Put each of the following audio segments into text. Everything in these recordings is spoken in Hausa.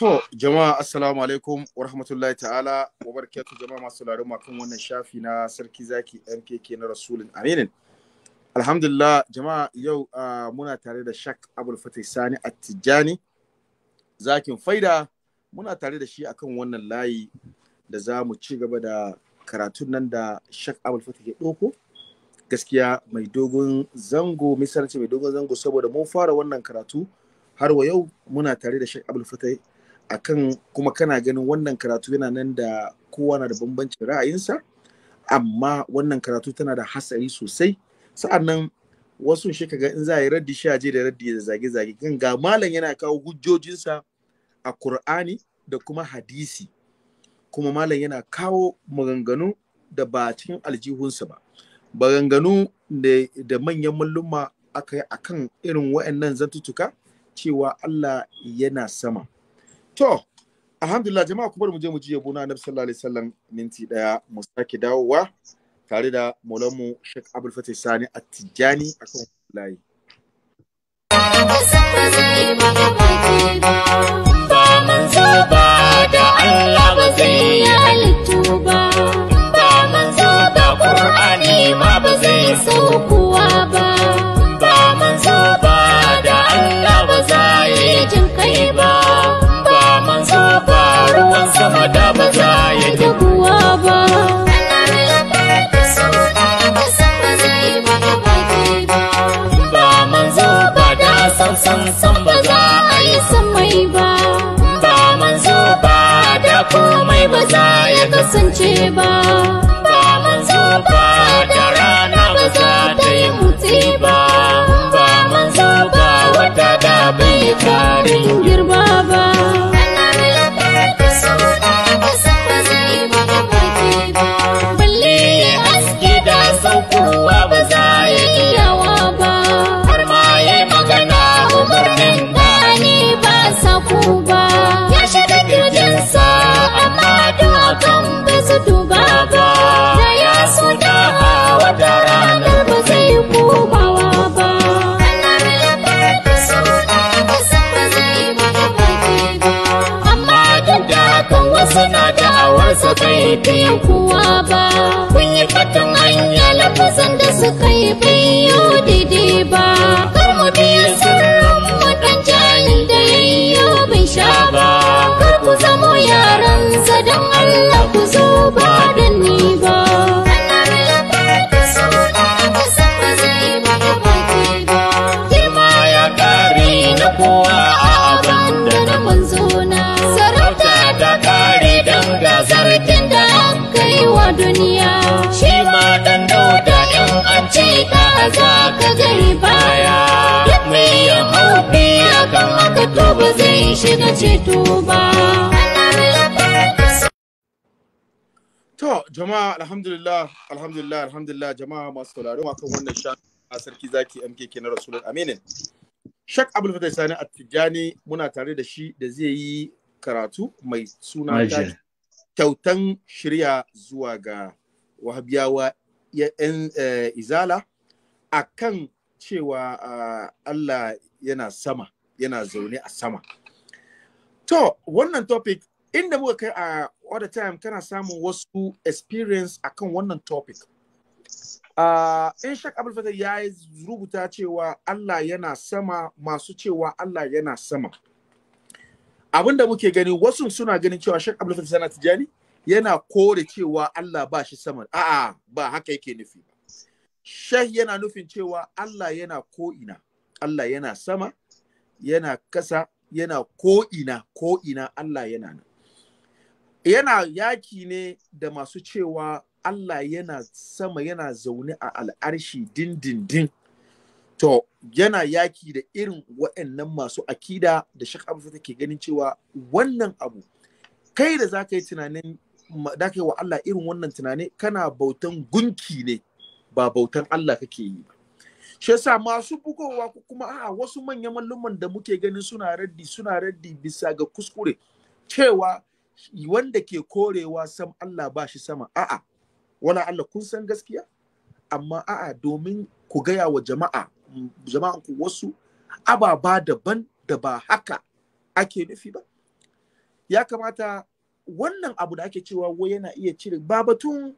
To, jama'a assalamu alaikum wa rahmatullahi ta'ala wa barakatuh jama'a masu laruma kan wannan shafi na sarki zaki MKK na Rasulun Aminin. Alhamdulillah jama'a yau uh, muna tare da Shak Abul Fatih Sani Attijani zakin faida muna tare da shi akan wannan layi da za mu ci gaba da karatun nan da Shak Abul Fatih ya ɗauko. Gaskiya mai dogon zango, misalci mai dogon zango saboda mun fara wannan karatu har wa yau muna tare da Shak Abul Fatih akan kuma kana ganin wannan karatu yana nan da kowa na da bambancin ra'ayinsa amma wannan karatu tana da hatsari sosai sa'annan wasu shi kaga in za a yi raddi shi je da raddi da zage-zage kan ga malam yana kawo hujjojinsa a Kur'ani da kuma hadisi kuma malam yana kawo maganganu da ba cikin aljihunsa ba maganganu da manyan malluma aka yi akan irin wa'annan zantutuka cewa Allah yana sama To, alhamdulillah jama'a kuma mu je mu ji yabo na Annabi sallallahu alaihi wasallam minti daya mu sake dawowa tare da Maulamu Sheikh Abdul Fatih Sani At-Tijani akan layi. Ba manzo ba da Allah ba zai yi halittu ba, ba manzo da Qur'ani ma ba zai sauko sama da ba ya ki kuwa ba ba manzo ba da san san san ba za a yi samai ba ba manzo ba da komai ba za ya kasance ba bibiyan kuwa ba kun yi fatan hanya lafazan da suka yi bayyo daidai ba kar mu biya sirrin wadan da yayyo bai sha ba kar ku zamo yaran sa don Allah ku zo ba da ni ba ba za ka je baya mai ya haufi akan haka to ba zai shiga ceto ba To jama'a alhamdulillah alhamdulillah alhamdulillah jama'a masu sauraro akan wannan sha a sarki zaki MKK na Rasulun Aminin. Shak Abdul Fatai Sani Tijjani muna tare da shi da zai yi karatu mai suna kyautan shirya zuwa ga wahabiyawa yan eh, izala a kan cewa ah, Allah yana sama yana zaune a sama to wannan topic inda muka kai a ah, all the time kana samun wasu experience akan wannan topic Uh, in shak abulfatar ya yi rubuta cewa Allah yana sama masu cewa Allah yana sama abin da muke gani wasu suna ganin cewa shak abulfatar sana tijani yana kore cewa Allah ba shi sama a'a ba haka yake nufi Sheikh yana nufin cewa Allah yana ko'ina, Allah yana sama, yana kasa, yana ko'ina, ko'ina Allah yana nan. Yana yaki ne da masu cewa Allah yana sama yana zaune a al'arshi dindindin. To, yana yaki da irin waannan masu akida da Sheikh Abu take ganin cewa wannan abu, kai da za ka yi tunanin, da wa Allah irin wannan tunani kana bautan gunki ne. ba bautan Allah kake yi ba shi yasa masu bugowa ko kuma a wasu manyan malluman da muke ganin suna raddi suna raddi bisa ga kuskure cewa wanda ke korewa sam Allah ba shi sama a'a wala Allah kun san gaskiya amma a'a domin ku gaya wa jama'a jama'an ku wasu ababa daban da ba haka ake nufi ba ya kamata wannan abu da ake cewa wai yana iya cire ba batun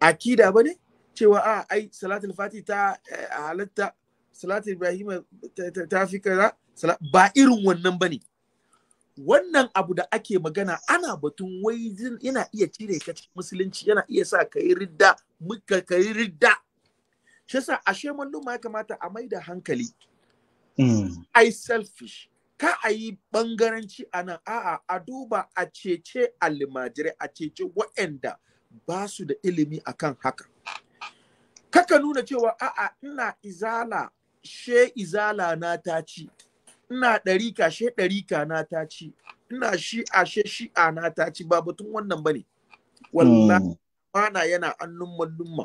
akida ba ne cewa a ah, ai salatul fati ta eh, halatta salatul ibrahim ta fi kaza ba irin wannan bane wannan abu da ake magana ana batun wai yana iya cire ka musulunci yana iya sa ka yi ridda muka ka yi ridda shi yasa ashe malluma ya kamata a mai da hankali hmm. ai selfish ka a yi bangaranci a nan a'a a duba a cece almajirai a cece wa'anda ba su da ilimi akan haka kaka nuna cewa a'a ina izala she izala na ta ci ina ɗarika she ɗarika na ta ci ina shi'a she shi'a na ta ci ba batun wannan bane wallahi hmm. bana yana annun mallumma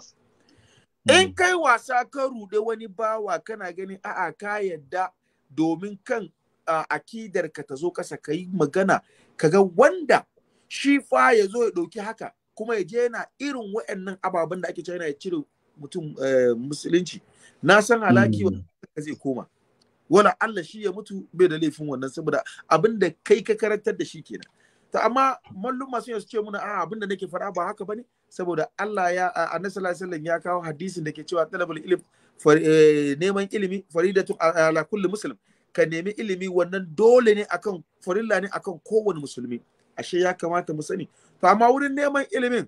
hmm. in kai wasa ka rude wani bawa kana ganin a'a ka yadda domin kan ah, akidar ka ta zo kasa ka yi magana kaga wanda shi fa ya zo ya ɗauki haka kuma ya je yana irin wa'annan ababen da ake cewa yana cire mutum eh, musulunci na san alaki hmm. wanda zai koma wala Allah shi ya mutu bai da laifin wannan saboda abin da kai ka karantar da shi kenan ta amma mallum masu yasu ce muna a abin da nake fara ba haka bane saboda Allah ya annabi sallallahu alaihi wasallam ya kawo hadisin da ke cewa talabul ilm eh, neman ilimi faridatu ala kulli muslim ka nemi ilimi wannan dole ne akan farilla ne akan kowane musulmi ashe ya kamata mu sani to amma wurin neman ilimin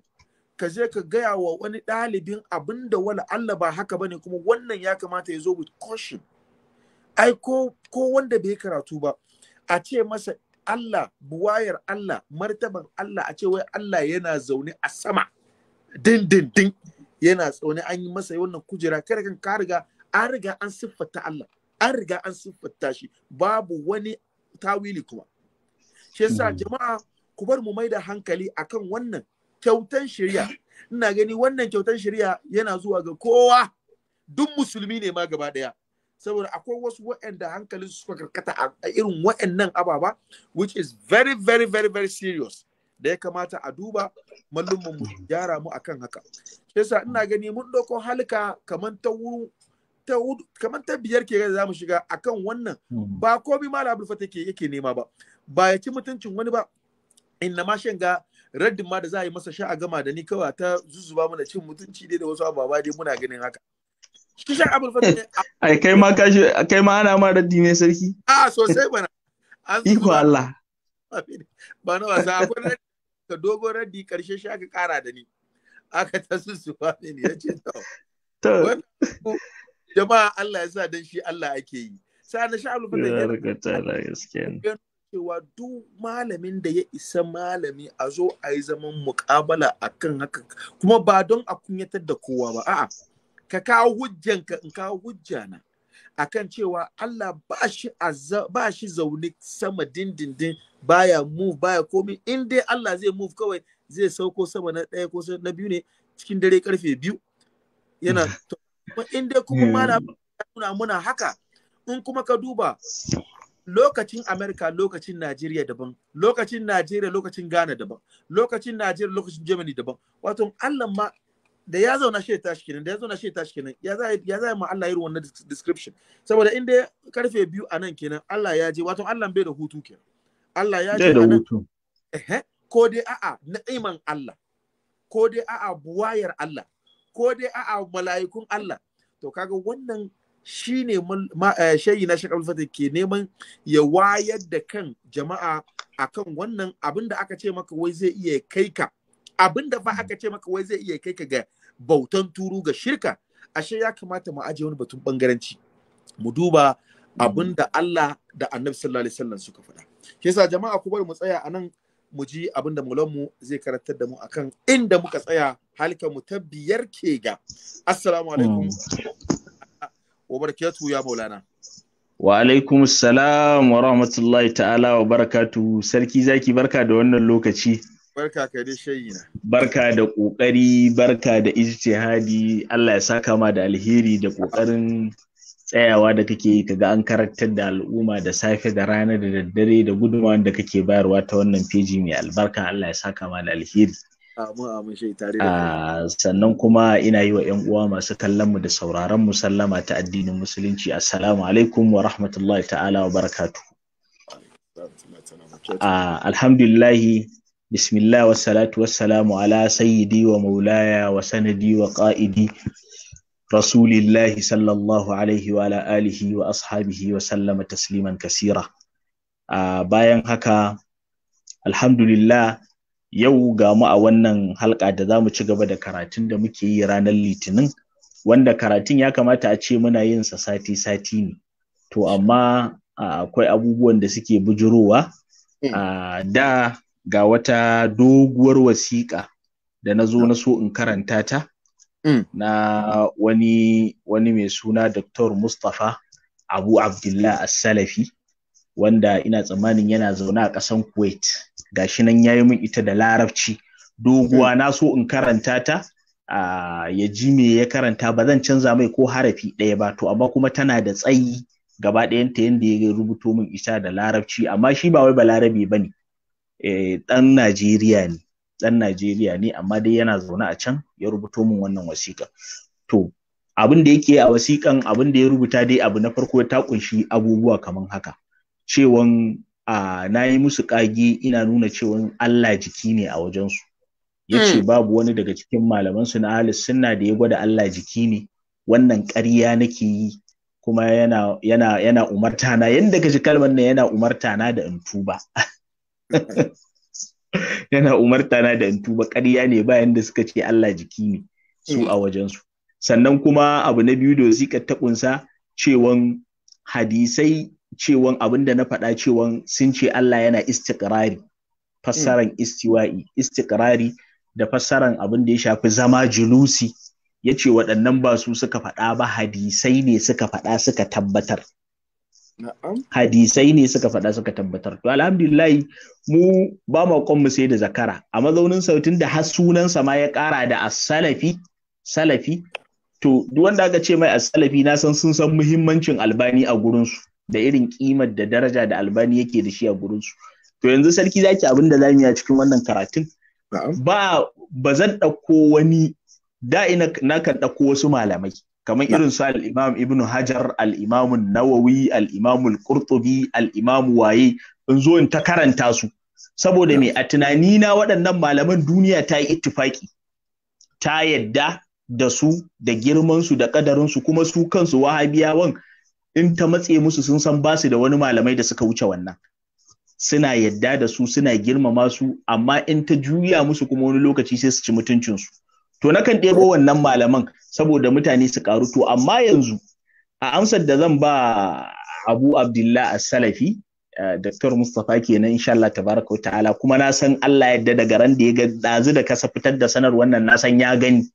ka je ka gaya wa wani ɗalibin abin da wala Allah ba haka ba ne kuma wannan ya kamata ya zo with caution ai ko wanda bai karatu ba a ce masa Allah buwayar Allah martaban Allah a ce wai Allah yana zaune a sama din din din yana zaune an yi masa wannan kujera kada kan ka riga an riga an siffata Allah an riga an siffata shi babu wani tawili kuma shi yasa hmm. jama'a ku bar mu mai da hankali akan wannan kyautan shari'a, ina gani wannan kyautan shari'a yana zuwa ga kowa duk musulmi ne ma gaba daya saboda akwai wasu waɗanda hankalin suka karkata a irin waɗannan ababa which is very very very very serious da ya kamata a duba mallum'in mu gyara mu akan haka yasa ina gani mun ɗauko halka kaman ta ta kaman ta biyar ke za mu shiga akan wannan hmm. ba komai malam abdul yake nema ba ba ya ci mutuncin wani ba inna ma shan ga raddin ma da za a yi masa sha a gama da ni kawai ta zuzuba mana cin mutunci dai da wasu ababa dai muna ganin haka shi sha abul fadl ai kai ma kashi kai ma ana ma raddi ne sarki a sosai bana iko Allah ba na wasa akwai ka dogon raddi karshe sha ka kara da ni aka ta zuzuba mini ya ce to jama'a Allah ya sa dan shi Allah ake yi sai na sha abul fadl ya gaskiya cewa duk malamin da ya isa malami a zo a yi zaman mukabala a kan haka kuma ba don a kunyatar da kowa ba a'a ka kawo hujjanka in kawo hujjana akan cewa Allah ba shi ba shi zaune sama dindindin baya move baya komai in dai Allah zai move kawai zai sauko sama na ɗaya ko na biyu ne cikin dare karfe biyu yana in dai kuma hmm. malam muna muna haka in kuma ka duba lokacin Amerika lokacin Najeriya daban, lokacin Najeriya lokacin Ghana daban, lokacin Najeriya lokacin Germany daban. Wato Allah ma da ya zauna shi tashi kenan, da ya zauna shi tashi kenan, ya za ya ma Allah irin wannan description. Saboda inda karfe biyu a nan kenan, Allah ya je, wato Allah bai da hutu kenan. Allah ya je da hutu. Eh, ko dai a'a na'iman Allah. Ko dai a'a buwayar Allah. Ko dai a'a mala'ikun Allah. To kaga wannan shi ne eh, shayi na shakar fata ke neman ya wayar da kan jama'a a kan wannan abin da aka ce maka wai zai iya kai ka abin da ba aka ce maka wai zai iya kai ka ga bautan turu ga shirka ashe ya kamata mu aje wani batun bangaranci mu duba abin da Allah da Annabi sallallahu alaihi wasallam suka faɗa shi yasa jama'a ku bari mu tsaya anan mu ji abin da mu zai karantar da mu akan inda muka tsaya halkan mu ta ke ga assalamu alaikum hmm. وبركاته يا مولانا Wa السلام ورحمة wa تعالى وبركاته سلكي زاكي بركة دون اللوكتشي barka ka dai shayina barka da ƙoƙari, barka da ijtihadi Allah ya saka da alheri da ƙoƙarin tsayawa da kake yi kaga an karantar da al'umma da safe da rana da daddare da gudunmawa da kake bayarwa ta wannan feji mai albarka Allah ya saka da alheri Ah, sannan kuma ina yi wa 'yan uwa masu kallon mu da sauraron mu ta addinin musulunci assalamu alaikum wa rahmatullahi ta'ala wa barakatu ah, alhamdulillahi bismillah wa salatu salamu ala sayyidi wa maulaya wa sanadi wa qa'idi rasulillahi sallallahu alaihi wa ala alihi wa ashabihi wa sallama tasliman kasira ah, bayan haka alhamdulillah Yau ga mu a wannan halka da za mu ci gaba da karatun da muke yi ranar Litinin, wanda karatun ya kamata a ce muna yin sa sati-sati ne. To, amma akwai abubuwan da suke bujurowa. Hmm. Da ga wata doguwar wasiƙa da na zo na so in karanta ta. Hmm. Na wani, wani mai suna Dr. Mustapha Abu Abdullah As-Salafi, wanda ina tsammanin yana zaune a ƙasan Kuwait. gashi nan ya yi min ita da larabci doguwa mm-hmm. na so in karanta ta ya ji me ya karanta ba zan canza mai ko harafi ɗaya ba to amma kuma tana da tsayi gaba ɗayanta yadda ya rubuto min ita da larabci amma shi ba wai ba larabi ba ne eh, ɗan najeriya ne ɗan najeriya ne amma dai yana zaune a can ya rubuto min wannan wasiƙa to abin da yake a wasiƙan abin da ya rubuta dai abu na farko ta kunshi abubuwa kamar haka cewan na yi musu ƙage ina nuna cewa Allah jiki ne a wajensu ya ce hmm. babu wani daga cikin malamansu na alis sunna da ya gwada Allah jiki ne wannan ƙarya nake yi kuma yana yana yana umarta na yanda kaji kalmar nan yana umarta na da in tuba yana umarta na da in tuba ƙarya ne bayan da suka ce Allah jiki ne su a hmm. wajensu sannan kuma abu na biyu da wasiƙar ta ƙunsa cewan hadisai cewan abin na faɗa cewan sun ce Allah yana istikrari. fassaran istiwa'i istiqrari da fassaran abin ya shafi zama julusi ya ce waɗannan ba su suka faɗa ba hadisai ne suka faɗa suka tabbatar hadisai ne suka faɗa suka tabbatar to alhamdulillah mu ba ma mu sai da zakara a mazaunin sautin da har sunansa ma ya ƙara da as-salafi salafi to duk wanda aka ce mai as-salafi na san sun san muhimmancin albani a gurinsu da irin kimar da daraja da albani yake da shi a gurinsu to yanzu sarki zaki abin da zamu yi a cikin wannan karatun ba ba zan ɗauko wani da na kan ɗauko wasu malamai kamar irin su al-imam ibnu hajar al-imam nawawi al-imam al-qurtubi al-imam waye in zo in ta karanta su saboda me a tunani na waɗannan malaman duniya ta yi ittifaki ta yadda da su da girman su da kadarin su kuma su kansu wahabiyawan in ta matse musu sun san basu da wani malamai da suka wuce wannan suna yadda da su suna girmama su amma in ta juya musu kuma wani lokaci sai su ci mutuncinsu to nakan ɗebo wannan malaman saboda mutane su karu to amma yanzu a amsar da zan ba abu abdullah as-salafi eh, Dr. Mustapha kenan insha Allah tabaraka wa ta'ala kuma na san Allah yadda daga ran da ya ga dazu da kasa fitar da sanar wannan na san ya gani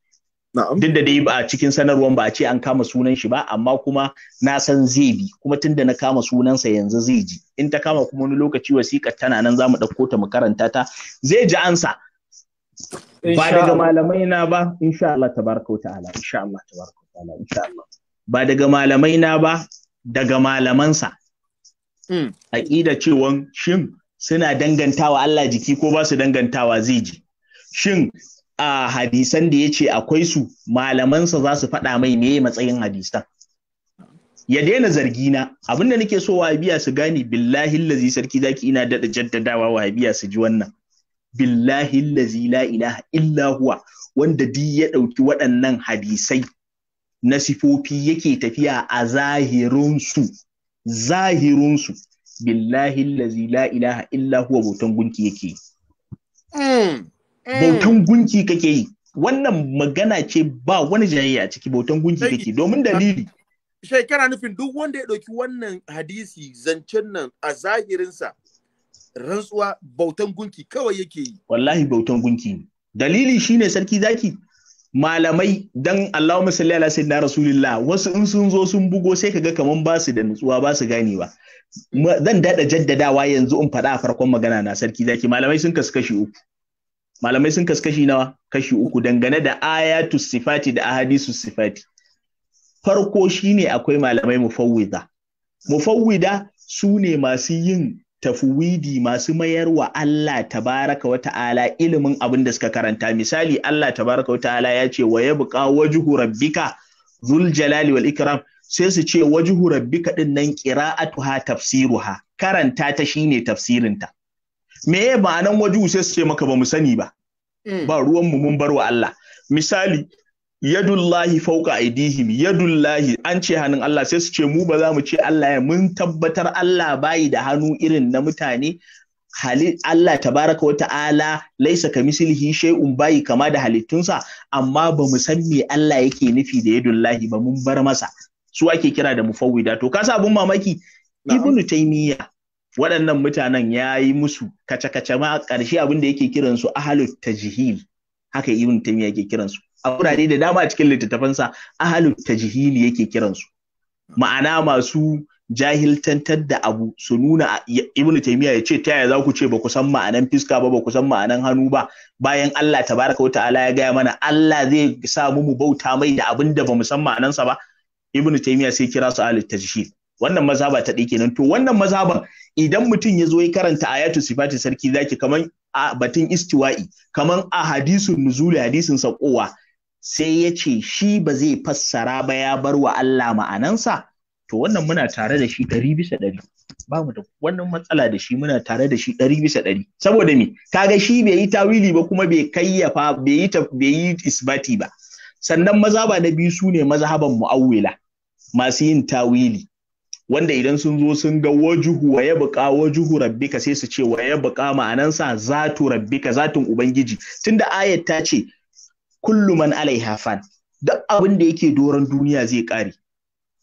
Duk da dai ba cikin sanarwar ba a ce an kama sunan shi ba, amma kuma na san zai bi, kuma tun da na kama sunansa yanzu zai ji. In ta kama kuma wani lokaci wasiƙa tana nan za mu ɗauko ta mu karanta ta, zai ji ansa. Ba daga malamai na ba, insha Allah tabaraka ala, insha Allah tabaraka ala, insha Allah. Ba daga malamai na ba, daga malamansa. Hmm. Aƙida cewa shin suna dangantawa Allah jiki ko ba su dangantawa zai ji. Shin a hadisan da ya ce akwai su malamansa za su faɗa mai ne matsayin hadisan ya daina zargi na abin da nake so wa biya su gane billahi lazi sarki zaki ina daɗa jaddadawa biya su ji wannan billahi lazi la ilaha illa huwa wanda di ya ɗauki waɗannan hadisai na sifofi yake tafiya a zahirinsu zahirinsu billahi lazi la ilaha illa huwa gunki yake mm. bautan mm. gunki kake yi wannan magana ce ba wani jayayya a ciki bautan gunki kake domin dalili shai kana nufin duk wanda ya ɗauki wannan hadisi zancen nan a zahirinsa rantsuwa bautan gunki kawai yake yi wallahi bautan gunki dalili shine sarki zaki malamai dan Allahumma salli ala sayyidina rasulillah wasu in sun zo sun bugo sai kaga kaman ba su da nutsuwa ba su ganewa zan dada jaddadawa yanzu in faɗa a farkon magana na sarki zaki malamai sun kasu kashi uku malamai sun kaskashi nawa kashi uku dangane da ayatu sifati da ahadisu sifati farko shine akwai malamai mufawwida mufawwida su ne masu yin tafwidi masu mayar wa Allah tabaraka wa ta'ala ilimin abin da suka karanta misali Allah tabaraka wa ta'ala ya ce wa yabqa wajhu rabbika zul jalali wal ikram sai su ce wajhu rabbika din nan qira'atuha tafsiruha karanta ta shine tafsirinta Me meye ma'anan waju sai su ce maka ba mu sani ba mm. ba ruwan mu mun bar wa Allah misali yadullahi fauka aidihim yadullahi an ce hannun Allah sai su ce mu ba za mu ce Allah ya mun tabbatar Allah bayi da hannu irin na mutane hali Allah tabaraka wa ta'ala laisa ka mislihi shay'un bayi kama da halittunsa amma ba mu san me Allah yake nufi da yadullahi ba mun bar masa su ake kira da mufawwida to kasa abun mamaki ibnu taymiya waɗannan mutanen ya yi musu kace-kace ma ƙarshe abin da yake kiransu ahalut tajihil haka ibn taymiya yake kiransu a wurare da dama cikin littattafansa ahalut tajihil yake kiransu ma'ana masu jahiltantar da abu su nuna ibn taymiya ya ce ta yaya za ku ce ba ku san ma'anan fiska ba ba ku san ma'anan hannu ba bayan Allah tabaraka ta'ala ya gaya mana Allah zai sa mu mu bauta mai da abin da ba mu san ma'anansa ba ibn taymiya sai kira su ahalu tajhil wannan mazhaba ta ɗaya kenan to wannan mazhaban idan mutum ya zo ya karanta ayatu sifati sarki zaki kaman a batun istiwa'i kaman a hadisun nuzuli hadisin saƙowa sai ya ce shi ba zai fassara ba ya bar wa Allah ma'anansa to wannan muna tare da shi ɗari bisa ɗari ba mu da wannan matsala da shi muna tare da shi ɗari bisa ɗari saboda me kaga shi bai yi tawili ba kuma bai kayyafa bai yi bai yi isbati ba sannan maza ba na biyu sune ne mazhaban mu'awwila masu yin tawili wanda idan sun zo sun ga wajuhu wa ya buƙa wajuhu rabbika sai su ce wa ya buƙa sa zatu rabbika zatun ubangiji tunda ayat ta ce kullu man alaiha fan duk abin da yake doron duniya zai ƙare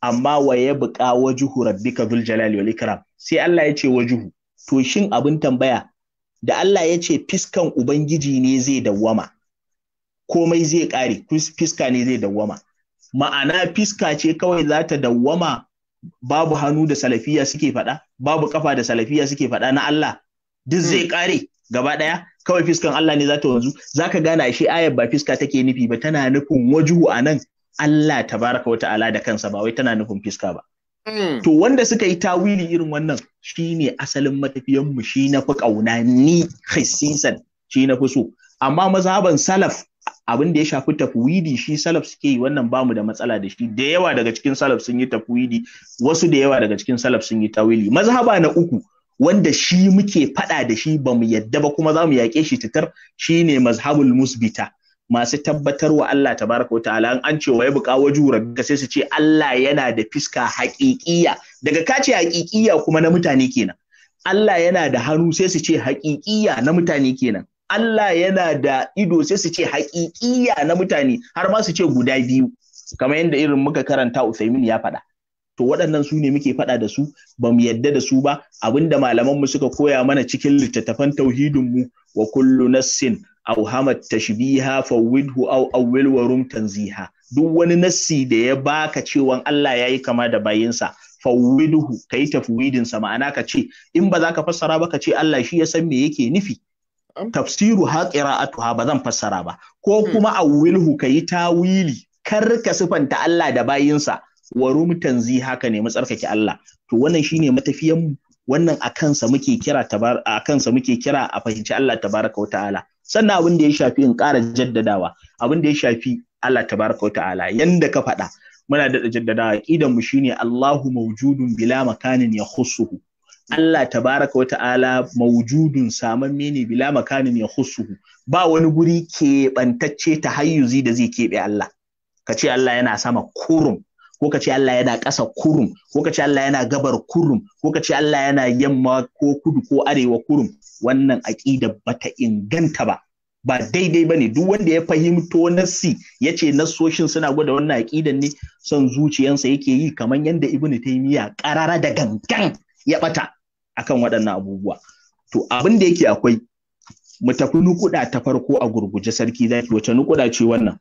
amma wa ya buƙa wajuhu rabbika dul jalali wal ikram sai Allah ya ce wajuhu to shin abin tambaya da Allah ya ce fiskan ubangiji ne zai dawwama komai zai ƙare fiska ne zai dawwama ma'ana fiska ce kawai za ta dawwama babu hannu da salafiya suke faɗa babu kafa da salafiya suke faɗa na Allah duk zai hmm. ƙare gaba ɗaya kawai fiskan Allah ne za ta wanzu za ka gane ashe ayar ba fiska take nufi ba tana nufin wajuhu a nan Allah ta tabaraka wata ala da kansa ba wai tana nufin fiska ba. Hmm. To wanda suka yi tawili irin wannan shine asalin asalin mu shi na fi ƙauna ni khisisan shi na fi so. Amma mazhaban salaf abin da ya shafi tafwidi shi salaf suke yi wannan bamu da matsala da shi da yawa daga cikin salaf sun yi tafwidi wasu da yawa daga cikin salaf sun yi tawili mazhaba na uku wanda shi muke fada da shi ba mu yadda ba kuma za mu yaƙe shi titar shine mazhabul musbita masu tabbatar wa Allah tabaraka wa ta'ala an ce wa ya buƙa waju rabbika sai su ce Allah yana da fiska haƙiƙiya daga kace haƙiƙiya kuma na mutane kenan Allah yana da hannu sai su ce haƙiƙiya na mutane kenan Allah yana da ido sai su ce haƙiƙiya na mutane har ma su ce guda biyu kamar yadda irin muka karanta Usaimin ya faɗa to waɗannan su ne muke faɗa da su ba mu yadda da su ba abinda malamanmu suka koya mana cikin littattafan tauhidinmu wa kullu nassin aw hamat tashbiha fawwidhu aw awwil wa rum tanziha duk wani nassi da ya baka cewa Allah yayi kama da bayinsa fawwidhu kai tafwidin sa ma'ana ka ce in ba za ka fassara ba ka ce Allah shi ya san me yake nufi tafsiru ha qira'atuha ba zan fassara ba ko hmm. kuma awwilhu kayi tawili kar ka sifanta Allah da bayinsa wa mutanzi haka ne mu tsarkake Allah to wannan shine matafiyan wannan a kansa muke kira tabar a kansa muke kira a fahimci Allah tabaraka ta'ala sannan abin da ya shafi in kara jaddadawa abin da ya shafi Allah tabaraka ta'ala yanda ka faɗa muna da jaddadawa idan mu shine Allahu mawjudun bila makanin ya khusuhu Allah ta baraka wa ta'ala mawjudun saman ne bila makanin ya husuhu ba wani guri keɓantacce ta hayyuzi da zai keɓe Allah ka ce Allah yana sama kurum ko ka ce Allah yana ƙasa kurum ko ka ce Allah yana gabar kurum ko ka ce Allah yana yamma ko kudu ko arewa kurum wannan aƙida bata inganta ba ba daidai ba ne duk wanda ya fahimto nassi ya ce nassoshin suna gwada wannan aƙidan ne son zuciyansa yake yi kamar yadda ibnu taymiya ƙarara da gangan ya ɓata akan waɗannan abubuwa to abin da yake akwai mu tafi nukuda ta farko a gurguje sarki zaki wace nukuda ce wannan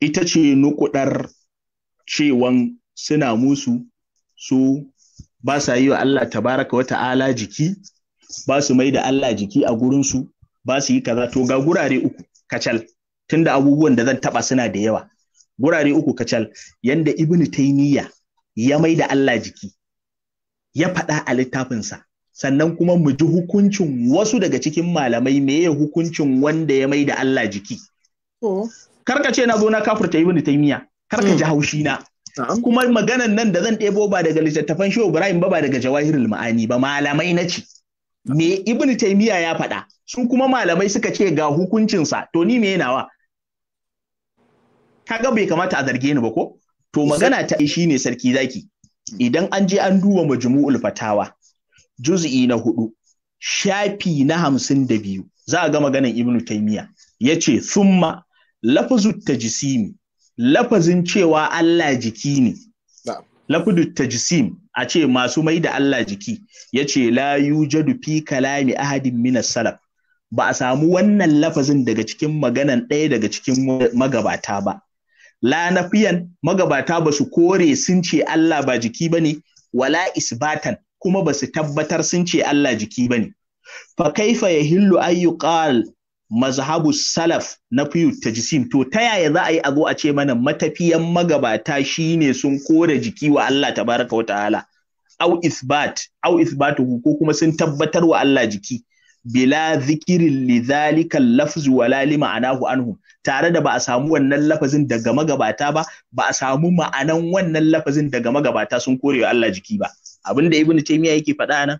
ita ce nukudar cewan suna musu su ba sa yi wa Allah tabaraka wa ta'ala jiki ba su mai da Allah jiki a gurinsu ba su yi kaza to ga gurare uku kacal tunda abubuwan da zan taba suna da yawa gurare uku kacal yanda ibnu taymiya ya mai da Allah jiki ya faɗa a littafinsa sannan kuma mu ji hukuncin wasu daga cikin malamai ya hukuncin wanda ya mai da Allah jiki. Karka ce na zo na kafurta ibn taimiya, karka ji hmm. haushi na. Kuma maganan nan da zan ɗebo ba daga littattafan Shehu Ibrahim ba ba daga Jawahirul Ma'ani ba malamai na ce. Me ibn taimiya ya faɗa, su kuma malamai suka ce ga hukuncinsa, to ni me nawa? Kaga bai kamata a zarge ni ba ko? To magana ta shi ne sarki zaki. idan an je an duba majmu'ul fatawa juz'i na hudu shafi na hamsin da biyu za a ga maganan ibnu taymiya ce, summa lafazu tajsimi lafazin cewa Allah jiki ne lafazu tajsim a ce masu mai da Allah jiki ya ce, la yujadu fi kalami ahadin min salaf ba a samu wannan lafazin daga cikin maganan ɗaya daga cikin magabata ba la nafiyan magabata ba su kore sun ce Allah ba jiki ba ne wala isbatan kuma ba su tabbatar sun ce Allah jiki ba ne fa kaifa yahillu ayyukal mazhabu salaf na fiyu ta jisim to ta yaya za a yi a zo a ce mana matafiyan magabata shi ne sun kore jiki wa Allah baraka wa ta'ala au isbat au isbatuhu ko kuma sun tabbatar wa Allah jiki bila zikirin li zalika lafzu wala li ma'anahu anhu tare da ba a samu wannan lafazin daga magabata ba ba a samu ma'anan wannan lafazin daga magabata sun kore wa Allah jiki ba abin da ibnu taymiya yake faɗa nan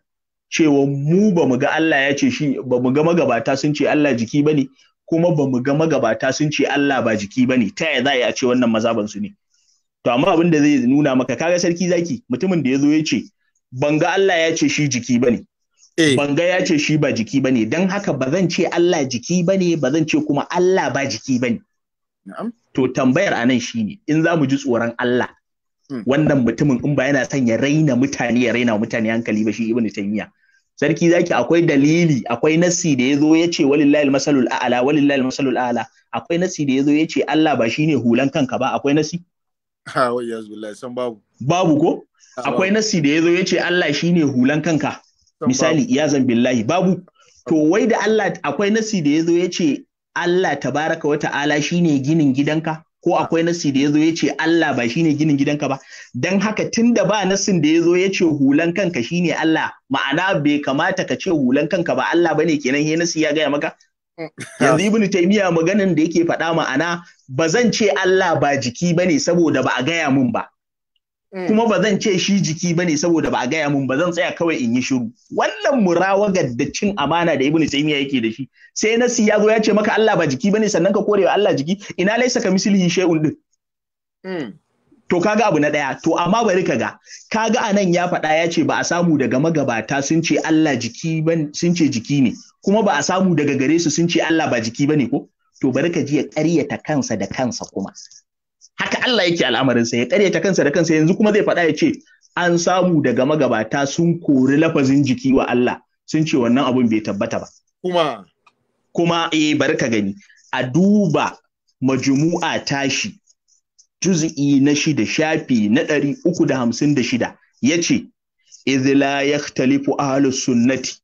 cewa mu ba mu ga Allah ya ce shi ba mu ga magabata sun ce Allah jiki bane kuma ba mu ga magabata sun ce Allah ba jiki bane ta yaya za a ce wannan mazaban su ne to amma abin da zai nuna maka kaga sarki zaki mutumin da ya zo ya ce ban ga Allah ya ce shi jiki bane Eh. banga ya ce shi ba jiki ba ne don haka ba zan ce Allah jiki ba ne ba zan ce kuma Allah ba jiki ba ne to tambayar a nan shi ne in za mu ji tsoron Allah hmm. wannan mutumin in ba yana son ya raina mutane ya raina mutane hankali ba shi ibn taymiya sarki zaki akwai dalili akwai nasi da ya zo ya ce walillahi almasalul a'la walillahi akwai nasi da zo ya ce Allah ba shine hulan kanka ba akwai nasi ha wa billahi babu babu ko ah, akwai nasi da zo ya ce Allah shi ne hulan kanka misali iyazan billahi babu to wai da Allah akwai nasi da yazo ce Allah ta baraka wa ta'ala shine ginin gidanka ko akwai nasi da yazo ce Allah ba shine ginin gidanka ba dan haka da ba nasin da yazo ce hulan kanka shine Allah ma'ana bai kamata ka ce hulan kanka ba Allah bane kenan he nasi ya gaya maka mm. yanzu ibnu taymiya maganan da yake faɗa ma'ana ba zan ce Allah ba jiki ba ne saboda ba a gaya mun ba Mm. kuma ba zan ce shi jiki ba ne saboda ba a gaya mun ba zan tsaya kawai in yi shiru wannan murawagar da cin amana da ibnu taymiya yake da shi sai nasi ya zo ya ce maka Allah ba jiki bane sannan ka korewa Allah jiki ina laisa ka mislihi shay'un din mm. to kaga abu na daya to amma bari ka ga kaga anan ya faɗa ya ce ba a samu daga magabata sun ce Allah jiki sun ce jiki ne kuma ba a samu daga gare su sun ce Allah ba jiki bane ko to bari ka ji ya ƙaryata kansa da kansa kuma haka Allah yake al'amarinsa ya karyata kansa da kansa yanzu kuma zai faɗa ya ce an samu daga magabata sun kori lafazin jiki wa Allah sun ce wannan abun bai tabbata ba kuma kuma eh bari ka gani a duba majmu'a tashi juz'i na shida shafi na ɗari uku da hamsin da shida ya ce izila ya talifu ahalus sunnati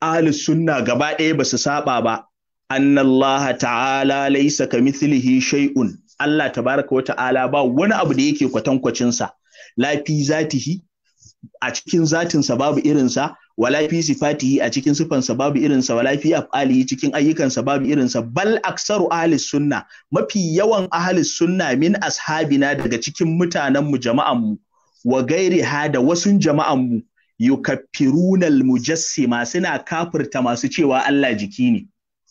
ahalus sunna gaba ɗaya ba su saba ba annallaha ta'ala laisa ka mithlihi shay'un Allah tabaraka wata'ala ba wani abu da yake kwatankwacinsa, sa lafi zatihi a cikin zatinsa babu irinsa wala fi sifatihi a cikin sifansa babu irinsa wala fi af'alihi cikin ayyukansa babu irinsa bal aksaru ahli sunna mafi yawan ahli sunna min ashabina daga cikin mutanen mu jama'an mu wa gairi ha da wasun jama'an mu yukaffiruna mujassima suna kafirta masu cewa Allah jiki ne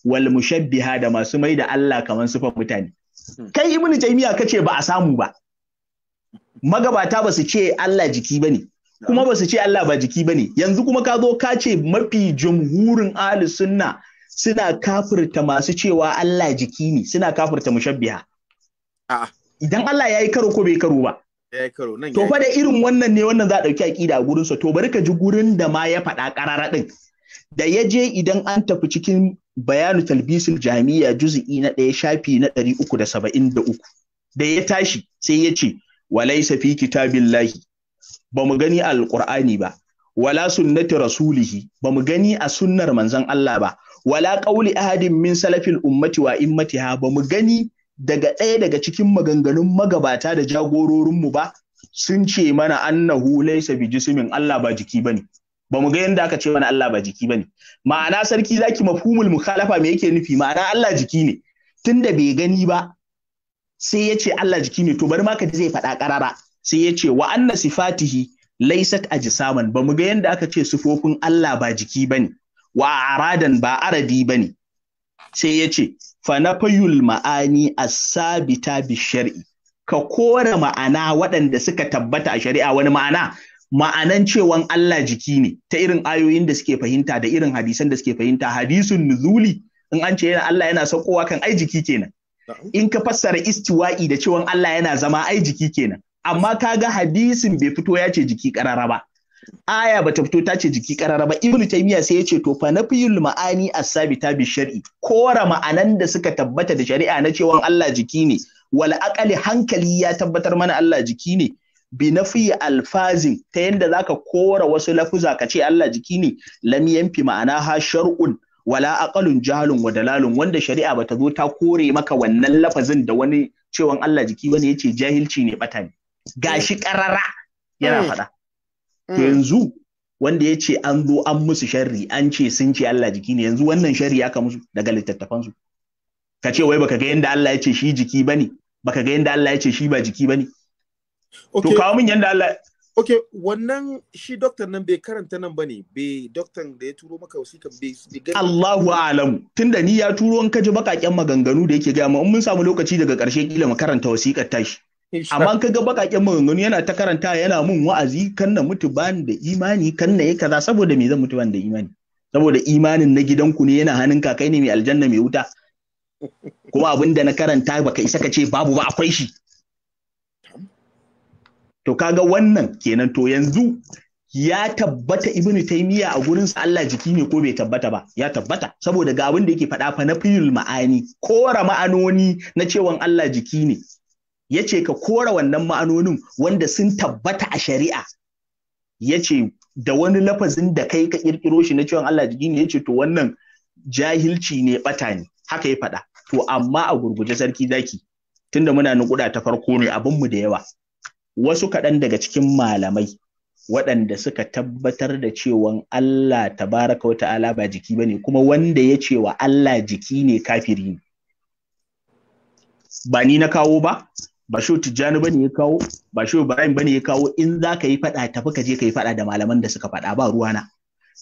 wal mushabbiha da masu mai da Allah kaman sifan mutane Hmm. kai ibnu taymiya kace ba a samu ba magabata ba su ce Allah jiki bane kuma ba su ce Allah ba jiki bane yanzu kuma ka zo ka ce mafi jumhurin ahli sunna suna kafirta masu cewa Allah jiki ne suna kafirta mushabbiha a'a idan Allah yayi karo ko bai karo ba To fa da irin wannan ne wannan za a ɗauki aƙida a gurinsa to bari ka ji gurin da ma ya faɗa ƙarara ɗin. Da ya je idan an tafi cikin bayanu talbisul jami'a juz'i na ɗaya shafi na ɗari uku da saba'in da uku da ya tashi sai ya ce walaisa fi kitabillahi ba mu gani Alƙur'ani ba wala sunnati rasulihi ba mu gani a sunnar manzon Allah ba wala qauli ahadin min salafil ummati wa immatiha ba mu gani daga ɗaya daga cikin maganganun magabata da jagororinmu ba sun ce mana annahu laysa bi jismin Allah ba jiki bane ba mu ga yadda aka ce mana Allah ba jiki ba ne ma'ana sarki zaki mafhumul mukhalafa me yake nufi ma'ana Allah jiki ne tunda bai gani ba sai ya ce Allah jiki ne to bari ma ka zai faɗa ƙarara sai ya ce wa anna sifatihi laysat ajsaman ba mu ga yadda aka ce sifofin Allah ba jiki ba ne wa aradan ba aradi ba ne sai ya ce "Fanafayul" ma'ani as-sabita bi shar'i ka kora ma'ana waɗanda suka tabbata a shari'a wani ma'ana ma'anan cewan Allah jiki ne ta irin ayoyin da suke fahimta da irin hadisan da suke fahimta hadisun nuzuli in an ce yana Allah yana saukowa kan ai jiki kenan in ka fassara istiwa'i da cewan Allah yana zama ai jiki kenan amma kaga hadisin bai fito ya ce jiki karara ba aya bata fito ta ce jiki karara ba ibnu taymiya sai ya ce to fa nafiyul ma'ani as-sabita bi shar'i kora ma'anan da suka tabbata da shari'a na cewan Allah jiki ne wal aqali hankali ya tabbatar mana Allah jiki ne bi nafi alfazin ta yadda za ka kora wasu lafuza ka ce Allah jiki ne lam yanfi ma'ana ha shar'un wala aqalun jahalun wa dalalun wanda shari'a ba ta zo ta kore maka wannan lafazin da wani cewan Allah jiki wani yace jahilci ne bata ne gashi karara yana mm. faɗa mm. yanzu wanda ya ce an zo an musu sharri an ce sun ce Allah jiki ne yanzu wannan sharri aka musu daga littattafansu ka ce wai baka ga yanda Allah ya ce shi jiki bane baka ga yanda Allah ya ce shi ba jiki bane To kawo min yanda Allah Ok, wannan shi doktor nan bai karanta nan bane bai doktor da ya turo maka wasiƙa bai gani. Allahu alam, tunda ni ya turo in kaji bakaƙen maganganu da yake gaya ma in mun samu lokaci daga ƙarshe kila mu karanta wasiƙar tashi. Amma ka ga bakaƙen maganganu yana ta karanta yana mun wa'azi kan na mutu bani da imani kan na yi kaza saboda me zan mutu bani da imani. Saboda imanin na gidanku ne yana hannun kakai ne mai aljanna mai wuta. Kuma abin da na karanta baka isa ka ce babu ba akwai shi. to kaga wannan kenan to yanzu ya tabbata ibnu taymiya a gurin sa Allah jiki ne ko bai tabbata ba ya tabbata saboda ga abin da yake faɗa fa na fiyul ma'ani kora ma'anoni na cewan Allah jiki ne yace ka kora wannan ma'anonin wanda sun tabbata a shari'a yace da wani lafazin da kai ka kirkiro shi na cewan Allah jiki ne yace to wannan jahilci ne bata ne haka ya faɗa to amma a gurguje sarki zaki tunda muna nukuda ta farko ne abin mu da yawa wasu kaɗan daga cikin malamai waɗanda suka tabbatar da cewan Allah tabaraka wa ta'ala ba jiki ba ne kuma wanda ya cewa Allah jiki ne kafiri ne ba ni na kawo ba ba shi tijjani ba ne ya kawo ba shi ibrahim ba ne ya kawo in za ka yi faɗa tafi ka je ka yi faɗa da malaman da suka faɗa ba ruwana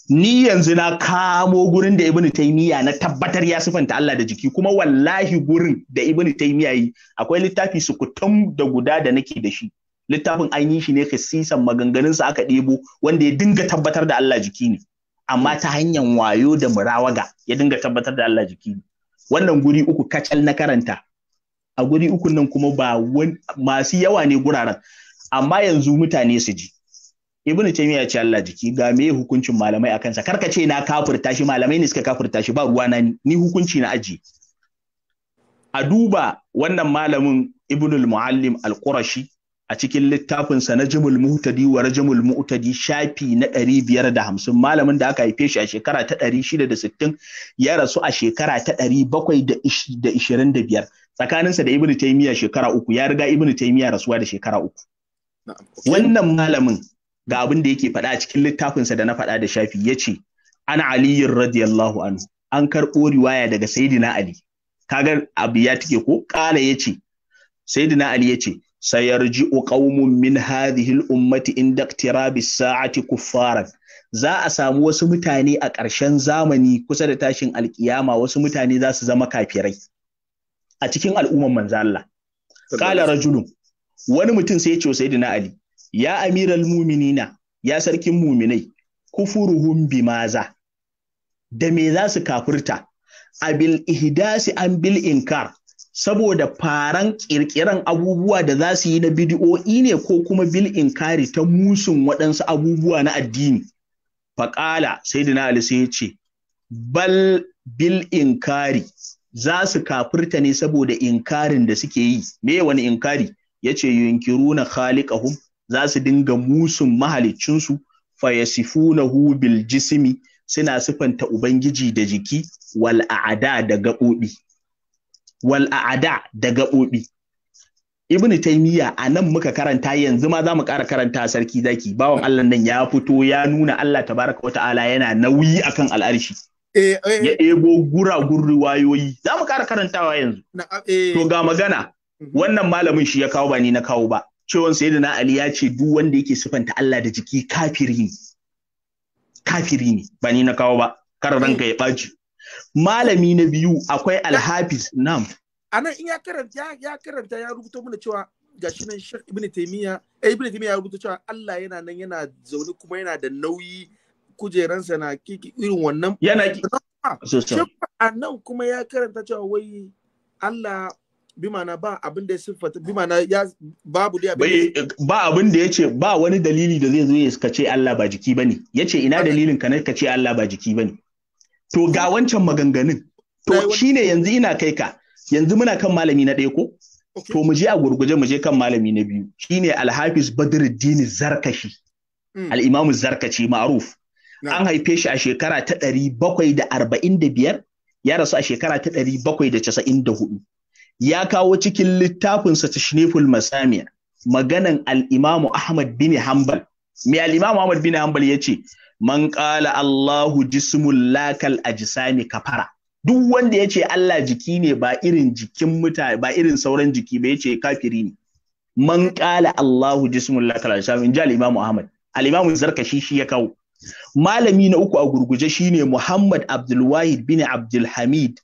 ni yanzu na kamo gurin da ibnu taymiya na tabbatar ya sifanta Allah da jiki kuma wallahi gurin da ibnu taymiya yi akwai littafi su kutum da guda da nake da shi littafin an yi shi ne kasisan maganganunsa aka ɗebo wanda ya dinga tabbatar da Allah jiki ne amma ta hanyar wayo da murawaga ya dinga tabbatar da Allah jiki ne wannan guri uku kacal na karanta a guri uku nan kuma ba masu yawa ne guraren amma yanzu mutane su ji ibn ya ce Allah jiki ga me hukuncin malamai akan sa karka ce na kafirta shi malamai ne suka kafirta shi ba ruwa na ni ni hukunci na aji a duba wannan malamin Ibnul muallim al-qurashi a cikin littafinsa na jimul mutadi wa rajimul mu'tadi shafi na 550 malamin da aka haife shi a shekara ta 660 ya rasu a shekara ta 725 tsakaninsa da ibnu taymiya shekara uku ya riga ibnu taymiya rasuwa da shekara uku wannan malamin ga abin da yake faɗa a cikin littafinsa da na faɗa da shafi ya ce an aliyin radiyallahu anhu an karɓo riwaya daga saidina ali kagar abu ya tike ko ƙala ya ce saidina ali ya ce sayarji'u qaumun min hadhihi al-ummati inda iktirabis sa'ati kuffaran za a samu wasu mutane a ƙarshen zamani kusa da tashin alkiyama wasu mutane za su zama kafirai a cikin al'umman manzo Allah qala rajulun wani mutum sai ya ce sayyidina ali ya amiral muminina ya sarkin muminai kufuruhum maza. da me za su kafurta abil ihdasi an bil inkar saboda faran ƙirƙiran abubuwa da za su yi na bidiyo'i ne ko kuma bil inkari ta musun waɗansu abubuwa na addini faƙala sai dina ali sai ya ce bal bil inkari za su kafirta ne saboda inkarin da suke yi me wani inkari ya ce na khaliƙahum za su dinga musun mahaliccinsu fayasifunahu hubil jisimi suna sifanta ubangiji da jiki wal'ada da gaɓoɓi wal a'ada da gaɓoɓi ibnu taymiya a nan muka karanta yanzu ma za mu ƙara karanta sarki zaki bawan Allah nan ya fito ya nuna Allah tabaraka ta'ala yana nauyi akan al'arshi eh, eh. ya ebo guragun wayoyi. za mu ƙara karantawa yanzu eh. to ga magana mhm. wannan malamin shi ya kawo ba ni na kawo ba cewan sayyidina ali ya ce duk wanda yake sifanta Allah da jiki kafiri ne kafiri ne ba na kawo ba kar ranka ya ɓaci malami na biyu akwai alhafiz nam nan. in ya karanta ya karanta ya rubuta mana cewa ga shi nan shek Ibn Taymiyyah eh Ibn Taymiyyah ya rubuta cewa Allah yana nan yana zaune kuma yana da nauyi kujeransa na kiki irin wannan yana a nan kuma ya karanta cewa wai Allah bi mana ba abin da ya siffata bi mana ya babu da ba abin da yace ba wani dalili da zai zo ya ce Allah ba jiki bane yace ina dalilin ka ne ka ce Allah ba jiki bane To ga wancan maganganun. To shine yanzu ina kai ka. Yanzu muna kan malami na ɗaya ko? To mu je a gurguje mu je kan malami na biyu. Shi Shine Alhafiz Badruddin Zarkashi. Hmm. Al'imamu zarkashi ma'ruf. An haife shi a shekara ta ɗari bakwai da arba'in da biyar, ya rasu a shekara ta ɗari bakwai da casa'in da hudu. Ya kawo cikin littafinsa ta Shineful Masamiya maganan al'imamu Ahmad bin Hanbal. Me al'imamu Ahmad bin Hambal ya ce, man ƙala Allahu jismun lakal ajsami kafara duk wanda ya ce Allah jiki ne ba irin jikin mutane ba irin sauran jiki ba ya ce kafiri ne man ƙala Allahu jismul lakal ajsami in ji al Ahmad al Zarkashi shi ya kawo malami na uku a gurguje shine Muhammad abdulwahid bin Abdulhamid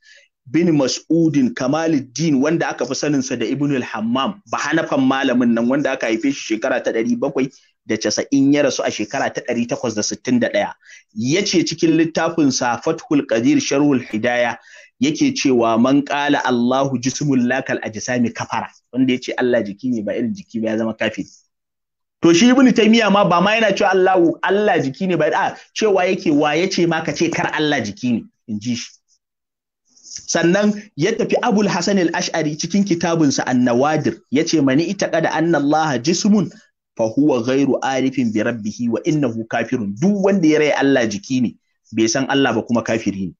bin Mas'udin Kamaluddin wanda aka fi saninsa da Ibn al-Hammam ba hanafan malamin nan wanda aka haife shi shekara ta ɗari bakwai da casa'in ya rasu a shekara ta ɗari takwas da sittin da ɗaya ya ce cikin littafinsa fathul qadir sharhul hidaya yake cewa man ƙala Allahu jismun lakal ajsami kafara wanda ya ce Allah jiki ne ba irin jiki ba ya zama kafiri to shi ibnu taymiya ma ba ma yana cewa Allahu Allah jiki ne ba a cewa yake wa yace ma ka ce kar Allah jiki ne in ji shi sannan ya tafi abul hasan al-ash'ari cikin kitabinsa an-nawadir yace mani ita kada anna allah jismun fa huwa arifin bi rabbihi wa innahu kafirun duk wanda ya rai Allah jiki ne bai san Allah ba kuma kafiri ne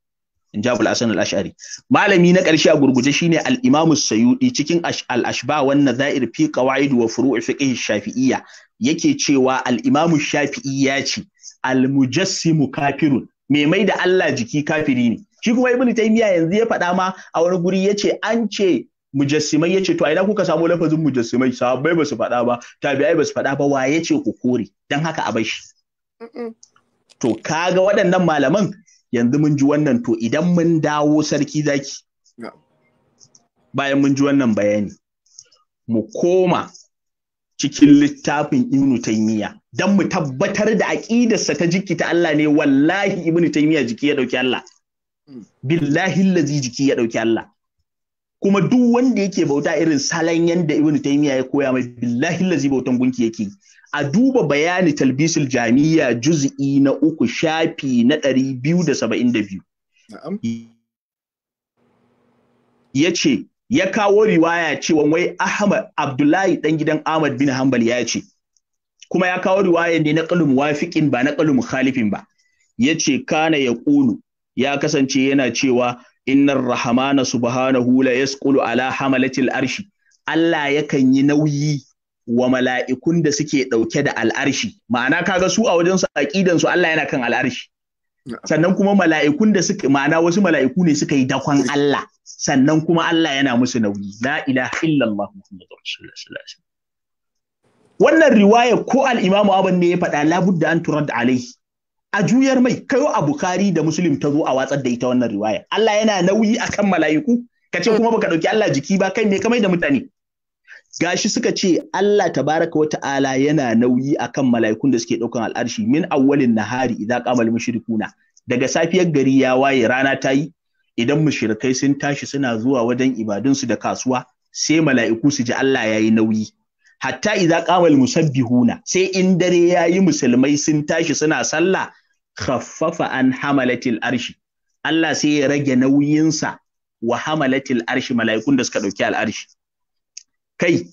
in ja al-asan al-ash'ari malami na karshe a gurguje shine al-imamu sayudi cikin al-ashba wannan nadha'ir fi qawaid wa furu' fiqh shafi'iyya yake cewa al-imamu shafi'i ya ce al-mujassimu kafirun mai mai da Allah jiki kafiri ne shi kuma ibnu taymiya yanzu ya faɗa ma a wani guri yace an ce mujassimai ce to a ina kuka samu lafazin mujassimai sahabbai ba su faɗa ba tabi'ai ba su faɗa ba wa ce ku kore dan haka a bashi to kaga waɗannan malaman yanzu mun ji wannan to idan mun dawo sarki zaki bayan mun ji wannan bayani mu koma cikin littafin ibnu taymiya dan mu tabbatar da aqidarsa ta jiki ta Allah ne wallahi ibnu taymiya jiki ya dauki Allah mm. billahi allazi jiki ya dauki Allah kuma duk wanda yake bauta irin salon yanda ibn taymiya ya koya mai billahi lazi bautan gunki yake a duba bayani talbisul jamiya juz'i na uku shafi na ɗari biyu da saba'in da biyu ya ce ya kawo riwaya cewa wai ahmad abdullahi dan gidan ahmad bin hanbal ya ce kuma ya kawo riwaya ne na kalum wafiqin ba na kalum khalifin ba ya ce kana ya ƙulu ya kasance yana cewa Innan rahmana subhanahu la yasqulu ala hamalatil arshi Allah yakan yi nauyi wa mala'ikun da suke ɗauke da al'arshi ma'ana kaga su a wajen su aqidan su Allah yana kan al'arshi sannan kuma mala'ikun da suke ma'ana wasu mala'iku ne suka yi dakon Allah sannan kuma Allah yana musu nauyi la ilaha illallah muhammadur rasulullah wannan riwaya ko al-imamu aban ne ya faɗa labudda an turad alaihi a juyar mai kayo a Bukhari da Muslim ta zo a watsar da ita wannan riwaya Allah yana nauyi a kan mala'iku ka ce kuma baka ɗauki Allah jiki ba kai me kamar da mutane gashi suka ce Allah tabaraka wata'ala yana nauyi a kan mala'ikun da suke ɗaukan al'arshi min awwalin nahari idza kamar mushrikuna daga safiyar gari ya waye rana ta yi idan mushrikai sun tashi suna zuwa wajen ibadunsu da kasuwa sai mala'iku su ji Allah ya yi nauyi hatta idza qamal musabbihuna sai in dare yayi musulmai sun tashi suna sallah khaffafa an hamalatil arshi Allah sai ya rage nauyinsa wa hamalatil arshi mala'ikun da suka ɗauki al'arshi kai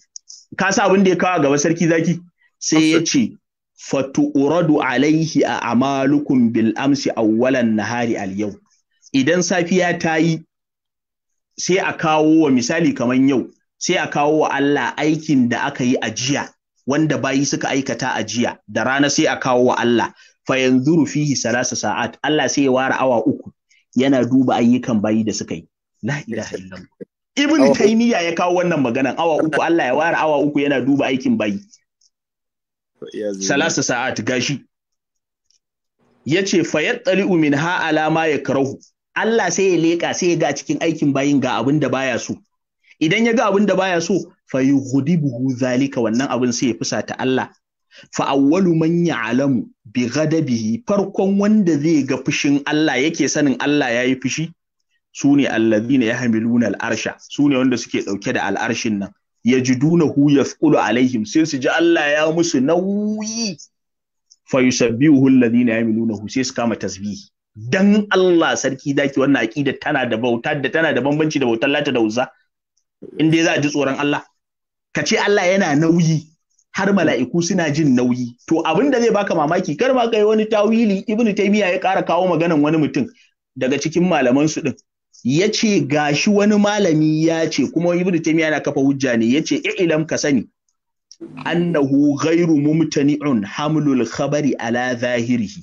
ka sa abin da ya kawo gaba sarki zaki sai ya ce fatu'uradu alaihi a amalukum bil amsi awwalan nahari al yau idan safiya ta yi sai a kawo wa misali kamar yau sai a kawo wa Allah aikin da aka yi a jiya wanda bayi suka aikata a jiya da rana sai a kawo wa Allah fa yanzuru fihi salasa sa'at Allah sai ya ware awa uku yana duba ayyukan bayi da suka yi la ilaha illallah ibn taymiya ya kawo wannan maganan awa uku Allah ya ware awa uku yana duba aikin bayi salasa sa'at gashi yace fa yattali'u minha alama ya karahu Allah sai ya leƙa sai ya ga cikin aikin bayin ga abin da baya so idan ya ga abin da baya so fa yughdibuhu zalika wannan abin sai ya fusata Allah fa man ya alamu bi ghadabihi farkon wanda zai ga fushin Allah yake sanin Allah ya yi fushi sune ya yahmiluna al’arsha su sune wanda suke ɗauke da al'arshin nan ya ji yajidunahu yafqulu alaihim sai su ji Allah ya musu nauyi fa yi alladhina sai su kama tasbihi dan Allah sarki daki wannan aƙida tana da bauta da tana da bambanci da bautar lata da uzza in dai za a ji tsoron Allah ka ce Allah yana nauyi har mala'iku suna jin nauyi to abin da zai baka mamaki kar ma kai wani tawili ibnu taymiya ya kara kawo maganan wani mutum daga cikin malaman su din yace gashi wani malami ya ce kuma ibnu taymiya yana kafa hujja ne yace ilam ka sani annahu ghairu mumtani'un hamlul khabari ala zahirihi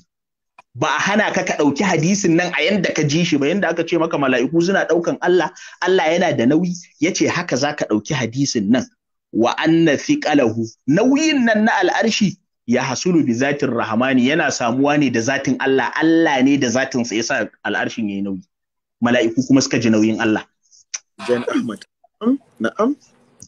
ba a hana ka ka ɗauki hadisin nan a yanda ka ji shi ba yanda aka ce maka mala'iku suna ɗaukan Allah Allah yana da nauyi yace haka za ka ɗauki hadisin nan wa anna thiqalahu nauyin nan na al'arshi ya hasulu bi zatin rahmani yana samuwa ne da zatin Allah Allah ne da zatin sa yasa al'arshin yayi nauyi mala'iku kuma suka ji nauyin Allah jan ahmad na'am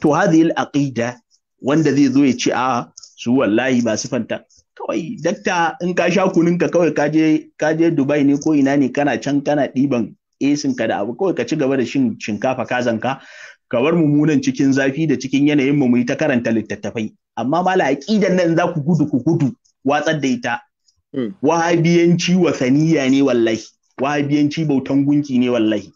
to hadhihi al-aqida wanda zai zo ya ce a su wallahi ba sifanta kawai dakta in ka sha kunin ka kawai ka je ka je Dubai ne ko ina ne kana can kana diban esin ka da abu kawai ka ci gaba da shin shinkafa zanka? ka bar mummunan cikin zafi da cikin yanayin mu ta karanta littattafai amma mala aqidan nan za ku gudu ku gudu watsar da ita hmm. wahabiyanci wasaniya ne wallahi wahabiyanci bautan gunki ne wallahi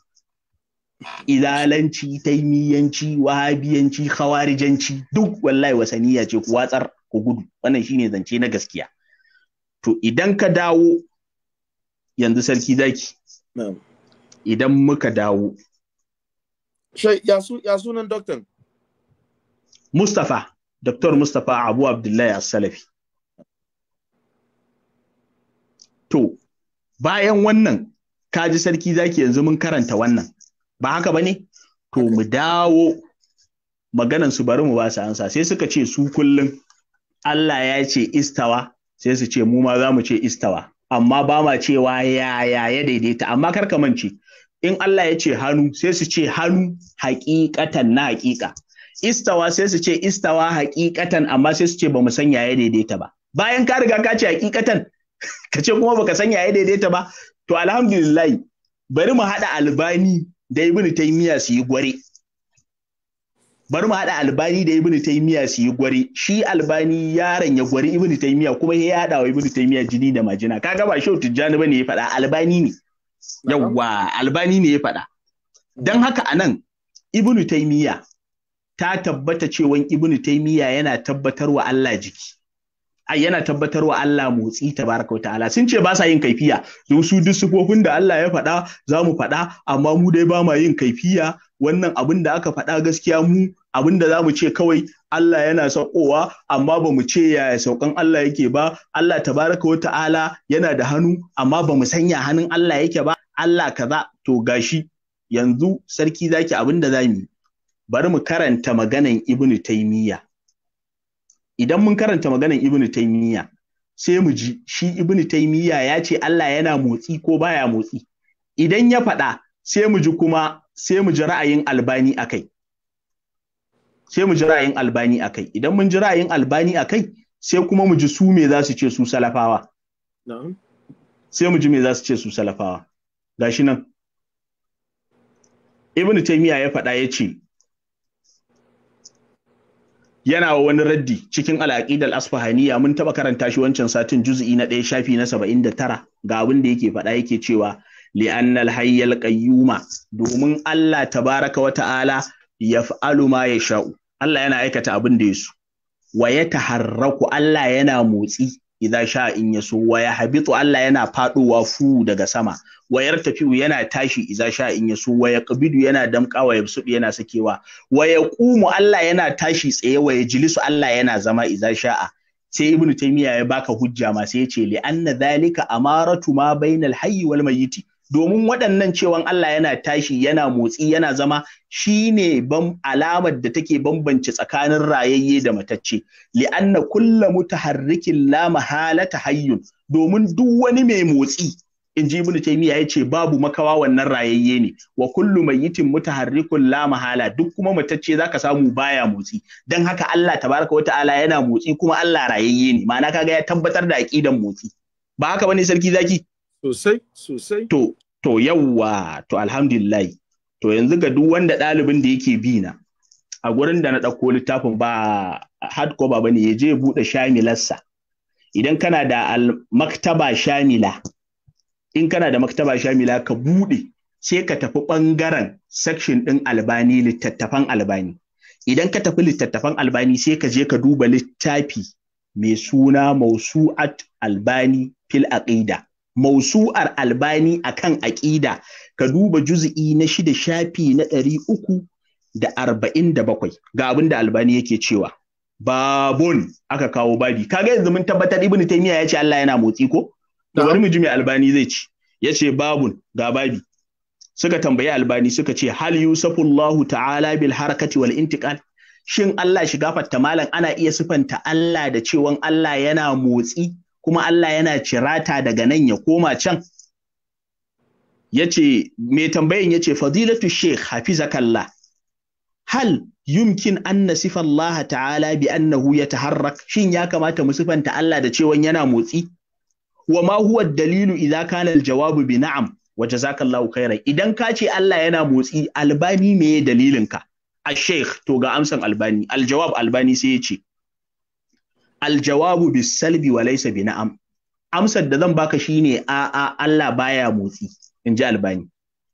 izalanci taimiyanci wahabiyanci khawarijanci duk wallahi wasaniya ce ku watsar ku gudu wannan shine zance na gaskiya to idan ka dawo yanzu sarki zaki idan muka dawo ya sunan doktan? Mustapha, Doktor Mustapha Abu Abdullahi As-Salafi. To, bayan wannan, kaji sarki zaki yanzu mun karanta wannan, ba haka ba ne? To, mu dawo maganan su bari mu ba su ansa, sai suka ce su kullum Allah ya ce istawa, sai su ce mu ma za mu ce istawa, amma ba ma cewa yaya ya daidaita, amma kar ka mance. in Allah ya ce hannu sai su ce hannu haƙiƙatan na hakika. istawa sai su ce istawa haƙiƙatan amma sai su ce ba mu san yaya daidaita ba bayan ka riga ka ce haƙiƙatan ka ce kuma baka san yaya daidaita ba to alhamdulillah bari mu haɗa albani da ibn taymiya su yi gware bari mu haɗa albani da ibn taymiya su yi gware shi albani yaron ya gwari ibn taymiya kuma ya haɗa wa ibn taymiya jini da majina kaga ba shau tijjani ba ne ya faɗa albani ne yawwa albani ne ya faɗa don haka a nan ibnu taimiyya ta tabbata cewan ibnu taimiyya yana tabbatar wa Allah jiki ai yana tabbatar wa Allah motsi tabaraka wa ta'ala sun ce ba sa yin kaifiya don su duk sifofin da Allah ya faɗa za mu faɗa amma mu dai ba ma yin kaifiya wannan abin da aka faɗa gaskiya mu abin da za mu ce kawai Allah yana saukowa amma ba mu ce yaya saukan Allah yake ba Allah tabaraka wa ta'ala yana da hannu amma ba mu sanya hannun Allah yake ba Allah kaza to gashi yanzu sarki zaki abinda zamu bari mu karanta maganan Ibn Taymiyyah idan mun karanta maganan Ibn Taimiyya sai mu ji shi Ibn Taimiyya ya ce Allah yana motsi ko baya motsi idan ya faɗa sai mu ji kuma sai mu ji ra'ayin Albani akai sai mu ji ra'ayin albani a kai idan mun ji ra'ayin albani a kai sai kuma mu ji su me za su ce su salafawa sai mu ji me za su ce su salafawa gashi nan Ibn taymiya ya faɗa ya ce yana wa wani raddi cikin al'aqidal asfahaniya mun taba karanta shi wancan satin juz'i na ɗaya shafi na 79 ga abin da yake faɗa yake cewa li'annal hayyal qayyuma domin Allah tabaraka wa ta'ala yaf'alu ma sha'u. Allah yana aikata abin da ya so wa ya taharraku Allah yana motsi idan sha in yaso wa ya habitu Allah yana faduwa fu daga sama wa yartafiu yana tashi idan sha in yaso wa ya qabidu yana damka wa yabsudu yana sakewa wa ya ƙumu? Allah yana tashi tsaye wa ya jilisu? Allah yana zama idan sha'a sai ibnu taymiya ya baka hujja ma sai ya ce li anna dhalika amaratu ma bainal hayy wal mayyiti domin waɗannan cewan Allah yana tashi yana motsi yana zama shi ne alamar da take bambance tsakanin rayayye da matacce li'anna kulla mutaharrikin la mahalata hayyun domin duk wani mai motsi in ji ibnu taymiya ce babu makawa wannan rayayye ne wa kullu mayyitin mutaharrikun la mahala duk kuma matacce zaka samu baya motsi dan haka Allah tabaraka wa ta'ala yana motsi kuma Allah rayayye ne ma'ana kaga ya tabbatar da aqidan motsi ba haka bane sarki zaki Sosai, sosai. To, to yawwa, to alhamdulillah. To yanzu ga duk wanda ɗalibin da yake bi na, a gurin da na ɗauko littafin ba hardcover ba ne ya je buɗe shamilarsa. Idan kana da maktaba shamila, in kana da maktaba shamila ka buɗe sai ka tafi ɓangaren section ɗin albani littattafan albani idan ka tafi littattafan albani sai ka je ka duba littafi mai suna Mausu at albani fil aqida mausu'ar albani akan aƙida ka duba juzi'i na shida shafi na ɗari uku da arba'in da bakwai ga abin da albani yake cewa babun aka kawo babi kaga yanzu mun tabbatar ibnu taymiya ya ce Allah yana motsi ko Da wani mu ji mai albani zai ci ya ce babun ga babi suka tambayi albani suka ce hal Allahu ta'ala bil harakati wal intiqal shin Allah shi gafarta malam ana iya sifanta Allah da cewan Allah yana motsi kuma Allah yana cirata daga nan ya koma can yace mai tambayin yace fadilatu sheikh hafizakallah hal yumkin an nasifa Allah ta'ala bi annahu ya yataharrak shin ya kamata mu sifanta Allah da cewa yana motsi wa ma huwa dalilu idza kana aljawabu bi na'am wa jazakallahu khairan idan ka ce Allah yana motsi albani me dalilin ka a sheikh to ga amsan albani aljawab albani sai yace. aljawabu bis salbi wa laysa bi na'am amsar da zan baka shine a a Allah baya motsi in ji albani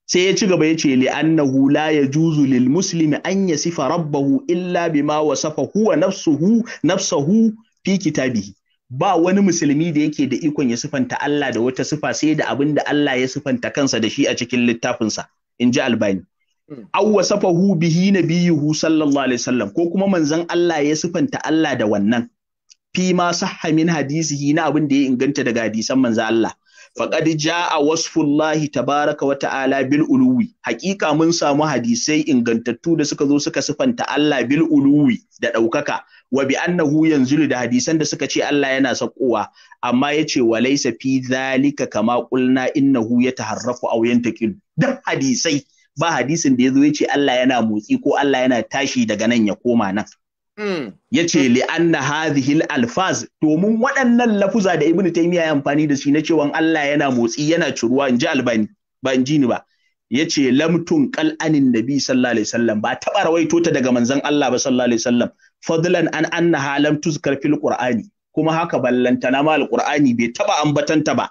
sai ya ci gaba ya ce li annahu la yajuzu lil muslimi an yasifa rabbahu illa bima wasafa huwa nafsuhu nafsuhu fi kitabihi ba wani musulmi da yake da ikon ya sifanta Allah da wata sifa sai da abin da Allah ya sifanta kansa da shi a cikin littafinsa in ji albani hmm. aw wasafahu bihi nabiyuhu sallallahu alaihi wasallam ko kuma manzon Allah ya sifanta Allah da wannan fi ma sahha min hadisihi na abin da ya inganta daga hadisan manzo Allah faqad jaa wasfullahi tabaraka wa ta'ala bil uluwi haƙiƙa mun samu hadisai ingantattu da suka zo suka sifanta Allah bil uluwi da ɗaukaka wa bi annahu yanzulu da hadisan da suka ce Allah yana sakowa amma yace wa laysa fi zalika kama qulna innahu yataharrafu aw yantakil duk hadisai ba hadisin da yazo yace Allah yana motsi ko Allah yana tashi daga nan ya koma nan ya ce li'anna hadhihi alfaz domin waɗannan lafuza da ibnu taymiya ya amfani da shi na cewa Allah yana motsi yana ciruwa in ji albani ba in ji ni ba ya ce lamtun kal'anin nabi sallallahu alaihi wasallam ba taɓa rawaito ta daga manzon Allah ba sallallahu alaihi wasallam fadlan an annaha lam tuzkar fil qur'ani kuma haka ballantana ma alqur'ani bai taɓa ambatanta ba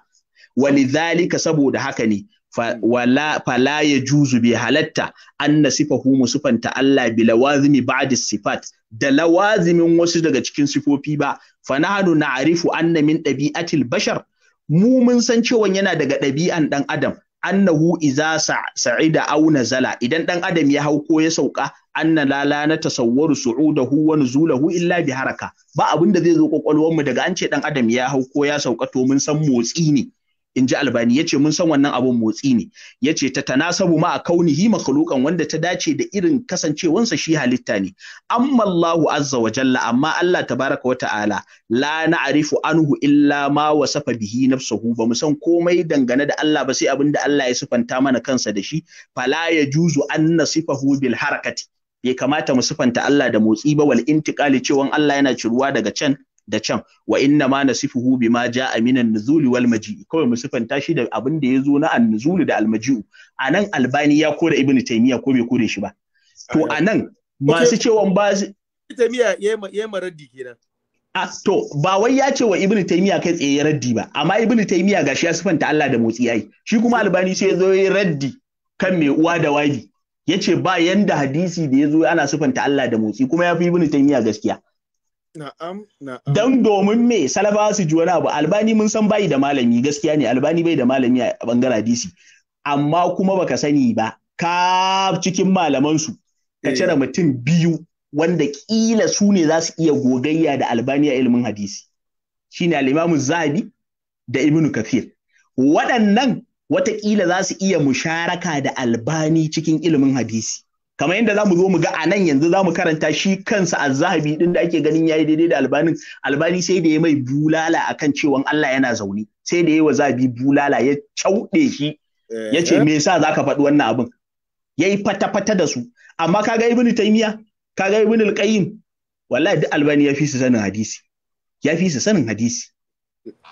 Wani zalika saboda haka ne Hmm. wala fala ya juzu bi halatta an nasifa, sifahu mu sifanta Allah bi lawazimi ba'di sifat da lawazimin wasu daga cikin sifofi ba fa nahnu na'rifu anna min ɗabi'atil bashar mu mun san cewa yana daga ɗabi'an ɗan adam annahu iza sa'ida aw nazala idan ɗan adam ya hauko ko ya sauka anna la la na tasawwaru su'udahu wa nuzulahu illa bi haraka ba abinda zai zo ƙwaƙwalwan mu daga an ce dan adam ya hauko ya sauka to mun san motsi ne in ji albani yace mun san wannan abun motsi ne yace ta tanasabu ma a kaunihi makhluqan wanda ta dace da irin kasancewansa shi halitta ne amma Allahu azza wa jalla amma Allah tabaraka wa ta'ala la na'rifu anhu illa ma wasafa bihi nafsuhu ba mu san komai dangane da Allah ba sai abin da Allah ya sifanta mana kansa da shi fala yajuzu an nasifahu bil harakati bai kamata mu sifanta Allah da motsi ba wal intiqali cewa Allah yana ciruwa daga can da can wa inna ma nasifuhu bima ja'a minan nuzuli wal maji'i kawai mu sifanta shi da abin da yazo na an-nuzuli da al-maji'u anan albani ya kore ibnu taymiya ko bai kore shi ba to anan masu cewa ba taymiya yayi maraddi kenan a to ba wai ya ce wa ibnu taymiya kai tsaye ya raddi ba amma ibnu taymiya gashi ya sifanta Allah da motsi yayi shi kuma albani sai yazo zo ya raddi kan mai uwa da wali yace ba yanda hadisi da yazo ana sifanta Allah da motsi kuma ya fi ibnu taymiya gaskiya Na'am, na'am. Don domin me Salafawa su ji wani abu Albani mun san bai da malami gaskiya ne Albani bai da malami a bangaren hadisi. Amma kuma baka sani ba ka cikin malaman su ka eh. cire mutum biyu wanda kila su ne za su iya gogayya da Albani a ilimin hadisi. Shi ne imam Zabi da Ibn kafir Waɗannan watakila za su iya musharaka da Albani cikin ilimin hadisi. kamar yadda za mu zo mu ga a nan yanzu za mu karanta shi kansa azzahabi din da ake ganin ya yi daidai da albanin albani sai da ya mai bulala akan cewan Allah yana zaune sai da ya yi wa zabi bulala ya cauɗe shi ya ce me sa za ka faɗi wannan abin Ya yi fata fata da su amma ka kaga ibnu taymiya kaga ibnu al-qayyim wallahi duk albani ya fi su sanin hadisi ya fi su sanin hadisi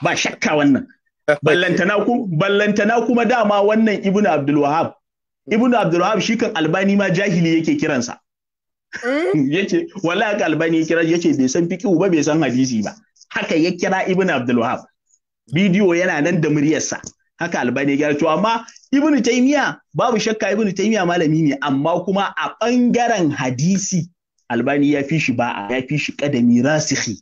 ba shakka wannan ballantana kuma dama wannan ibnu abdul wahab ibnu abdurrahab shi kan albani ma jahili yake kiransa yake wala ka albani ya kira yake bai san fiqhu ba bai san hadisi ba haka ya kira ibn abdulwahab bidiyo yana nan da muryarsa haka albani ya kira to amma ibn taymiya babu shakka ibn taymiya malami ne amma kuma a bangaren hadisi albani ya fi shi ba'a ya fi shi kadami rasikhi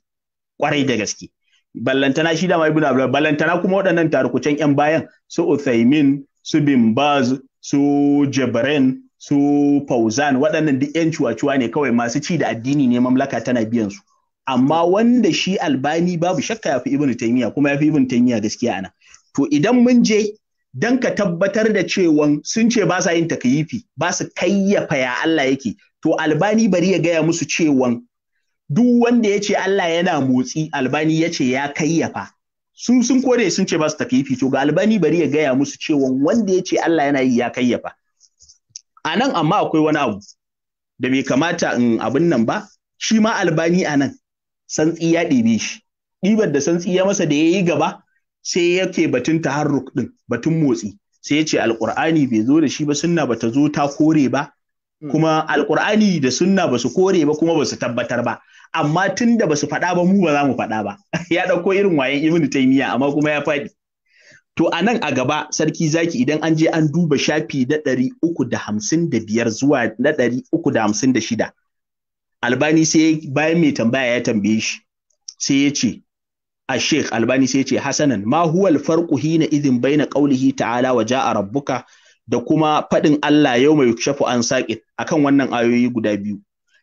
kwarai da gaske ballantana shi dama ibn abdulwahab ballantana kuma waɗannan tarukucen yan bayan su uthaymin su bin baz su jabaren su fauzan waɗannan duk 'yan cuwa-cuwa ne kawai masu ci da addini ne mamlaka tana biyan su amma wanda shi albani babu shakka ya fi ibn taymiya kuma ya fi ibn taymiya gaskiya ana to idan mun je dan ka tabbatar da cewa sun ce ba sa yin takayifi ba su kayyafa ya Allah yake to albani bari ya gaya musu cewan duk wanda ya ce Allah yana motsi albani ya ce ya kayyafa Sun sun kore sun ce ba su tafi fito ga albani bari ya gaya musu cewa wanda ya ce Allah yana yi ya kayyafa a nan amma akwai wani abu da bai kamata in abin nan ba shi ma albani a nan santsi ya ɗebe shi ɗibar da santsi ya masa da ya yi gaba sai yake batun taharruk din, batun motsi sai ya ce alƙur'ani bai zo da shi ba sunna ba ta zo ta kore ba hmm. kuma alƙur'ani da sunna ba su kore ba kuma ba su tabbatar ba amma tun da ba su faɗa ba mu ba za mu faɗa ba ya ɗauko irin wayan ibnu taymiya amma kuma ya faɗi to a nan a gaba sarki zaki idan an je an duba shafi na ɗari uku da hamsin da biyar zuwa na ɗari uku da hamsin da shida albani sai bayan mai tambaya ya tambaye shi sai ya ce a sheikh albani sai ya ce hasanan ma huwal farqu hina idin baina qawlihi ta'ala wa ja'a rabbuka da kuma faɗin Allah yau mai shafu an saƙin akan wannan ayoyi guda biyu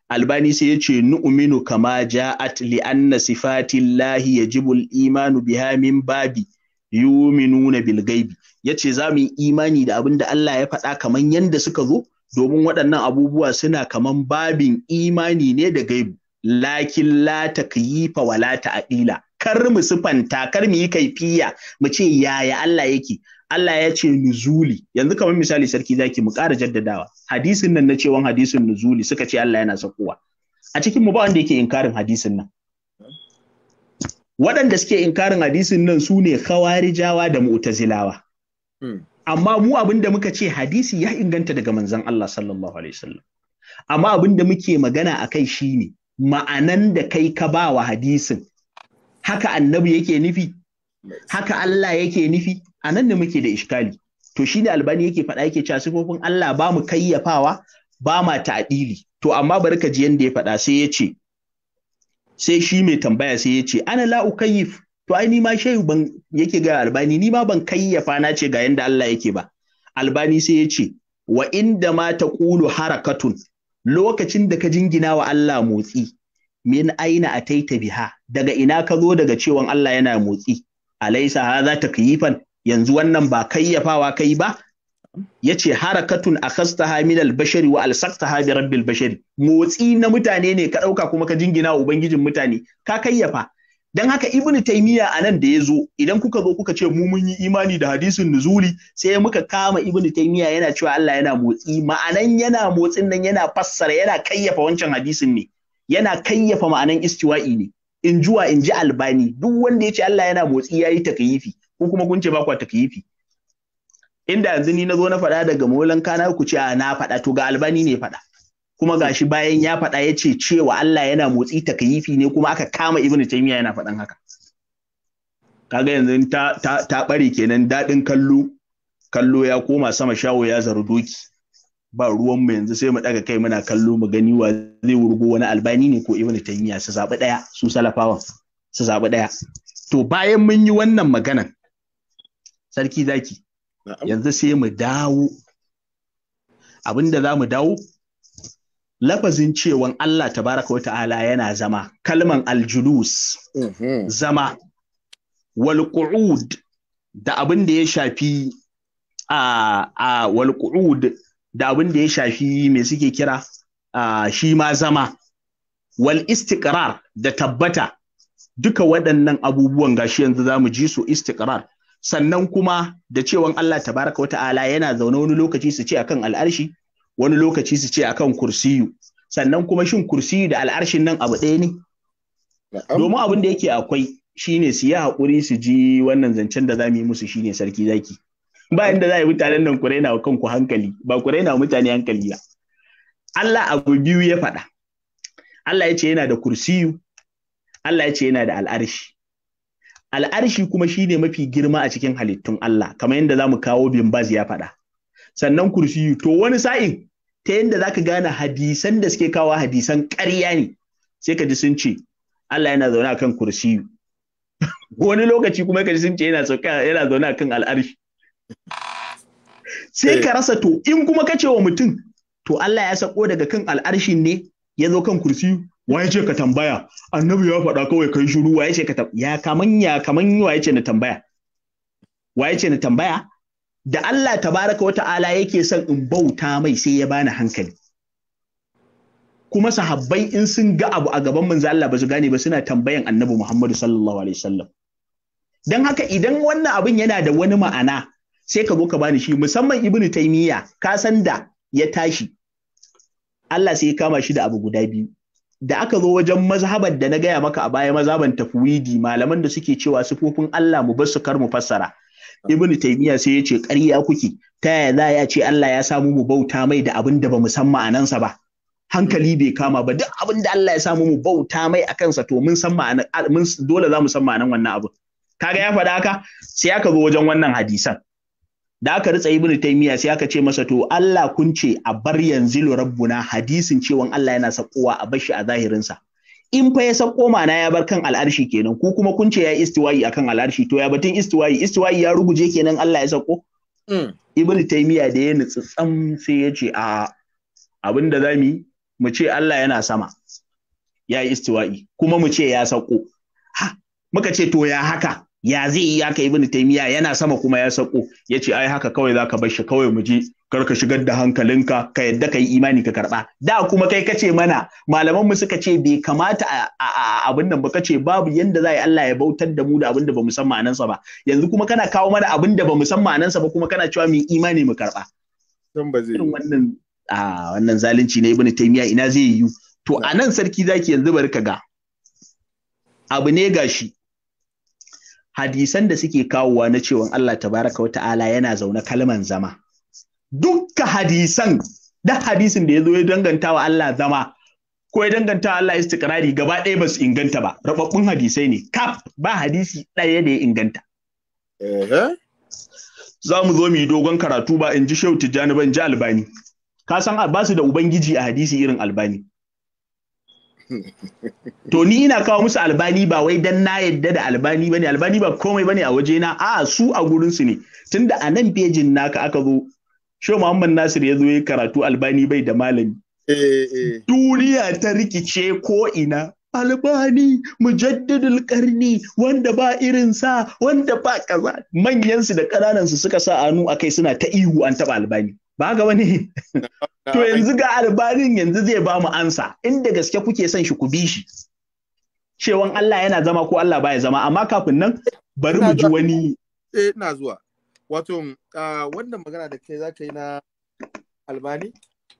albani sai yace ce nu'minu kama ja'at li anna sifatillahi yajibu al-imanu biha min babi yuminuna bil ghaibi yace za mu imani da abinda Allah ya faɗa kaman yanda suka zo domin waɗannan abubuwa suna kaman babin imani ne da gaibi lakin la takyifa wala ta'dila kar mu sifanta kar mu yi kaifiya mu ce yaya Allah yake Allah ya ce nuzuli yanzu kamar misali sarki zaki mu ƙara jaddadawa hadisin nan na wan hadisin nuzuli suka ce Allah yana sakowa a cikin mu ba wanda yake inkarin hadisin nan waɗanda suke inkarin hadisin nan su ne khawarijawa da mu'tazilawa hmm. amma mu abin da muka ce hadisi ya inganta daga manzon Allah sallallahu alaihi wasallam amma abin da muke magana akai shine ma'anan da kai ka ba wa hadisin haka annabi yake nufi haka Allah yake nufi a nan ne muke da iskali to shi ne albani yake faɗa yake cewa sifofin Allah ba mu kayyafawa ba ma ta'dili to amma bari ka ji yanda ya faɗa sai ya ce sai shi mai tambaya sai ya ce ana la ukayyif to ai ni ma shehu ban yake ga albani ni ma ban kayyafa na ce ga yanda Allah yake ba albani sai ya ce wa inda ma taqulu harakatun lokacin da ka jingina wa Allah motsi min aina ataita biha daga ina ka zo daga cewan Allah yana motsi alaisa hadha takyifan yanzu wannan ba kayyafawa kai ba yace harakatun akhastaha min haminal bashari wa alsaqtaha bi rabbil bashari motsi na mutane ne ka ɗauka kuma ka jingina wa ubangijin mutane ka kayyafa dan haka ibnu a nan da ya zo, idan kuka zo kuka ce mu mun yi imani da hadisin nuzuli sai muka kama ibnu taymiya yana cewa Allah yana motsi ma'anan yana motsin nan yana fassara yana kayyafa wancan hadisin ne yana kayyafa ma'anan istiwa'i ne in juwa in ji albani duk wanda ya ce Allah yana motsi ya yi takayifi ko kuma kun ce ba kwa takayifi inda yanzu ni na zo na faɗa daga maulan kana ku ce a na faɗa to ga albani ne faɗa kuma gashi bayan ya faɗa ya ce cewa Allah yana motsi takayifi ne kuma aka kama ibnu taymiya yana faɗan haka kaga yanzu ta ta, bare kenan daɗin kallo kallo ya koma sama shawo ya zaru doki ba ruwan mu yanzu sai mu daga kai muna kallo mu gani wa zai wurgo wani albani ne ko ibnu taymiya su zabi daya su salafawan su zabi daya to bayan mun yi wannan maganan sarki zaki yanzu sai mu dawo abinda za mu dawo lafazin cewan Allah tabaraka wa ta'ala yana zama kalman aljulus mhm. zama wal da abin ya shafi a a wal da abin da ya shafi mai suke kira shi ma zama wal istiqrar da tabbata duka waɗannan abubuwan gashi yanzu za mu ji su istiqrar sannan kuma da cewan Allah tabaraka wa ta'ala yana zaune wani lokaci su ce akan al'arshi wani lokaci su ce akan kursiyu sannan kuma shin kursiyu da al'arshin nan abu ɗaya ne domin abin da yake akwai shine su yi haƙuri su ji wannan zancen da za mu yi musu shine sarki zaki ba inda za a yi mutanen nan ku raina kanku hankali ba ku raina mutane hankali ba Allah abu biyu ya faɗa Allah ya ce yana da kursiyu Allah ya ce yana da al'arshi al'arshi kuma shine mafi girma a cikin halittun Allah kamar yadda zamu kawo bimbaz ya faɗa sannan kursiyu to wani sa'in ta yadda ka gane hadisan da suke kawo hadisan ƙarya ne sai ka ji sun ce Allah yana zaune akan kursiyu wani lokaci kuma ka ji sun ce yana zaune akan al'arshi sai eh. ka rasa to in kuma ka ce wa mutum to Allah ya sako daga kan al'arshin ne ya zo kan kursi wa ya ce ka tambaya annabi ya faɗa kawai kai shiru wa ya ce ka ya kaman ya kaman wa ya ce na tambaya wa ya ce na tambaya da Allah tabaraka wa ta'ala yake son in bauta mai sai ya bani hankali kuma sahabbai in sun ga abu a gaban manzo Allah ba su gane ba suna tambayan annabi Muhammadu sallallahu alaihi wasallam dan haka idan wannan abin yana da wani ma'ana sai ka zo ka bani shi musamman ibnu taymiya ka san da ya tashi Allah sai ya kama shi da abu guda biyu da aka zo wajen mazhabar da na gaya maka a baya mazhaban tafwidi malaman da suke cewa sifofin Allah mu bar su kar mu fassara ibn taymiya sai ya ce ƙarya kuke ta yaya za ya ce Allah ya samu mu bauta mai da abin da ba mu san ma'anansa ba hankali bai kama ba duk abin da Allah ya samu mu bauta mai a kansa to mun san ma'anan dole za mu san ma'anan wannan abu kaga ya faɗa haka sai aka zo wajen wannan hadisan da aka ritsa ibn taymiya sai aka ce masa to Allah kun ce a bar yanzu rabbuna hadisin cewan Allah yana sakowa a bashi a zahirin sa in fa ya sako mana ya bar kan al'arshi kenan ku kuma kun ce ya istiwayi akan al'arshi to ya batun istiwayi istiwayi ya ruguje kenan Allah ya sako mm. ibn taymiya da ya nutsi sai ya ce a abinda zamu mu ce Allah yana sama ya istiwa'i kuma mu ce ya sako ha muka ce to ya haka ya zai yi aka ibn taimiya yana sama kuma ya sako ce ai haka kawai zaka bar shi kawai mu ji kar ka shigar da hankalinka ka yadda ka yi imani ka karba da kuma kai ka ce mana malaman mu suka ce bai kamata a abin nan ba ka ce babu yanda yi Allah ya bautar da mu da abin da bamu san ma'anansa ba yanzu kuma kana kawo mana abin da bamu san ma'anansa ba kuma kana cewa mu imani mu karba dan ba zai wannan a wannan zalunci ne ibn taymiya ina zai yi to anan sarki zaki yanzu bari ka ga abu ne gashi hadisan da suke kawowa na cewa Allah tabaraka wa ta'ala yana zaune kalman zama dukka hadisan da hadisin da ya zo ya danganta wa Allah zama ko ya danganta wa Allah istiqrari gaba ɗaya ba su inganta ba rababbun hadisai ne kaf ba hadisi ɗaya da ya inganta za mu zo mu yi dogon karatu ba in ji shehu tijjani ba in ji albani ka san ba su da ubangiji a hadisi irin albani to ni ina kawo musu albani ba wai dan na yadda da albani bane albani ba komai bane a waje na a su a gurin su ne tunda a nan bejin naka aka zo sho Muhammad Nasir ya zo ya karatu albani bai da malami eh, eh. duniya ta rikice ko ina albani mujaddidul karni wanda ba irin sa wanda ba kaza manyan su da kananan su suka sa anu akai suna ta ihu an taba albani ba ga wani to yanzu ga albanin yanzu zai ba mu ansa inda gaske kuke son shi ku bi shi cewan Allah yana zama ko Allah baya zama amma kafin nan bari mu ji wani eh ina zuwa wato ah, wannan magana da kai zaka yi na albani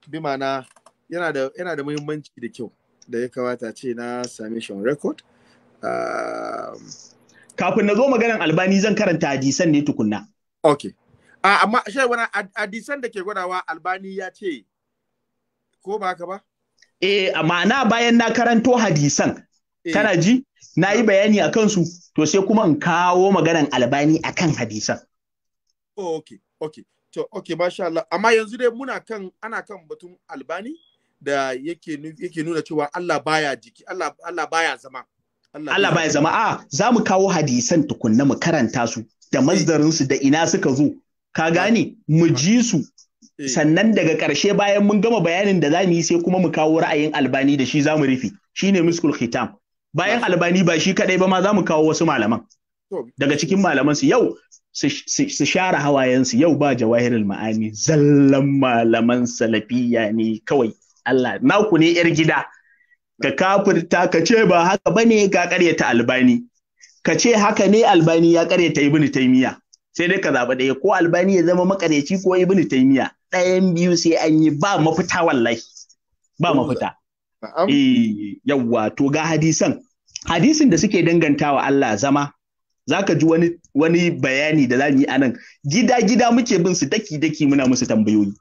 bi ma'ana yana da yana da muhimmanci da kyau da ya kamata ce na submission record ah, kafin na zo maganan albani zan karanta hadisan ne tukunna okay a amma shi wani hadisan da ke gwadawa albani ya ce ko ba haka ba eh ma'ana bayan na karanto hadisan eh. kana ji na yi bayani a kansu to sai kuma in kawo maganan albani a kan hadisan oh, okay okay to ok okay masha Allah amma yanzu dai muna kan ana kan batun albani da yake yake nuna cewa Allah baya jiki Allah Allah baya zama Allah, baya zama a za mu kawo hadisan tukunna mu karanta su da eh. mazdarin su da ina suka zo ka gane mu ji su eh. sannan daga ƙarshe bayan mun gama bayanin da za mu yi sai kuma mu kawo ra'ayin albani da shi za mu rufe shine miskul khitam bayan albani ba shi kaɗai ba ma za mu kawo wasu malaman daga cikin malaman su yau su share hawayensu yau ba jawahirul ma'ani zallan malaman salafiya ne kawai Allah naku ne yar gida ka kafirta ka ce ba haka bane ka karyata albani ka ce haka ne albani ya karyata ibnu taymiya sai dai ka zaɓi ɗaya ko albani ya zama makareci ko ibn taimiya ɗayan biyu sai an yi ba mafita wallahi ba mafita eh yawwa to ga hadisan hadisin da suke dangantawa Allah zama zaka ji wani wani bayani da za yi anan gida gida muke bin su daki daki muna musu tambayoyi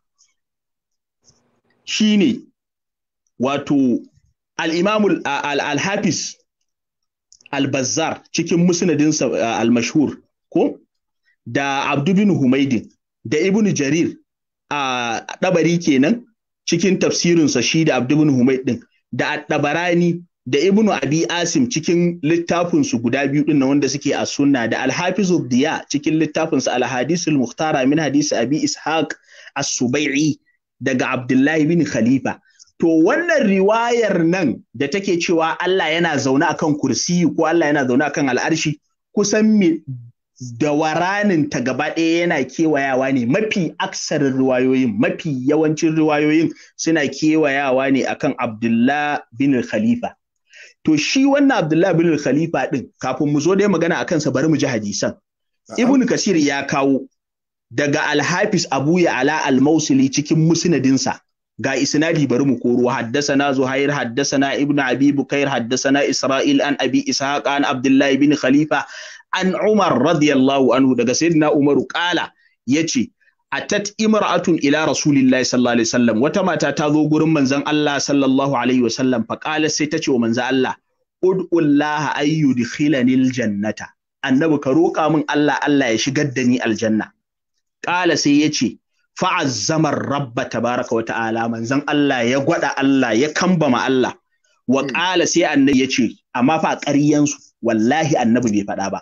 shine wato al-imamul al-hafiz al-bazzar cikin musnadinsa al-mashhur ko da Abdubin Humaidin da Ibn Jarir a ɗabari kenan cikin tafsirinsa shi da Abdu bin Humaidin da ɗabarani da Ibn Abi Asim cikin littafinsu guda biyu din na wanda suke a sunna da Al-Hafiz Diya cikin littafinsa Al-Hadisul Muhtara min hadisi Abi Ishaq As-Subai'i daga Abdullahi bin Khalifa To wannan riwayar nan da take cewa Allah yana zaune akan kursiyi ko Allah yana zaune akan al'arshi kusan da ta gaba ɗaya yana kewayawa ne mafi aksarin ruwayoyin, mafi yawancin ruwayoyin suna kewayawa ne akan Abdullah bin Khalifa. To shi wannan Abdullah bin Khalifa ɗin kafin mu zo dai magana akan sa bari mu ji hadisan. Ibn Kasir ya kawo daga Alhafis Abu Ya'ala Al-Mausili cikin musnadinsa. ga isnadi bari mu koro haddasana zuhair haddasana ibnu abi bukair haddasana isra'il an abi ishaq an abdullah bin khalifa an Umar radiyallahu anhu daga sayyidina Umaru kala yace atat imra'atun ila rasulillahi sallallahu alaihi wasallam wata mata ta zo gurin manzon Allah sallallahu alaihi wasallam fa qala sai ta ce wa manzon Allah ud'ullaha ay yudkhilani jannata annabi ka roƙa min Allah Allah ya shigar da ni aljanna qala sai yace fa'azzamar rabba tabaraka wa ta'ala manzon Allah ya gwada Allah ya kambama Allah wa qala sai annabi yace amma fa ƙaryansu wallahi annabi bai faɗa ba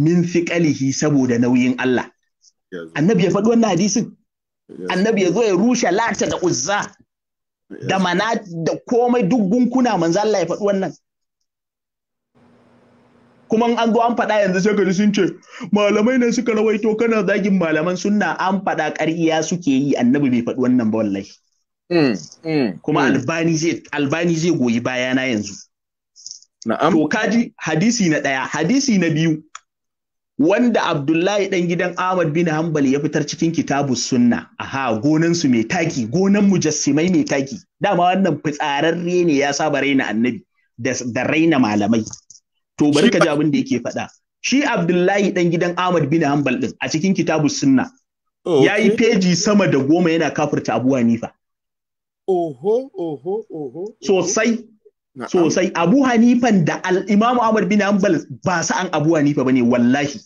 min fi ƙalihi saboda nauyin Allah annabi ya faɗi wannan hadisin annabi ya zo ya rushe lata da uzza da mana da komai duk gunkuna manzo Allah ya faɗi wannan kuma an zo an faɗa yanzu sai gari sun ce malamai ne suka rawaito kana zagin malaman sunna an faɗa ƙarya suke yi annabi bai faɗi wannan ba wallahi mm, mm, kuma mm. albani zai albani zai goyi bayana yanzu na'am to kaji hadisi na ɗaya hadisi na biyu wanda Abdullahi ɗan gidan Ahmad bin Hanbali ya fitar cikin kitabu sunna aha gonan su mai taki gonan mujassimai mai taki dama wannan fitsararre ne ya saba raina annabi da raina malamai to bari ka ji abin da yake faɗa shi Abdullahi ɗan gidan Ahmad bin Hanbal ɗin a cikin kitabu sunna oh, ya yi peji sama da goma yana kafirta Abu Hanifa oho oho oho sosai sosai abu hanifan da Imamu ahmad bin hanbal ba sa'an abu hanifa ne wallahi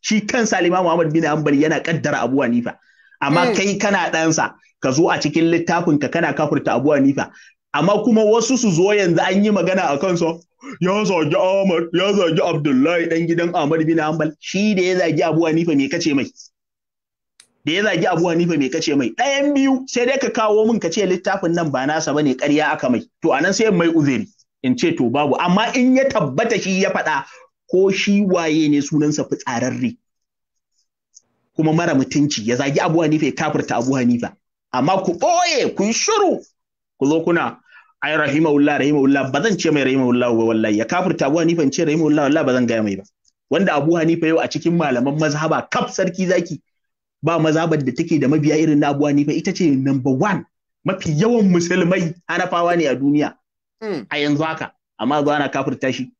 shi kan salima Muhammad bin Hanbal yana kaddara Abu Hanifa amma hmm. kai kana ɗansa ka zo a cikin littafin ka kana kafurta Abu Hanifa amma kuma wasu su zo yanzu an yi magana a kansa ya zagi Ahmad ya zagi Abdullahi dan gidan Ahmad bin Hanbal shi da ya zagi Abu Hanifa me kace mai da ya zagi Abu Hanifa me kace mai ɗayan biyu sai dai ka kawo min ka ce littafin nan ba nasa bane ƙarya aka mai to anan sai mai uzuri in ce to babu amma in ya tabbata shi ya faɗa ko shi waye ne sunansa fitsararre kuma mara mutunci ya zagi abu hanifa ya kafirta abu hanifa amma ku ɓoye ku yi shiru ku zo kuna ai rahimahullah rahimahullah ba zan ce mai rahimahullah ba wallahi ya kafirta abu hanifa in ce rahimahullah wallahi ba zan gaya mai ba wanda abu hanifa yau a cikin malaman mazhaba kaf sarki zaki ba mazhabar da take da mabiya irin na abu hanifa ita ce number one mafi yawan musulmai hanafawa ne a duniya hmm. a yanzu haka amma zo ana kafirta shi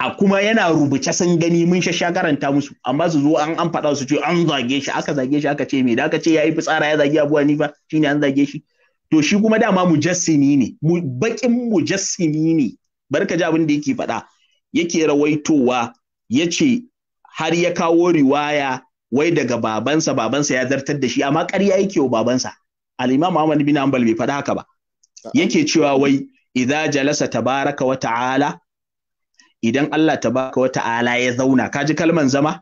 a kuma yana rubuce sun gani mun shasha karanta musu amma su zo an faɗa su ce an zage shi aka zage shi aka ce me da aka ce yi fitsara ya zagi abuwa ni fa shine an zage shi to shi kuma dama mujassimi ne bakin mujassimi ne barka ji abin da yake faɗa yake rawaitowa ya ce har ya kawo riwaya wai daga babansa babansa ya zartar da shi amma ƙarya yake wa babansa al'imam imam Ahmad bin Hanbal bai faɗa haka ba yake cewa wai idza jalasa tabaraka wa ta'ala idan Allah Ta wata ala ya zauna ka ji kalman zama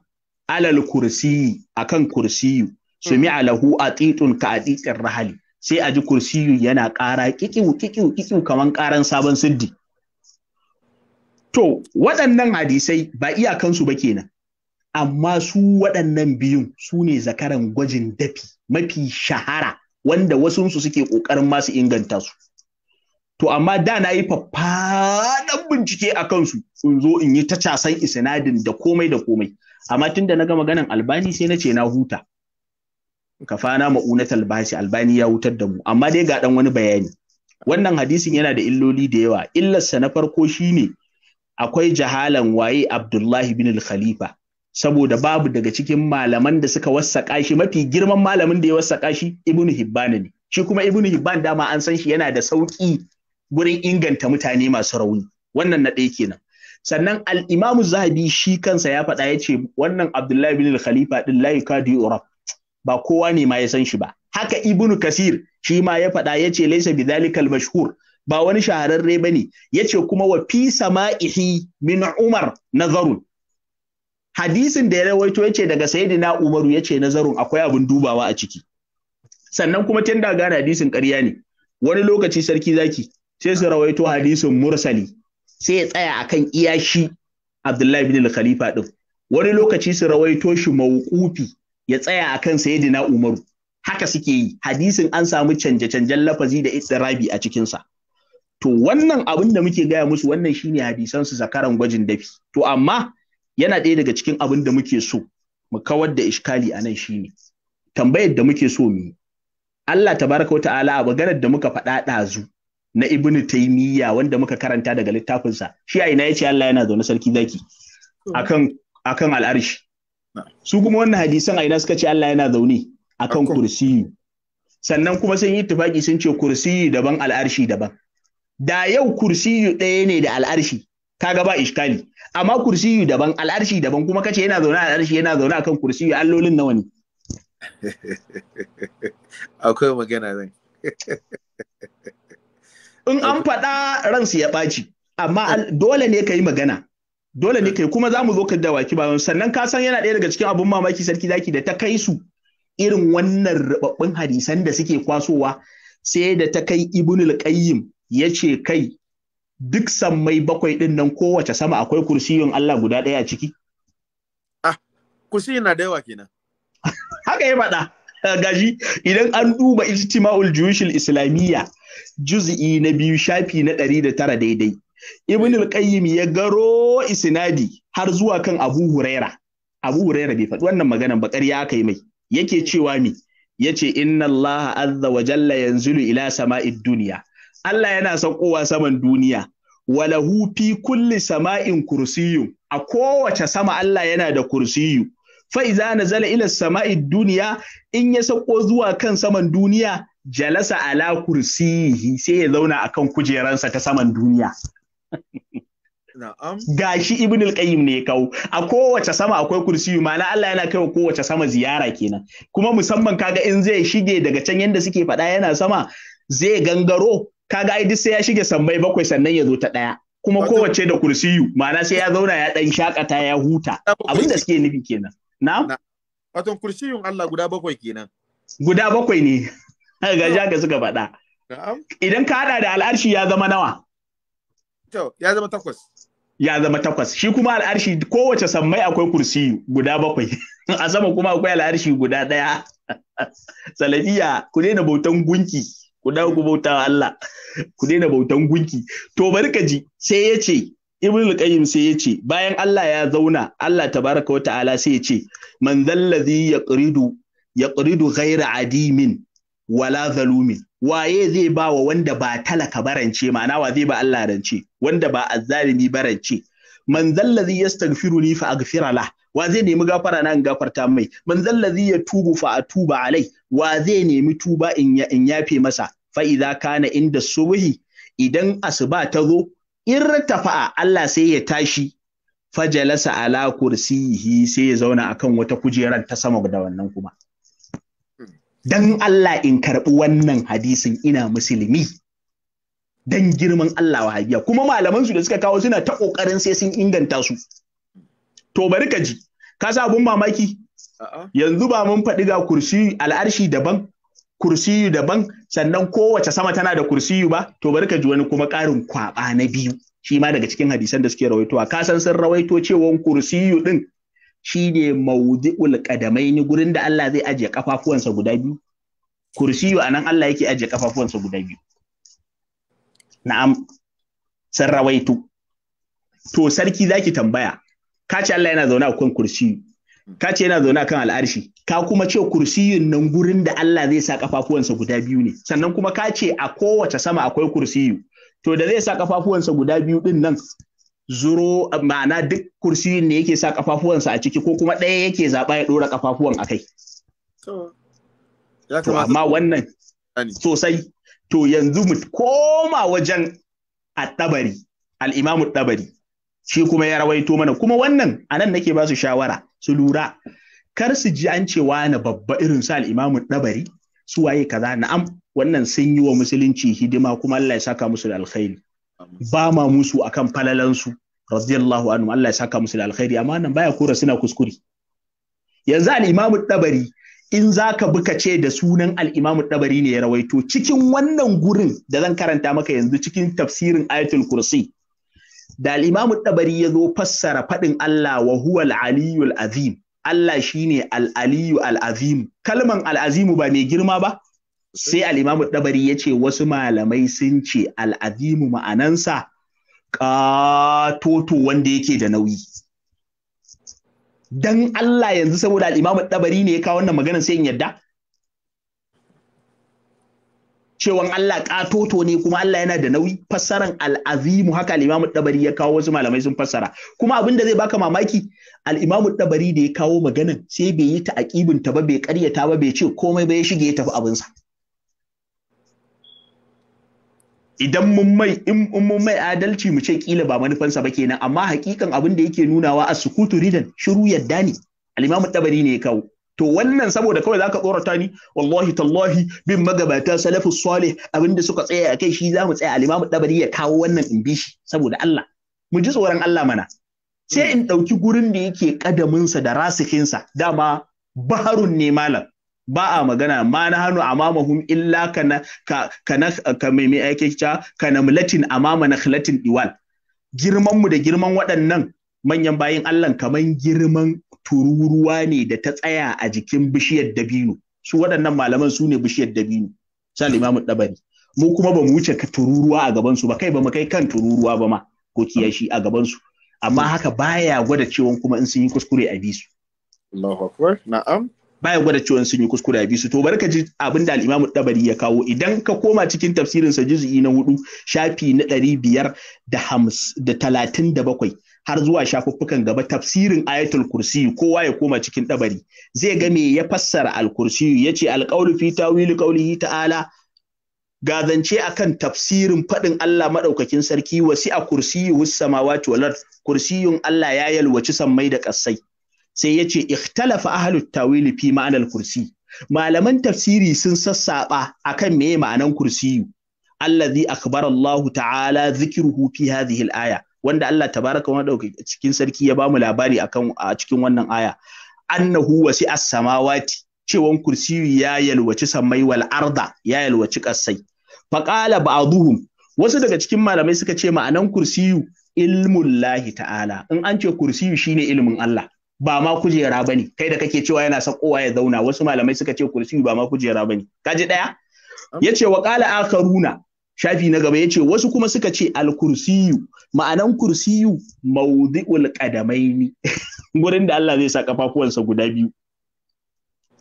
alal kursiyi akan kursiyu sumi alahu hmm. atitun ka atiqir rahali sai a ji kursiyu yana ƙara kikiu kikiu kikiu kaman ƙaran sabon siddi to waɗannan hadisai ba iyakansu ba kenan amma su waɗannan biyun su ne zakaran gwajin dafi mafi shahara wanda wasunsu suke ƙoƙarin masu inganta su To amma da na yi faffaɗan bincike a kansu in zo in yi ta casan isinadin da komai da komai. Amma tun da na ga maganan albani sai na ce na huta. Kafana ma'unat albashi albani ya hutar da mu. Amma dai ga ɗan wani bayani. Wannan hadisin yana da illoli da yawa. Illarsa na farko shi ne. akwai jahalan waye Abdullahi bin Khalifa. Saboda babu daga cikin malaman da suka wassaka shi mafi girman malamin da ya wassaƙa shi Ibn Hibban ne. Shi kuma Ibn Hibban dama an san shi yana da sauƙi wurin inganta mutane masu rauni wannan na ɗaya kenan sannan al-imamu zahabi shi kansa ya faɗa ya wannan abdullahi bin khalifa din la yukadu urab ba kowa ne ma ya san shi ba haka ibnu kasir shi ma ya faɗa yace ce laysa zalikal mashhur ba wani shahararre bane yace Yace kuma wa fi sama'ihi min umar nazarun hadisin da ya rawaito yace ce daga sayyidina umaru yace ce nazarun akwai abin dubawa a ciki sannan kuma tun da gane hadisin ƙarya ne wani lokaci sarki zaki sai su rawaito hadisin mursali sai ya tsaya akan kan iyashi Abdullahi bin Khalifa ɗin. wani lokaci su rawaito shi mauqufi ya tsaya akan sayyidina Umaru haka suke yi hadisin an samu canje-canjen lafazi da istirabi a cikinsa to wannan abin da muke gaya musu wannan shine hadisan su zakaran gwajin dafi to amma yana ɗaya daga cikin abin da muke so mu kawar da iskali a nan shine tambayar da muke so mu yi Allah tabaraka wa ta'ala a maganar da muka faɗa ɗazu na ibn Taymiyya wanda muka karanta daga littafinsa shi a ina ya ce Allah yana zaune sarki zaki akan akan al'arshi su kuma wannan hadisan a ina suka ce Allah yana zaune akan kursiyu sannan kuma sun yi tufaki sun ce kursiyu daban al'arshi daban da yau kursiyu ɗaya ne da al'arshi kaga ba iskali amma kursiyu daban al'arshi daban kuma kace yana zaune al'arshi yana zaune akan kursiyu allolin nawa ne akwai magana zan in an faɗa ransu ya ɓaci amma dole ne ka yi magana dole ne ka yi kuma za mu zo ka dawaki ba sannan ka san yana ɗaya daga cikin abin mamaki sarki zaki da ta kai su irin wannan rababbin hadisan da suke kwasowa sai da ta kai ibnul qayyim ya ce kai duk mai bakwai din nan kowace sama akwai kursiyin Allah guda ɗaya a ciki? Ah, kursiyin na da yawa kenan. Haka ya faɗa. Gaji idan an duba ijtima'ul juyushil islamiyya juz'i na biyu shafi na ɗari da tara daidai. Ibn al-Qayyim ya garo isinadi har zuwa kan Abu Huraira. Abu Huraira bai faɗi wannan maganan ba ƙarya aka yi mai. Yake cewa mi yace inna Allah azza wa jalla yanzilu ila sama'id duniya. Allah yana saukowa saman duniya. Walahu fi kulli sama'in kursiyu. A kowace sama Allah yana da kursiyu. Fa'iza na zala ila sama'id duniya in ya sauko zuwa kan saman duniya jalasa ala kursiyi sai ya zauna akan kujeransa ta saman duniya Gashi shi Ibn al-Qayyim ne kawo. A kowace sama akwai kursiyu ma'ana Allah yana kai wa kowace sama ziyara kenan. Kuma musamman kaga in zai shige daga can yanda suke faɗa yana sama zai gangaro kaga ai duk sai ya shige sammai bakwai sannan ya zo ta ɗaya. Kuma kowace da kursiyu ma'ana sai ya zauna ya ɗan shakata ya huta. Abin da suke nufi kenan. Na? Wato kursiyun Allah guda bakwai kenan. Guda bakwai ne. ga shaka suka faɗa idan ka haɗa da al'arshi ya zama nawa to ya zama takwas ya zama takwas shi kuma al'arshi kowace sammai akwai kursi guda bakwai a sama kuma akwai al'arshi guda ɗaya salafiya ku daina bautan gunki ku dawo ku bauta Allah ku daina bautan gunki to bari ka ji sai ya ce ibn qayyim sai ya ce bayan Allah ya zauna Allah tabaraka wa ta'ala sai ya ce man zallazi ya ƙuridu ghayra adimin wala zalumi. waye zai ba wa wanda ba talaka barance ma'ana wa zai ba Allah rance wanda ba azzalimi barance man zallazi yastaghfiru li fa aghfira la wa zai nemi gafara na in gafarta mai man zallazi yatubu fa atuba alai wa zai nemi tuba in ya in yafe masa fa idza kana inda subhi idan asuba ta zo irtafa'a Allah sai ya tashi fajalasa ala kursiyihi sai ya zauna akan wata kujeran ta sama da wannan kuma dan Allah in karɓi wannan hadisin ina musulmi dan girman Allah wahabiya kuma malaman su da suka kawo suna ta kokarin sai sun inganta su to bari ka ji ka sa abun mamaki yanzu ba mun faɗi ga kursi al'arshi daban kursiyu daban sannan kowace sama tana da kursiyu ba to bari ka ji wani kuma ƙarin kwaɓa na biyu shi ma daga cikin hadisan da suke rawaitowa ka san sun rawaito cewa kursiyu din Shi ne maudi'ul ni gurin da Allah zai ajiye kafafuwansa guda biyu kursiyu anan Allah yake ajiye kafafuwansa guda biyu na'am sarrawaitu. to sarki zaki tambaya ka ce Allah yana zaune a kan kursiyu ka ce yana zaune a kan al'arshi ka kuma ce kursiyun nan gurin da Allah zai sa kafafuwansa guda biyu ne sannan kuma ka ce a kowace sama akwai kursiyu to da zai sa kafafuwansa guda biyu din nan zuro ma'ana duk kursi ne yake sa kafafuwansa a ciki ko kuma ɗaya yake zaɓa ya ɗora kafafuwan a kai. To, amma wannan sosai, to yanzu mu koma wajen a ɗabari, al'imamu ɗabari, shi kuma ya rawaito mana, kuma wannan a nan nake ba su shawara, su lura, kar su ji an cewa na babba irin su al'imamu ɗabari, su waye kaza na'am wannan sun yi wa musulunci hidima kuma Allah ya saka musu da alkhairi. ba musu akan falalansu radiyallahu anhu Allah ya saka musu da alkhairi amma nan baya kura suna kuskure yanzu al-Imam tabari in zaka buka ce da sunan al-Imam ɗabari ne ya rawaito cikin wannan gurin da zan karanta maka yanzu cikin tafsirin Ayatul Kursi da al-Imam tabari ya zo fassara fadin Allah wa huwa al-Aliyyul Azim Allah shine al-Aliyyu al-Azim kalman al-Azimu ba mai girma ba sai al'imamu ɗabari ya ce wasu malamai sun ce al'azimu ma'anansa ƙatoto wanda yake da nauyi dan Allah yanzu saboda al'imamu ɗabari ne ya kawo wannan maganar sai in yadda cewan Allah ƙatoto ne kuma Allah yana da nauyi fassaran al'azimu haka al'imamu ɗabari ya kawo wasu malamai sun fassara kuma abin da zai baka mamaki al'imamu ɗabari da ya kawo maganan sai bai yi ta aƙibinta ba bai ƙaryata ba bai ce komai ba ya shige ya tafi abinsa. idan mun mai in mun mai adalci mu ce kila ba manufansa ba kenan amma hakikan abin da yake nunawa a sukutu ridan shiru yadda ne al-imam tabari ne ya kawo to wannan saboda kawai zaka tsorata ni wallahi tallahi bin magabata salafus salih da suka tsaya a kai shi zamu tsaya al-imam tabari ya kawo wannan in bi shi saboda Allah mu ji tsoron Allah mana sai in dauki gurin da yake kadaminsa da rasikinsa dama baharun ne malam ba a magana ma na hannu amamahum illa ka na ka mai mai ake ka na mulatin diwal girman mu da girman waɗannan manyan bayan Allah kamar girman tururuwa ne da ta tsaya a jikin bishiyar dabino su waɗannan malaman su ne bishiyar dabino sal imamu dabari mu kuma ba mu wuce ka tururuwa a gaban su ba kai ba mu kai kan tururuwa ba ma ko kiyashi a gabansu. amma haka baya gwada cewa kuma in sun yi kuskure a bisu Allahu akbar na'am baya gwada cewa sun yi kuskure bi su to ka ji abin da al'imamu Dabari ya kawo idan ka koma cikin tafsirin sa juz'i na hudu shafi na ɗari biyar da hams da talatin da bakwai har zuwa shafuffukan gaba tafsirin ayatul kursi kowa ya koma cikin dabari zai ga me ya fassara al Ya ce al-qawlu fi tawili qawlihi ta'ala gazance akan tafsirin faɗin Allah maɗaukakin sarki wasi a kursiyu samawati wal kursiyun Allah ya yalwaci sammai da ƙasai sai ya ce ikhtalafa ahlut tawili fi ma'anar kursi malaman tafsiri sun sassaba akan meye ma'anan kursi allazi akbar Allah ta'ala zikruhu fi hadhihi al-aya wanda Allah tabaraka wa dauke cikin sarki ya bamu labari akan a cikin wannan aya annahu wasi as-samawati cewan kursiyu ya yalwaci samai wal arda ya yalwaci kasai faqala ba'duhum wasu daga cikin malamai suka ce ma'anan kursiyu ilmullahi ta'ala in an ce kursiyu shine ilmin Allah ba ma kujera bane kai da kake cewa yana sakowa ya zauna wasu malamai suka ce kursi ba ma kujera bane kaji daya yace wa qala akharuna shafi na gaba yace wasu kuma suka ce al-kursiyu ma'anan kursiyu mawdi'ul qadamaini gurin da Allah zai sa kafafuwansa guda biyu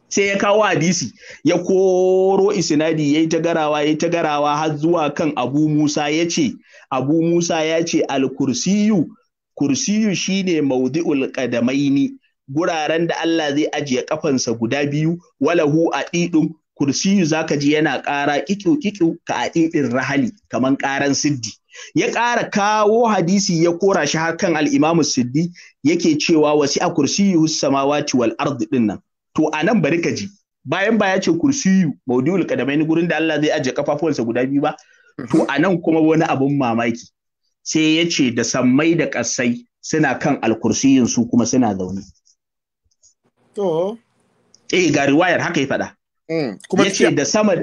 sai ya kawo hadisi ya koro isnadi yayi ta garawa yayi ta garawa har zuwa kan Abu Musa yace Abu Musa ya al-kursiyu kursiyu shine maudi'ul qadamaini guraren da Allah zai ajiye kafansa guda biyu walahu a aqidun kursiyu zaka ji yana ƙara kikiu kikiu ka a aqidin rahali kaman ƙaran siddi ya ƙara kawo hadisi ya kora shi har kan al-Imam Siddi yake cewa wasi a kursiyu samawati wal ardi din to anan bari ka ji bayan ba ya ce kursiyu maudi'ul qadamaini gurin da Allah zai ajiye kafafuwansa guda biyu ba to anan kuma wani abun mamaki sai ya ce da sammai da ƙasai suna kan alkursiyin su kuma suna zaune. To. Eh ga riwayar haka ya faɗa. Mm, kuma ya ce da sama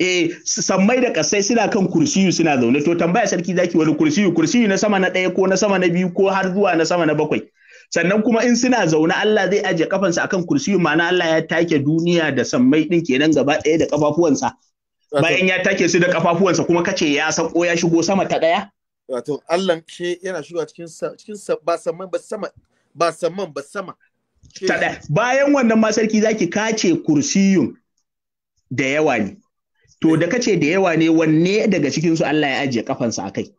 eh sammai da ƙasai suna kan kursiyu suna zaune to tambaya sarki zaki wani kursiyu kursiyu na sama na ɗaya ko na sama na biyu ko har zuwa na sama na bakwai. sannan kuma in suna zaune Allah zai aje kafansa akan kursiyu ma'ana Allah ya take duniya da sammai ke kenan gaba ɗaya da kafafuwansa bayan ya take su da kafafuwansa kuma kace ya sako ya shigo sama ta ɗaya wato Allah ke yana shiga cikin cikin ba saman ba sama ba saman ba sama bayan wannan ma sarki zaki kace kursiyun da yawa ne to da kace da yawa ne wanne daga cikin su Allah ya ajiye kafansa akai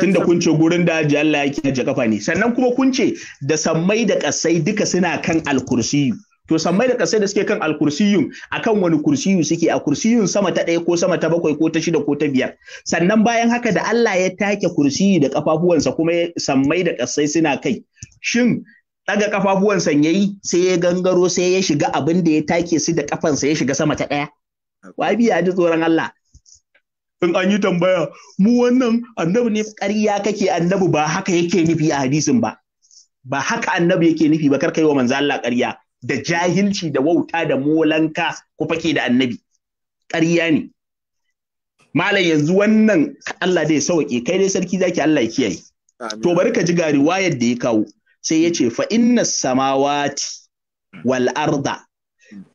tunda kun ce gurin da ajiye Allah ya ajiye kafa ne sannan kuma kun ce da sammai da kasai duka suna kan alkursiyu to sammai da kasai da suke kan a kan wani kursiyu suke a kursiyun sama ta ɗaya ko sama ta bakwai ko ta shida ko ta biyar sannan bayan haka da Allah ya take kursiyu da kafafuwansa kuma sammai da kasai suna kai shin daga kafafuwansa yi sai ya gangaro sai ya shiga abin da ya take su da kafansa ya shiga sama ta ɗaya wa biya ji tsoron Allah in an yi tambaya mu wannan annabi ne ƙarya kake annabi ba haka yake nufi a hadisin ba ba haka annabi yake nufi ba kar kai wa manzo Allah ƙarya da jahilci da wauta da molanka ku fake da annabi ƙarya ne malam yanzu wannan Allah dai sauke kai dai sarki zaki Allah ya kiyaye to bari ka ji ga riwayar da ya kawo sai ya ce fa inna samawati wal arda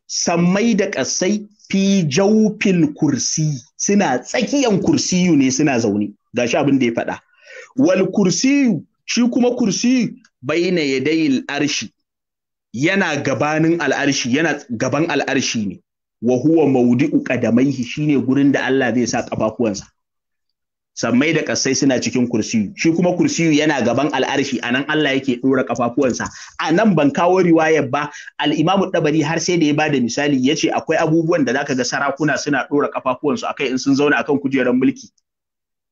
sammai da ƙasai fi jawfil kursi suna tsakiyan kursiyu ne suna zaune gashi abin da ya faɗa wal kursiyu shi kuma kursi baina yadayil arshi yana gabanin al'arshi yana gaban al'arshi ne wa huwa maudi'u qadamaihi shine gurin da Allah zai sa kafafuwansa sammai da ƙasai suna cikin kursiyu shi kuma kursiyu yana gaban al'arshi anan Allah yake dora kafafuwansa nan ban kawo riwayar ba al-Imam har sai da ya bada misali Ya ce akwai abubuwan da zaka ga sarakuna suna ɗora kafafuwansu akai in sun zauna akan kujerar mulki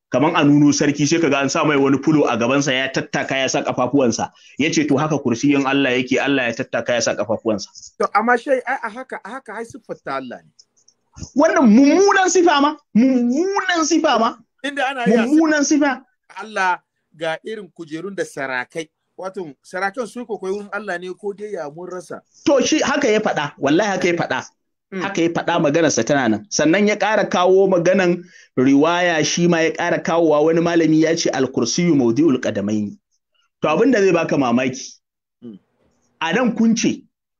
kaman a nuno sarki sai kaga an sa mai wani fulo a gabansa ya tattaka ya sa kafafuwansa ya ce to haka kursiyin Allah yake Allah ya tattaka ya sa kafafuwansa. To amma ai a haka a haka ai siffarta Allah ne. Wannan mummunan sifa ma mummunan sifa ma. Inda ana yi mummunan sifa. Allah ga irin kujerun da sarakai wato sarakan su ko koyon Allah ne ko dai ya mun rasa. To shi haka ya faɗa wallahi haka ya faɗa Hmm. haka ya faɗa maganarsa tana nan sannan ya ƙara kawo maganan riwaya shi ma ya ƙara kawowa wani malami ya ce alkursiyu maudi'ul qadamaini to abin da zai baka mamaki hmm. a nan kun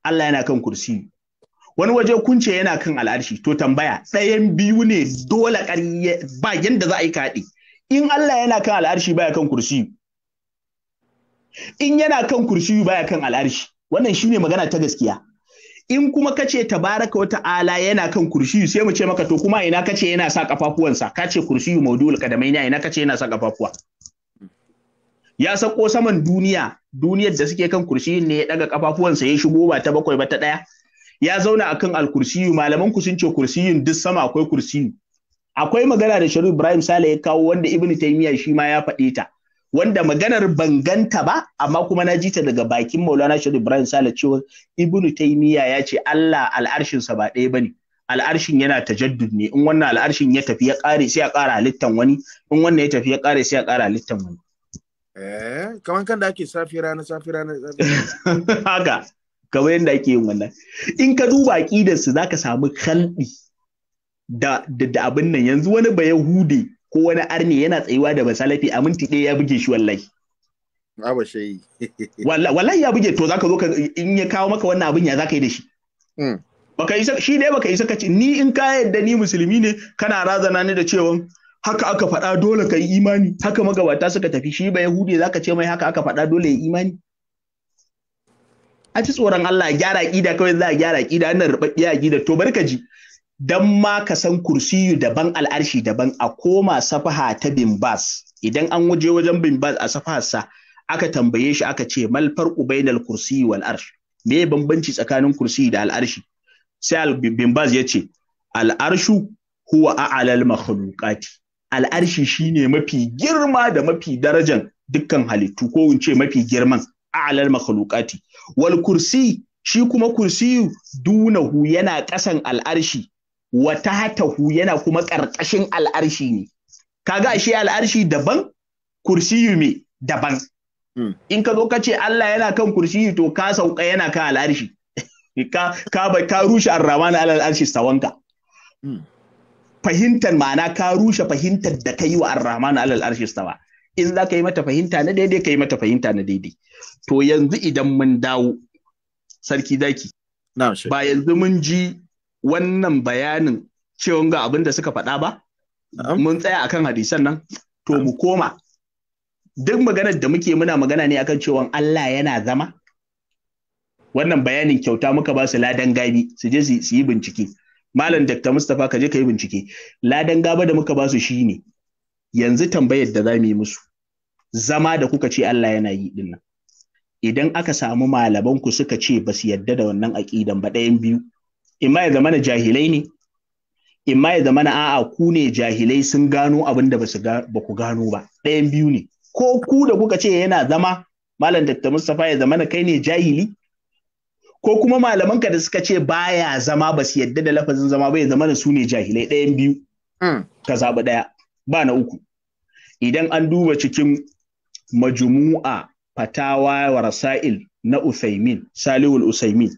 Allah yana kan kursiyu wani waje kun yana kan al'arshi to tambaya ɗayan biyu ne dole ƙarye ba yanda za a yi kaɗe in Allah yana kan al'arshi baya kan kursiyu in yana kan kursiyu baya kan al'arshi wannan shine magana ta gaskiya in kuma kace tabaraka wa ta'ala yana kan kursiyu sai mu ce maka to kuma ina kace yana sa kafafuwansa kace kursiyu maudul kadamai ne ina kace yana sa kafafuwa ya sako saman duniya duniyar da suke kan kursiyin ne ya daga kafafuwansa ya shigo ba ta bakwai ba ta daya ya zauna akan alkursiyu malaman ku sun ce kursiyin duk sama akwai kursiyu akwai magana da Sharif Ibrahim Sale ya kawo wanda Ibn Taymiyyah shi ma ya faɗe ta wanda maganar banganta ba amma kuma na jita daga bakin Maulana Shehu Ibrahim Sale cewa Ibn Taymiyyah ya ce Allah al'arshin sa ba ɗaya bane al'arshin yana tajaddud ne in wannan al'arshin ya tafi ya kare, sai ya ƙara halittan wani in wannan ya tafi ya kare, sai ya ƙara halittan wani eh kaman kan da ake safi rana safi rana haka kamar yadda ake yin wannan in ka duba aqidar su zaka samu kalbi da da abin nan yanzu wani ba yahude ko wani arni yana tsayuwa da basalafi a minti ɗaya ya buge shi wallahi Aba shayi. Wallahi ya buge to ka zo ka in ya kawo maka wannan abin ya zaka yi da shi. Hmm. Baka shi ne baka yi saka ce ni in ka yadda ni musulmi ne kana razana ni da cewa haka aka faɗa dole ka yi imani haka magabata suka tafi shi ba Yahudi zaka ce mai haka aka faɗa dole ya yi imani. A ci tsoron Allah gyara ƙida kawai za a gyara ƙida ana ruɓaɓɓiya ƙida to bari ka ji don ma ka san kursiyu daban al'arshi daban a koma safaha ta bimbas idan an waje wajen bimbas a safaharsa aka tambaye shi aka ce malfar farqu bainal kursiyi wal arsh me bambanci tsakanin kursiyu da al'arshi sai al bimbas ya ce al'arshu huwa a'lal makhluqati al'arshi shine mafi girma da mafi darajan dukkan halittu ko in ce mafi girman a'lal makhluqati wal kursi shi kuma kursiyu dunahu yana ƙasan al'arshi wa tahtahu yana kuma ƙarƙashin al'arshi ne kaga ashe al'arshi daban kursiyu me daban hmm. in ka zo ka ce Allah yana kan kursiyu to ka sauka yana kan al'arshi ka ka ka rushe ar na al'arshi sawanka hmm. fahimtar ma'ana ka rushe fahimtar da kai wa ar na al'arshi sawa in za ka yi mata fahimta na daidai ka yi mata fahimta na daidai to yanzu idan mun dawo sarki zaki ba yanzu mun ji wannan bayanin cewa ga abin da suka faɗa ba? Mun tsaya akan hadisan nan, to mu koma. Duk maganar da muke muna magana ne akan cewa Allah yana zama? Wannan bayanin kyauta muka ba su ladan gabi su je su yi bincike. Malam Dr. Mustapha ka je ka yi bincike. Ladan gaba da muka ba su shi ne, yanzu tambayar da za mu yi musu. Zama da kuka ce Allah yana yi dinnan. Idan aka samu malamanku suka ce ba su yarda da wannan aƙidan ba ɗayan biyu, imma ya na jahilai ne imma ya na a'a ku ne jahilai sun gano abin da ba ku gano ba ɗayan biyu ne ko ku da kuka ce yana zama malam Dr. Mustapha ya na kai ne jahili ko kuma malamanka da suka ce baya zama ba su yadda da lafazin zama ba ya na su ne jahilai ɗayan biyu hmm. ka zaɓi ɗaya ba na uku idan an duba cikin majmu'a fatawa wa rasail na Usaimin Salihul Usaimin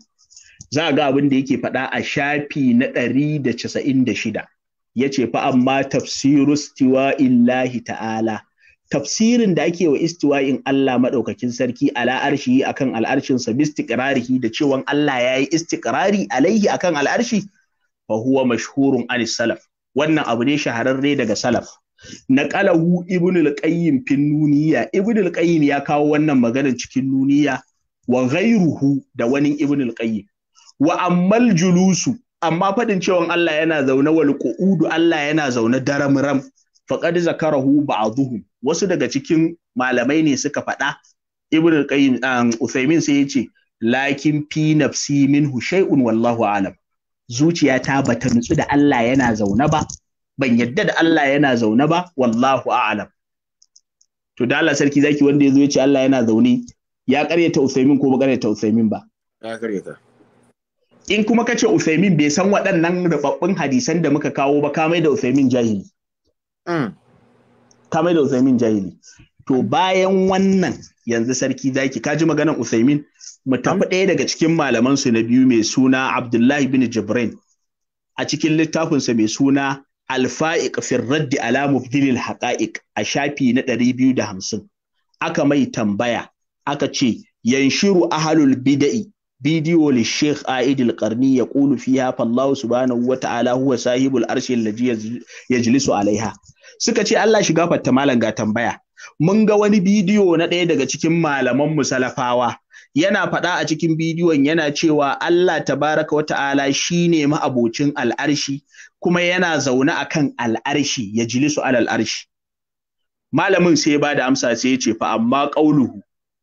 za a ga abin da yake faɗa a shafi na ɗari da casa'in da shida ya ce fa amma tafsiru istiwa illahi ta'ala tafsirin da ake wa istiwa'in Allah maɗaukakin sarki ala arshi akan al'arshinsa bistiqrarihi da cewan Allah ya yi istiqrari alaihi akan al'arshi fa huwa mashhurun an salaf wannan abu ne shahararre daga salaf naqalahu ibn al-qayyim fin nuniya ibn al-qayyim ya kawo wannan maganar cikin nuniya wa ghayruhu da wani ibn al-qayyim wa ammal julusu amma fadin cewa Allah yana zaune wal qu'udu Allah yana zaune daramram faqad zakarahu ba'dhum wasu daga cikin malamai ne suka faɗa ibnu qayyim usaymin um, sai yace lakin fi nafsi minhu shay'un wallahu alam zuciyata bata nutsu da Allah yana zaune ba ban yadda da Allah yana zaune ba wallahu a'lam to da Allah sarki zaki wanda yazo yace Allah yana zaune ya karyata usaymin ko ba karyata usaymin ba ya karyata in kuma kace Usaimin bai san waɗannan rubabbun hadisan da muka kawo ba ka da Usaimin jahili mm. ka da Usaimin jahili to bayan wannan yanzu sarki zaki ka ji maganar Usaimin mu tafi ɗaya daga cikin malaman su na biyu mai suna Abdullahi bin Jibrin a cikin littafinsa mai suna Alfa'iq fi raddi ala mubdilil haqa'iq a shafi na ɗari biyu da 250 aka mai tambaya aka ce yanshiru ahlul bid'i bidiyo li Sheikh Aid al ya ƙulu fiha fa Allah subhanahu wa ta'ala huwa sahibul arshi alaiha suka ce Allah shiga fatta malam ga tambaya mun ga wani bidiyo na ɗaya daga cikin malaman mu salafawa yana faɗa a cikin bidiyon yana cewa Allah tabaraka wa ta'ala ne ma'abocin al'arshi kuma yana zaune a kan al'arshi ya jilisu alal arshi malamin sai ba da amsa sai ya ce fa amma ƙauluhu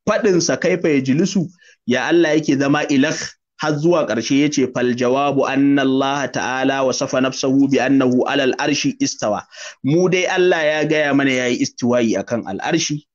faɗinsa kaifa ya jilisu ya Allah yake zama ilah har zuwa ƙarshe ya ce fal jawabu anna Allah ta'ala wa safa nafsahu bi annahu alal arshi istawa mu dai Allah ya gaya mana yayi istiwayi akan al arshi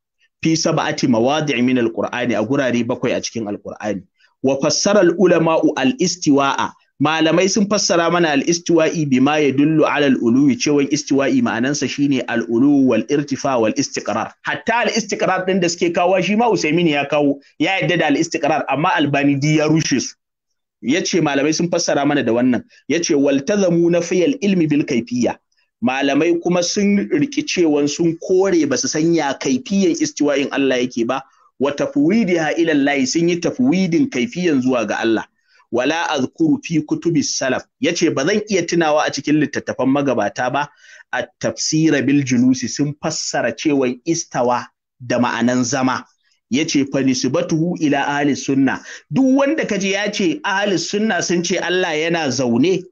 fi sab'ati mawadi' min al qur'ani a gurare bakwai a cikin al qur'ani wa fassara al ulama'u al istiwa'a malamai sun fassara mana al-istiwa'i bima yadullu ala al-uluwi cewa istiwa'i ma'anansa shine al-ulu wal irtifa wal istiqrar hatta al-istiqrar din da suke kawo shi ma Usaimin ya kawo ya yadda da al-istiqrar amma Albani di ya rushe su yace malamai sun fassara mana da wannan yace wal tazamu nafiyal ilmi bil kayfiyya malamai kuma sun rikicewan sun kore ba su sanya kaifiyan istiwa'in Allah yake ba wa tafwidiha ila Allah sun yi tafwidin kaifiyan zuwa ga Allah wala azkuru fi kutubi salaf yace ba zan iya tunawa a cikin littattafan magabata ba a tafsira bil julusi sun fassara cewa istawa da ma'anan zama yace fa nisbatuhu ila ahli sunna duk wanda kaje yace ahli sunna sun ce Allah yana zaune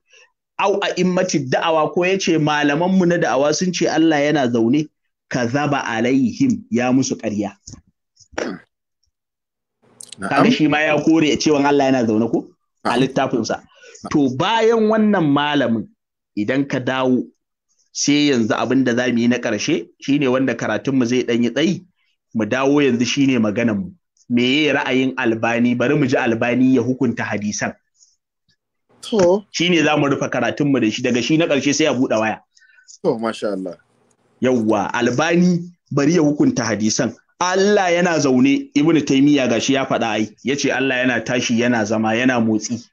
au a immati da'awa ko yace malaman mu na da'awa sun ce Allah yana zaune kazaba alaihim ya musu ƙarya kaga shi ma ya kore cewa Allah yana zaune ko a littafinsa to bayan wannan malamin idan ka dawo sai yanzu abin da za mu yi na ƙarshe shine wanda karatunmu zai ɗanyi tsayi mu dawo yanzu shine maganarmu meye ra'ayin albani bari mu ji albani ya hukunta hadisan to shine za mu rufe karatunmu da shi daga shi na ƙarshe sai a buɗe waya to masha Allah yawwa albani bari ya hukunta hadisan Allah yana zaune Ibn Taymiyyah gashi ya faɗa ai yace Allah yana tashi yana zama yana motsi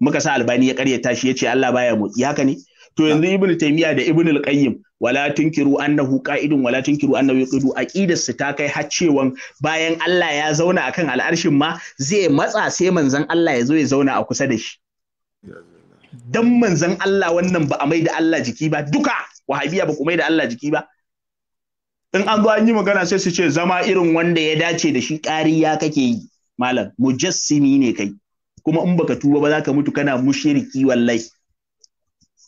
muka sa Albani ya karya tashi yace Allah baya motsi haka ne to yanzu Ibn Taymiyyah da Ibn Al-Qayyim wala tunkiru annahu qa'idun wala tunkiru annahu yaqidu aqidar su ta kai har cewan bayan Allah ya zauna akan al'arshin ma zai matsa sai manzon Allah ya zo ya zauna a kusa da shi dan manzon Allah wannan ba a mai da Allah jiki ba duka wahabiya ba ku mai da Allah jiki ba in an zo an yi magana sai su ce zama irin wanda ya dace da shi ƙariya kake yi malam mujassimi ne kai kuma in baka tuba ba za ka mutu kana mushiriki wallahi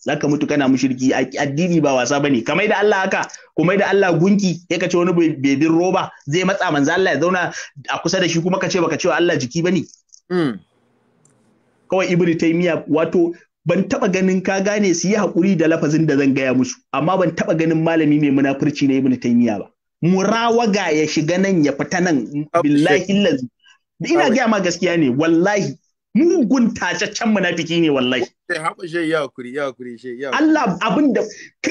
za ka mutu kana mushriki addini ba wasa bane kamar da Allah haka kuma da Allah gunki sai ka ce wani bebin roba zai matsa manzo Allah ya zauna a kusa da shi kuma ka ce baka cewa Allah jiki bane hmm. kawai ibnu taymiya wato ban taba ganin ka gane su yi haƙuri da lafazin da zan gaya musu amma ban taba ganin malami mai munafurci na ibnu taymiya ba murawaga ya shiga nan ya fita nan billahi lazi ina gaya ma gaskiya ne wallahi mugun tacaccen munafiki ne wallahi Allah abin da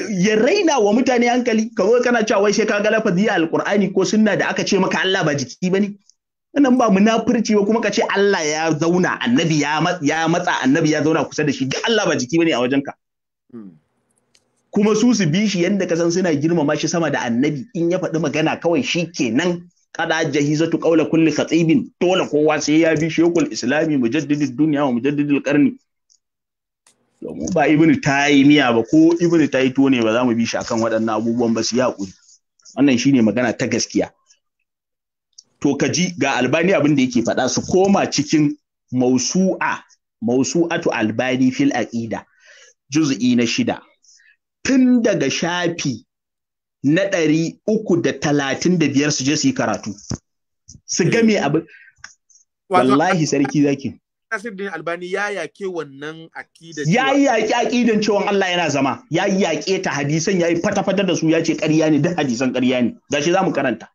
ya raina wa mutane hankali ka kana cewa wai sai ka ga lafazi a alqur'ani ko sunna da aka ce maka Allah ba jiki bane wannan ba munafurci ba kuma ka ce Allah ya zauna annabi ya matsa annabi ya zauna kusa da shi duk Allah ba jiki bane a wajenka hmm. kuma su su bi shi yanda ka san suna girmama shi sama da annabi in ya faɗi magana kawai shi kenan kada jahizatu qawla kulli khatibin dole kowa sai ya bi shekul islami mujaddidid dunya wa mujaddidil qarni mu ba ibnu taymiya ba ko ibnu taytu ne ba za mu bi shi akan waɗannan abubuwan ba su ya hakuri wannan shine magana ta gaskiya to ka ji ga albani abin da yake faɗa su koma cikin mausu'a mausu'atu albani fil aqida juz'i na shida tun daga shafi na ɗari uku da talatin da biyar su je su yi karatu su game abin wallahi sarki zaki Nasiruddin Albani ya yaƙe wannan aƙidar ya yaƙe aƙidan cewa Allah yana zama ya yi yaƙe ta hadisan yi fata-fata da su ya ce ƙarya ne duk hadisan ƙarya ne gashi zamu karanta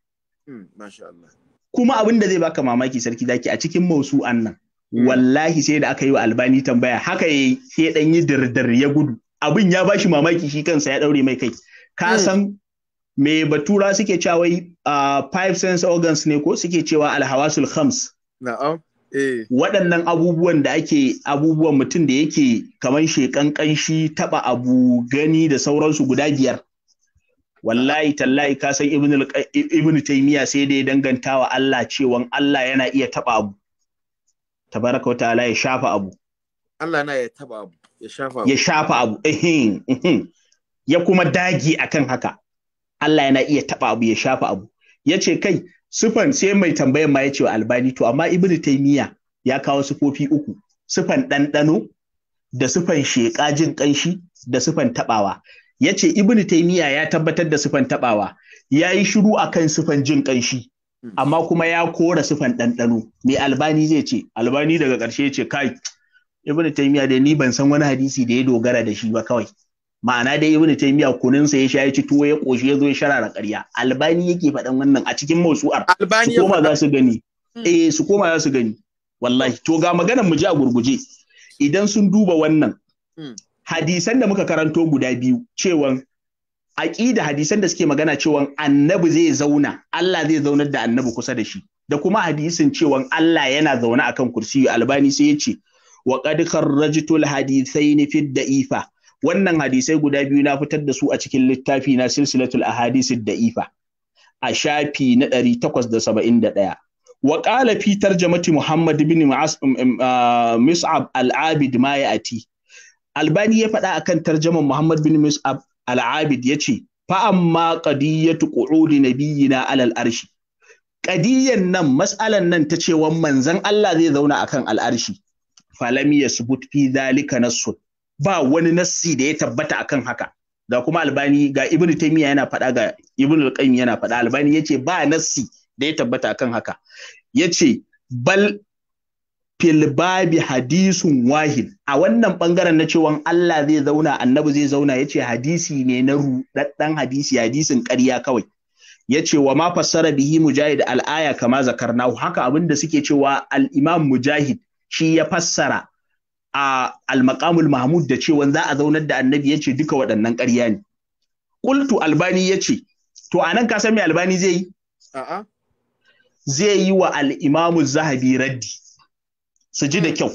hmm, masha Allah kuma abin da zai baka mamaki sarki zaki a cikin mausu'an annan. Hmm. wallahi sai da aka yi wa albani tambaya haka ya sai dan yi dirdar ya gudu abin ya bashi mamaki shi kansa ya daure mai kai ka hmm. san me batura suke cewa wai five sense organs ne ko suke cewa alhawasul khams na'am eh waɗannan abubuwan da ake abubuwan mutum da yake kaman shekan kanshi taba abu gani da sauransu guda biyar wallahi tallahi ka san ibn ibn taymiya sai dai dangantawa Allah cewa Allah yana iya taba abu tabaraka wa ta'ala ya shafa abu Allah na ya taba abu ya shafa abu ya shafa abu ya kuma dagi akan haka Allah yana iya taba abu ya shafa abu yace kai sufan sai mai tambayar ma yace wa albani to amma ibn taymiya ya kawo sufofi uku sufan ɗanɗano da sufan sheƙa jin ƙanshi da sufan taɓawa ya ce ibn taimiya ya tabbatar da sufan tabawa ya yi shiru a kan sufan jin ƙanshi amma kuma ya kora sufan ɗanɗano mai albani zai ce albani daga ƙarshe ce kai ibn taimiya da ni ban san wani hadisi da ya dogara da shi ba kawai ma'ana dai ibn taimiya kunin sa ya sha ya ci tuwo ya koshi ya zo ya sharara ƙarya albani yake faɗan wannan a cikin mausu'ar su koma za su gani hmm. eh su koma za su gani wallahi to ga maganar mu ji a gurguje idan sun duba wannan hmm. hadisan da muka karanto guda biyu cewan aƙida hadisan da suke magana cewan annabi zai zauna Allah zai zaunar da annabi kusa da shi da kuma hadisin cewan Allah yana zaune akan kursi, albani sai ya ce wa qad kharrajtul hadithain fi da'ifa wannan hadisai guda biyu na fitar da su a cikin littafi na silsilatul ahadisi da'ifa a shafi na 871 wa qala fi tarjamati muhammad ibn mus'ab al-abid ma ya'ti albani ya faɗa akan tarjaman muhammad bin mus'ab al-abid ya ce fa amma qadiyatu qu'udi na alal arshi qadiyan nan mas'alan nan ta cewa manzan Allah zai zauna akan al'arshi ya yasbut fi zalika nassun ba wani nassi da ya tabbata akan haka da kuma albani ga ibn taymiya yana faɗa ga ibn al-qayyim yana faɗa albani ya ce ba nassi da ya tabbata akan haka ya ce bal filbabi hadisun wahid a wannan bangaren na cewa Allah zai zauna annabi zai zauna yace hadisi ne na rudaddan hadisi hadisin ƙarya kawai yace wa ma fassara bihi mujahid al-aya kama zakarnahu haka abinda suke cewa al-imam mujahid shi ya fassara a al-maqamul mahmud da cewa za a zaunar da annabi yace duka waɗannan ƙarya ne qultu albani yace to anan ka san me albani zai yi a'a zai yi wa al-imamu zahabi raddi su ji da mm. kyau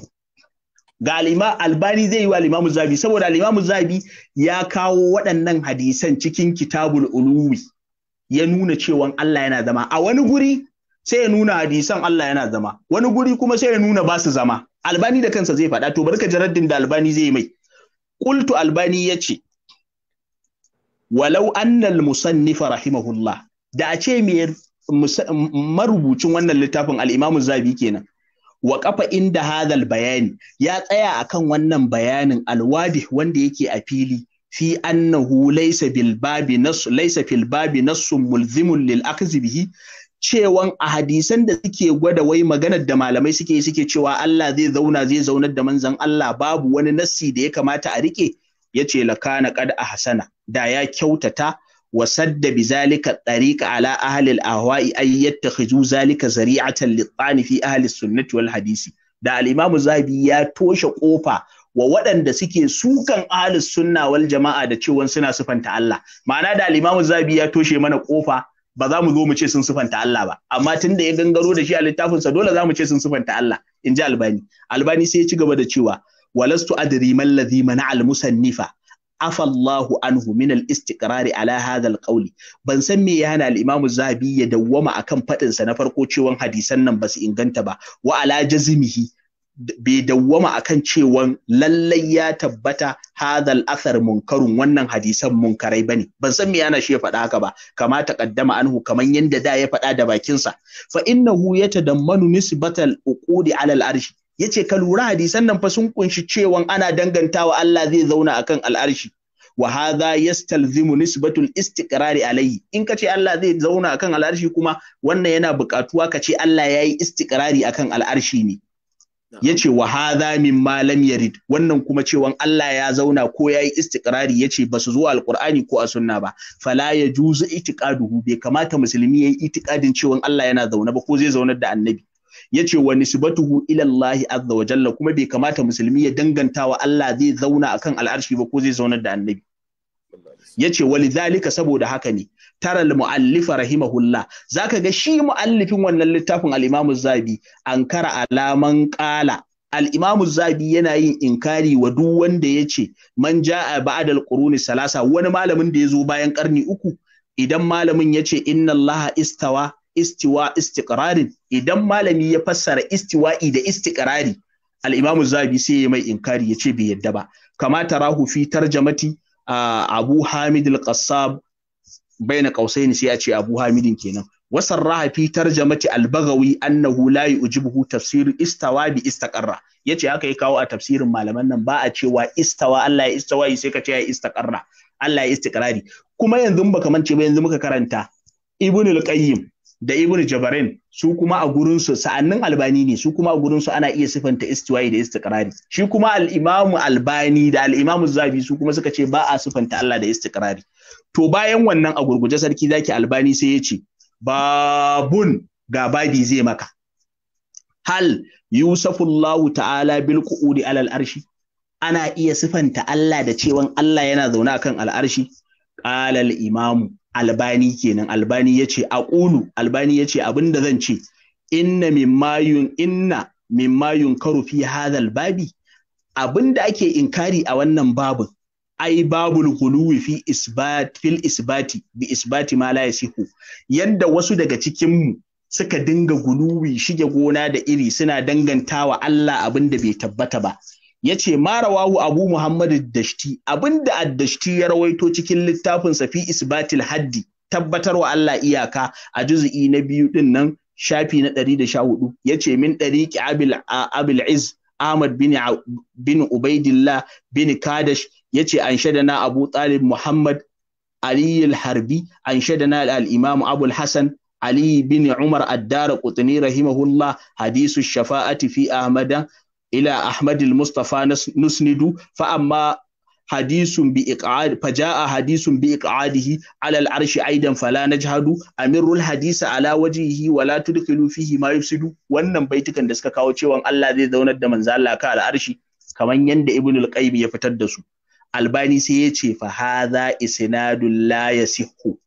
ga albani zai yi wa limamu zabi saboda limamu zabi ya kawo waɗannan hadisan cikin kitabul uluwi ya nuna cewa Allah yana zama a wani guri sai ya nuna hadisan Allah yana zama wani guri kuma sai ya nuna ba su zama albani da kansa zai faɗa to barka jaraddin da albani zai mai Kultu albani ya ce, walau annal musannifa rahimahullah da a ce marubucin wannan littafin al'imamu zabi kenan wa kafa inda hadal bayani ya tsaya akan wannan bayanin alwadi wanda yake a fili fi annahu laysa bil babi nas laysa fil babi nassun mulzimun lil akhdhi bihi cewan a hadisan da suke gwada wai maganar da malamai suke suke cewa Allah zai zauna zai zaunar da manzon Allah babu wani nassi da ya kamata a rike yace lakana qad ahsana da ya kyautata wa zalika tariqa ala ahli al-ahwa'i ay yattakhizu zalika zari'atan lit-tani fi ahli sunnati wal hadisi da al zabi ya toshe kofa wa waɗanda suke sukan ahli sunna wal jama'a da cewa suna sufanta Allah ma'ana da al zabi ya toshe mana kofa ba za mu zo mu ce sun sufanta Allah ba amma tun da ya gangaro da shi a littafinsa dole za mu ce sun sufanta Allah in ji albani albani sai ya ci gaba da cewa walastu adri man ladhi mana al musannifa afallahu anhu min al-istiqrari ala hadha al-qawli ban san me yana hana al-imam zabi ya dawwama akan fadin sa na farko cewa hadisan nan basu inganta ba wa ala jazmihi bai dawwama akan cewa lallai ya tabbata hadha al-athar munkarun wannan hadisan munkarai bane ban san me yana shi ya faɗa haka ba kama taqaddama anhu kaman yanda da ya faɗa da bakin sa fa innahu yatadammanu nisbatal uqudi ala al-arshi ya ce ka lura hadisan nan fa sun kunshi cewan ana dangantawa Allah zai zauna akan al'arshi wa hadha yastalzimu nisbatul istiqrari alayhi in ka ce Allah zai zauna akan al'arshi kuma wannan yana buƙatuwa ce Allah yayi istiqrari akan al'arshi ne yace wa hadha mimma lam yarid wannan kuma cewan Allah ya zauna ko yayi istiqrari yace ba su zo alqur'ani ko a sunna ba fala ya yajuzu itiqaduhu bai kamata musulmi yayi itiqadin cewan Allah yana zauna ba ko zai zaunar da annabi yace wa nisbatuhu ila Allah azza wa jalla kuma bai kamata musulmi ya danganta wa Allah zai zauna akan al'arshi ba ko zai zaunar da annabi yace walidhalika saboda haka ne tara al rahimahullah zaka ga shi mu'allifin wannan littafin al-Imam Zabi ankara alaman qala al-Imam Zabi yana yin inkari wa duk wanda yace man ja'a ba'da al-quruni salasa wani malamin da ya zo bayan karni uku idan malamin yace inna Allah istawa istiwa istiqrarin idan malami ya fassara istiwa'i da istiqrari al-imamu zabi sai ya mai inkari ya ce bai yadda ba kama tarahu fi tarjamati abu hamid al-qassab baina qausaini sai ya ce abu hamidin kenan wasarraha fi tarjamati al-baghawi annahu la yujibuhu tafsir istawa bi istaqarra yace haka ya kawo a tafsirin malaman nan ba a cewa istawa Allah ya istawa sai ka ce ya istaqarra Allah ya istiqrari kuma yanzu baka mance ba yanzu muka karanta ibn qayyim da ibn jabarin su kuma a gurinsu sa'annin albani ne su kuma a gurinsu ana iya sifanta istiwa'i da istiqrari shi kuma al-imamu albani da al-imamu zabi su kuma suka ce ba a sifanta Allah da istiqrari to bayan wannan a gurguje sarki zaki albani sai ya ce babun ga babi zai maka hal yusufullahu ta'ala bil qu'udi alal arshi ana iya sifanta Allah da cewa Allah yana zaune akan al'arshi qala al-imamu albani kenan albani ya ce aqulu albani ya ce abin zan ce inna mimmayun inna mimmayun karu fi hadal babi abinda da ake inkari a wannan babin ai babul guluwi fi isbat fil isbati bi isbati ma la yasihu yanda wasu daga cikin mu suka dinga guluwi shige gona da iri suna dangantawa Allah abin da bai tabbata ba ya ce marawahu abu muhammad dashti abinda addashti ya rawaito cikin littafin safi isbatil haddi tabbatarwa Allah iyaka a juz'i na biyu din nan shafi na 114 ya ce min ɗariƙi abil iz ahmad bin, bin ubaidillah bin kadash ya ce an na abu talib muhammad ali harbi an na al-imam abul hasan ali bin umar addara qutni rahimahullah hadisu shafa'ati fi ahmada ila Ahmad al-Mustafa nusnidu fa amma hadisun bi iqad fa jaa hadisun bi iqadihi ala al aidan fala najhadu amirul hadisa ala wajhihi wala tudkhilu fihi wannan baitukan da suka kawo cewa Allah zai zaunar da manzo Allah ka al-arshi kaman yanda Ibn al-Qayyim ya fitar da su Albani sai ya ce fa hadha isnadun la yasihhu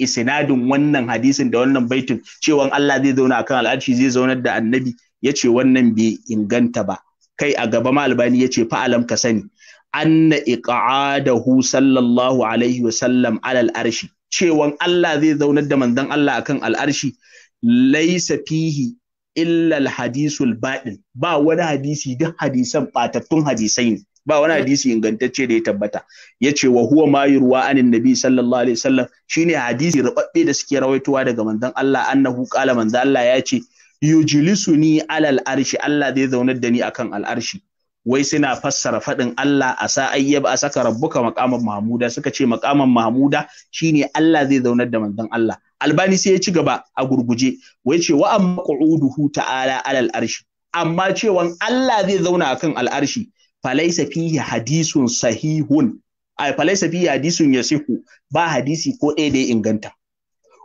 isnadin wannan hadisin da wannan baitin cewa Allah zai zauna akan al zai zaunar da annabi ya ce wannan bai inganta ba kai a gaba ma albani ya ce fa'alam ka sani anna iqa'adahu sallallahu alaihi wa sallam. alal arshi cewan Allah zai zaunar da manzon Allah akan al'arshi laisa fihi illa hadisul badin. ba wani hadisi duk hadisan batattun hadisai ne ba wani hadisi ingantacce da ya tabbata yace ce wa huwa ma yurwa anin nabi sallallahu alaihi wasallam shine hadisi rubabbe da suke rawaitowa daga manzon Allah annahu qala manzon Allah yace. ni alal arshi Allah zai zaunar da ni akan al'arshi wai suna fassara faɗin Allah a sa ayyab a saka rabbuka maqaman mahmuda suka ce maqaman mahmuda shine Allah zai zaunar da manzon Allah albani sai ya ci gaba a gurguje wai ce wa am qu'uduhu ta'ala alal arshi amma cewan Allah zai zauna akan al'arshi falaisa fihi hadisun sahihun ai falaisa fihi hadisun yasihu ba hadisi ko ɗaya da ya inganta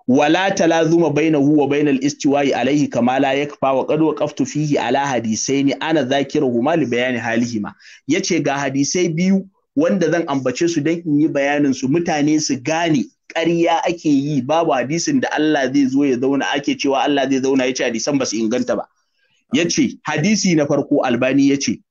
wala talazuma baina huwa bainal istiwa'i alaihi kama la yakfa wa qad waqaftu fihi ala hadisaini ana zakiruhuma li bayani halihima yace ga hadisai biyu wanda zan ambace su dan in yi bayanin su mutane su gane ƙarya ake yi babu hadisin da Allah zai zo ya zauna ake cewa Allah zai zauna yace hadisan ba su inganta ba yace hadisi na farko albani yace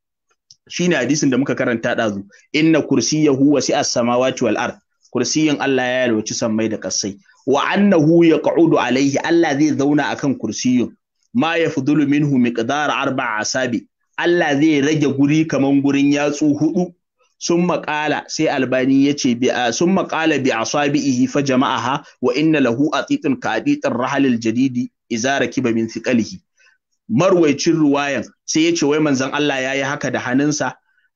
shine hadisin da muka karanta dazu inna kursiyahu as samawati wal ard kursiyin Allah ya yalwaci sammai da kasai wa annahu ƙa'udu alaihi Allah zai zauna a kan kursiyun ma yafdulu minhu miqdar arba'a asabi Allah zai rage guri kaman gurin yatsu hudu sun maƙala sai albani ya ce sun maƙala bi asabihi fa ha wa inna lahu atiqin ka titin rahalil jadidi izara kiba min thiqalihi marwaicin ruwayan sai ya ce wai manzan Allah yayi haka da hannunsa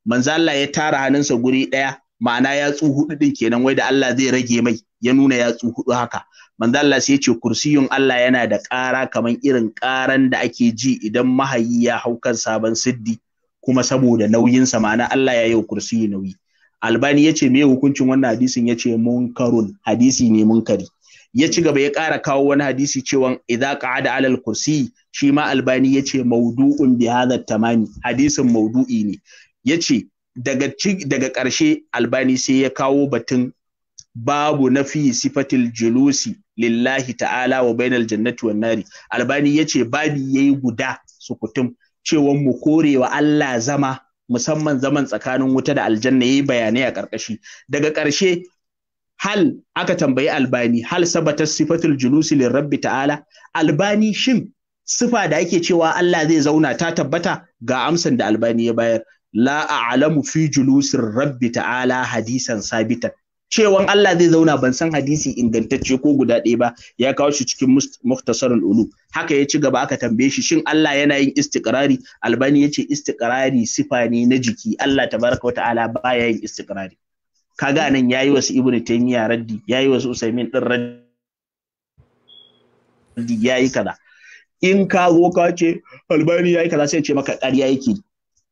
manzon Allah ya tara hannunsa guri daya ma'ana yatsu hudu din kenan wai da Allah zai rage mai ya nuna yatsu hudu haka manzo Allah sai ya ce kursiyun Allah yana da ƙara kamar irin ƙaran da ake ji idan mahayi ya hau kan sabon siddi kuma saboda nauyinsa ma'ana Allah ya yi kursiyi nauyi albani ya ce me hukuncin wannan hadisin ya ce munkarun hadisi ne munkari ya ci gaba ya ƙara kawo wani hadisi cewa idza qa'ada alal kursi shi ma albani ya ce maudu'un bi hadha tamami hadisin maudu'i ne ya ce daga daga ƙarshe albani sai ya kawo batun babu nafi sifatil julusi lillahi ta'ala wa bainal jannati wan nari albani yace babi yayi guda sukutum cewan mu korewa Allah zama musamman zaman tsakanin wuta da aljanna yayi bayanai a ƙarƙashi. daga ƙarshe hal aka tambayi albani hal sabata sifatul julusi lirabbi ta'ala albani shin sifa da ake cewa Allah zai zauna ta tabbata ga amsan da albani ya bayar la a'lamu fi julusin rabbi ta'ala hadisan sabitan cewan Allah zai zauna ban san hadisi ingantacce ko guda ɗaya ba ya kawo shi cikin muhtasarul ulu haka ya ci gaba aka tambaye shi shin Allah yana yin istiqrari albani ya ce istiqrari sifa ne na jiki Allah tabaraka wa ta'ala baya yin istiqrari kaga nan yayi wasu ibnu taymiya raddi yayi wasu usaimin din raddi yayi kaza in ka zo ka ce albani yayi kaza sai ce maka ƙarya yake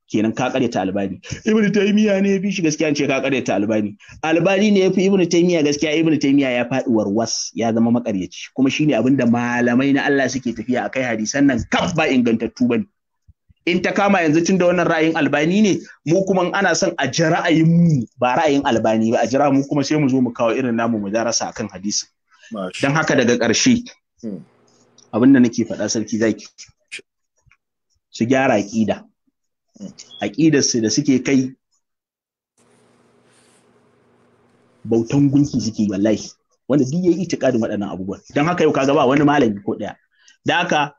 kenan ka karyata albani ibn taymiya ne ya fi shi gaskiya ce ka karyata albani albani ne ya fi ibn taymiya gaskiya ibn taymiya ya faɗi warwas ya zama makaryaci kuma shine abin da malamai na Allah suke tafiya akai hadisan nan kaf ba ingantattu bane in ta kama yanzu tunda wannan ra'ayin albani ne mu kuma ana son a ji ra'ayin mu ba ra'ayin albani ba a jira mu kuma sai mu zo mu kawo irin namu mu darasa akan hadisi dan haka daga ƙarshe hmm. abin nake faɗa sarki zaki su gyara aƙida aƙidarsu da suke kai bautan gunki suke wallahi wanda duk yayi itikadin waɗannan abubuwan don haka yau kaga ba wani malami ko ɗaya da haka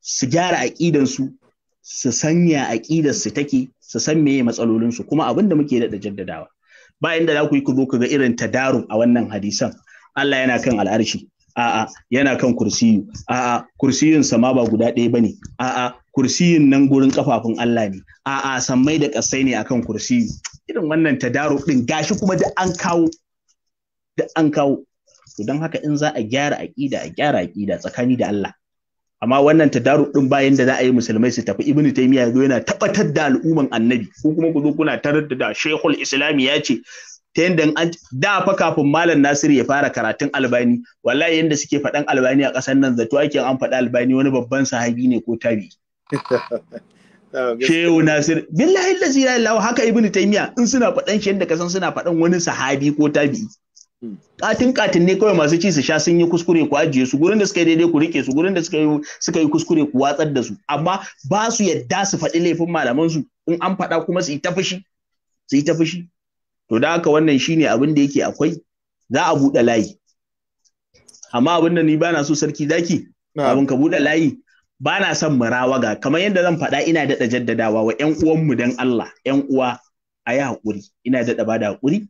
su gyara aƙidansu su sanya aƙidarsu take su san meye matsalolinsu kuma abin da muke daɗa jaddadawa bayan da za ku yi ku zo ku ga irin tadarun a wannan hadisan Allah yana kan al'arshi a'a yana kan kursiyu a'a kursiyun sama ba guda ɗaya bane a'a kursiyin nan gurin kafafun Allah ne a'a sammai da kasai ne akan kursi. irin wannan tadaru din gashi kuma da an kawo da an kawo to don haka in za a gyara aqida a gyara aqida tsakani da Allah amma wannan tadaru din bayan da za a yi musulmai su tafi ibnu taymiya yazo yana tabbatar da al'umman annabi ko kuma ku zo kuna tarar da shaykhul islam ya ce ta yadda da fa kafin malam nasiru ya fara karatun albani wallahi yanda suke faɗan albani a ƙasar nan zato ake an faɗa albani wani babban sahabi ne ko tabi'i Oh, Shehu Nasir, billahi lazi la ilaha haka Ibn Taymiya in suna faɗan shi yadda ka san suna faɗan wani sahabi ko tabi'i. Hmm. Katin katin ne kawai masu ci su sha sun yi kuskure ku ajiye su gurin da suka yi daidai ku rike su gurin da suka yi suka yi kuskure ku watsar da su amma ba su yadda su faɗi laifin malaman su in an faɗa kuma su yi ta fushi su yi ta fushi to da haka wannan shine abin da yake akwai za a buɗe layi amma abin da ni ba na so sarki zaki abin ka buɗe layi ba na son murawaga kamar yadda zan faɗa ina daɗa jaddadawa wa ƴan uwanmu dan Allah ƴan uwa a yi haƙuri ina daɗa ba da haƙuri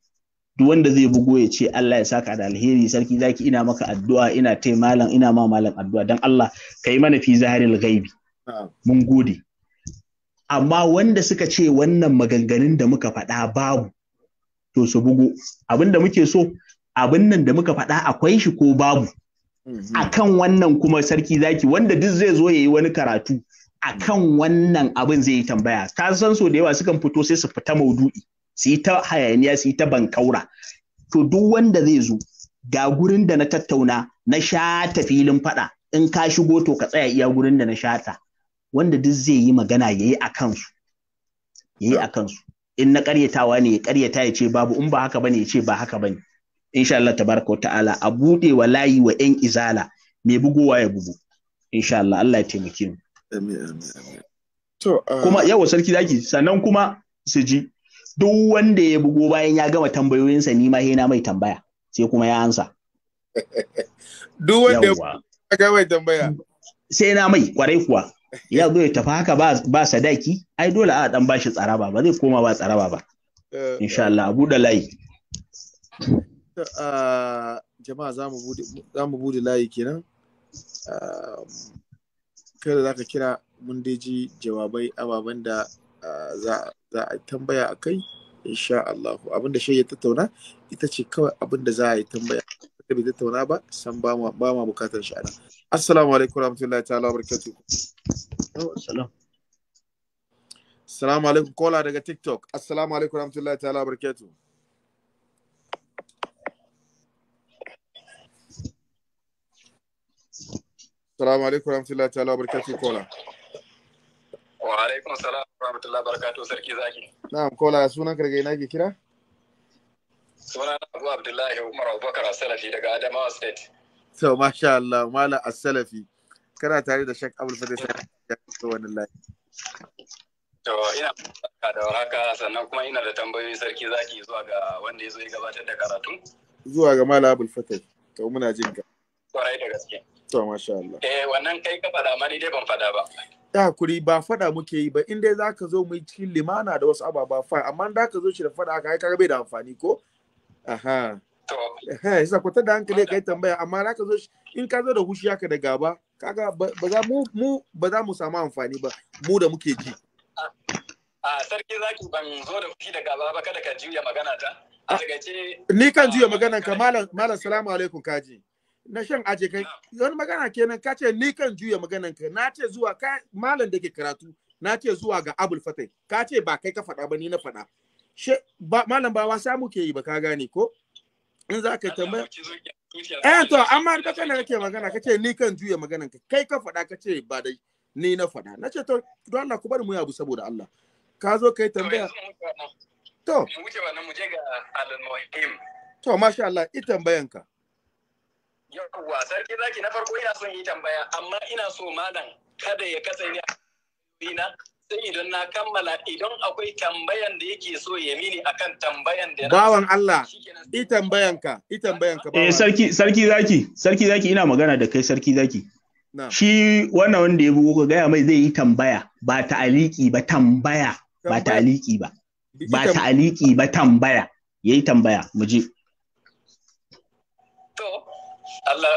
duk wanda zai bugo ya ce Allah ya saka da alheri sarki zaki ina maka addu'a ina tai malam ina ma malam addu'a dan Allah kai mana fi zaharil ghaibi mun gode amma wanda suka ce wannan maganganun da muka faɗa babu to su bugo abin da muke so abin nan da muka faɗa akwai shi ko babu akan mm-hmm. wannan kuma sarki zaki wanda duk zai zo ya yi wani karatu akan mm. wannan abin zai yi tambaya Ka san so da yawa sukan fito sai su fita maudu'i su yi ta hayaniya su yi ta bankaura to duk wanda zai zo ga gurin da na tattauna na shata filin fada in ka shigo to ka tsaya iya gurin da na shata wanda duk zai yi magana yayi akan su yayi akan su in na karyatawa ne ya karyata ya ce babu in ba haka bane ya ce ba haka bane insha Allah tabaraka wa ta'ala a bude wa layi wa yan izala mai bugowa ya bugu insha Allah Allah ya taimake mu to uh, kuma yawa sarki zaki sannan kuma su ji duk wanda ya bugo bayan ya gama tambayoyinsa ni ma na mai tambaya sai kuma ya ansa duk wanda ya gama tambaya sai na mai kwarai kuwa ya zo ya tafi haka ba sadaki ai dole a dan bashi tsaraba ba zai koma ba tsaraba ba eh. insha Allah abu da layi Uh, jama'a za mu bude layi kenan um, kada za ka kira mun dai ji jawabai ababen da uh, za a tambaya a kai insha Allah abin da ya tattauna ita ce kawai abin da za a yi tambaya da bai tattauna ba san ba ma bukatar shi ana assalamu alaikum warahmatullahi ta'ala barakatuh assalamu alaikum kola daga tiktok assalamu alaikum rahmatullahi ta'ala barakatuh Salamu alaikum wa rahmatullahi ta'ala barkatu kola. Wa alaikum wa rahmatullahi barkatu sarki zaki. Na'am kola sunan Kargai na ke kira? na Abu Abdullahi Umar Abubakar Asalafi daga Adamawa State. To masha Allah Malam Asalafi. Kana tare da shak abu Fatih sai ya fito wannan layi. To ina da warhaka sannan kuma ina da tambayoyi sarki zaki zuwa ga wanda ya zo ya gabatar da karatu. Zuwa ga Malam Abdul Fatih. To muna jin ka. Kwarai da gaske. To masha Allah. Eh wannan kai ka faɗa mani dai ban faɗa ba. Da kuri ba faɗa muke yi ba in dai za ka zo mu yi cikin limana da wasu ababa fa amma da ka zo shi da faɗa ka kaga bai da amfani ko? Aha. To. Eh yasa kwatar da hankali kai tambaya amma da ka zo in ka zo da hushi ka da gaba kaga ba za mu mu ba za mu samu amfani ba mu da muke ji. A sarki zaki ban zo da hushi da gaba ba kada ka juya magana ta. Ah, ni kan juya magana ka malam salamu alaikum kaji. na shan aje kai wani magana kenan ka ce ni kan juya maganan ka na ce zuwa ka malam da ke karatu na ce zuwa ga abul fatai ka ce ba kai ka faɗa ba ni na faɗa she ba malam ba wasa muke yi ba ka gane ko in za ka tambaya eh to amma da kana kake magana ka ce ni kan juya maganan ka kai ka faɗa ce ba dai ni na faɗa na ce to don Allah ku bar mu yabu saboda Allah ka zo kai tambaya to mu wuce nan mu je ga al to masha Allah i tambayanka ka yawwa sarki zaki na farko ina son yi tambaya amma ina so malam kada ya kasance na sai idan na kammala idan akwai tambayan da yake so ya mini akan tambayan da bawan Allah i ka i ka eh sarki sarki zaki sarki zaki ina magana da kai sarki zaki shi wannan wanda ya bugo gaya mai zai yi tambaya ba ta aliki ba tambaya ba ta aliki ba ba ta aliki ba tambaya yayi tambaya mu je Allah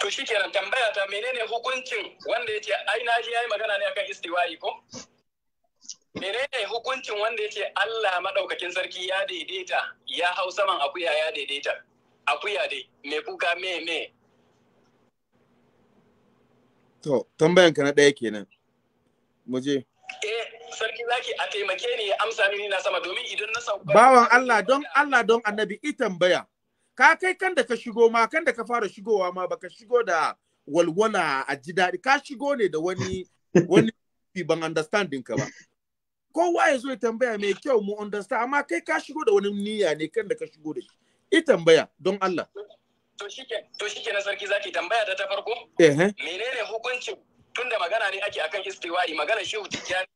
to shikenan tambaya ta menene hukuncin wanda yake ai na ji yayi magana ne akan istiwa'i ko menene hukuncin wanda yake Allah madaukakin sarki ya daidaita ya hau saman akuya ya daidaita akuya dai me kuka me me to tambayan ka na daya kenan mu je eh sarki zaki a taimake ni ya amsa mini na sama domin idan na sauka bawan Allah don Allah don annabi i tambaya ka kai kan da ka shigo ma kan da ka fara shigowa ma baka shigo da walwala a ji daɗi ka shigo ne da wani wani ban understanding ka ba kowa ya zo ya tambaya mai kyau mu understand amma kai ka shigo da wani niyya ne kan da ka shigo da shi i tambaya don Allah to shike to shike na sarki zaki tambaya da ta farko eh menene hukunci tunda magana ne ake akan istiwa'i magana shehu tijjani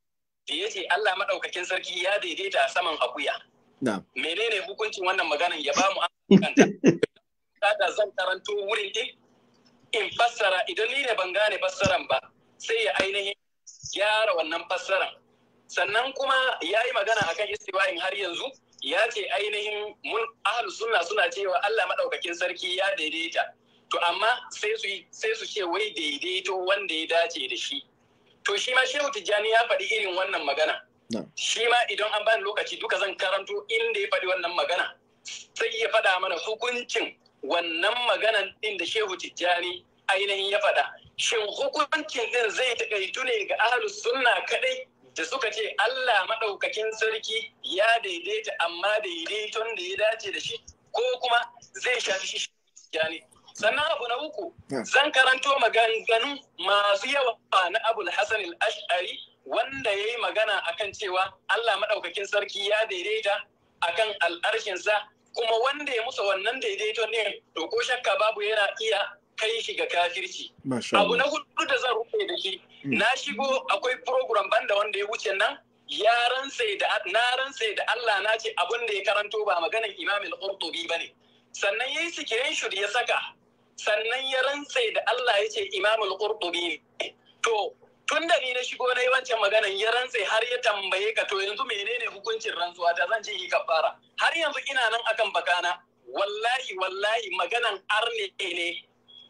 da yace Allah madaukakin sarki ya daidaita saman akuya menene hukuncin wannan maganan ya ba mu kanta zan karanto wurin din in fassara idan ni ne ban gane fassaran ba sai ya ainihin gyara wannan fassaran sannan kuma ya yi magana akan istiwa'in har yanzu ya ce ainihin mun sunna suna cewa Allah madaukakin sarki ya daidaita to amma sai su sai su ce wai daidaito wanda ya dace da shi to shi ma Shehu Tijjani ya faɗi irin wannan magana shi ma idan an bani lokaci duka zan karanto inda ya faɗi wannan magana sai ya faɗa mana hukuncin wannan maganan ɗin da shehu tijjani ainihin ya faɗa shin hukuncin ɗin zai taƙaitu ne ga ahlus sunna kaɗai da suka ce Allah maɗaukakin sarki ya daidaita amma daidaiton da ya dace da shi ko kuma zai shafi shi tijjani sannan abu na uku zan karanto maganganu masu yawa na abul Hassan al-ash'ari wanda ya yi magana akan cewa Allah maɗaukakin sarki ya daidaita akan al'arshinsa kuma wanda ya musa wannan daidaito ne to ko shakka babu yana iya kai shi ga kafirci. Abu na hudu da zan rufe da shi mm. na shigo akwai program banda wanda ya wuce nan ya rantse da na rantse da Allah na ce abin da ya karanto ba maganan Imam al-Qurtubi bane. Sannan yayi sikirin shi ya saka sannan ya rantse da Allah ya ce Imam al-Qurtubi to tun da ni na shigo na yi wancan maganan ya rantse har ya tambaye ka to yanzu menene hukuncin rantsuwa ta zan ce yi kafara har yanzu ina nan akan bakana wallahi wallahi maganan arne ne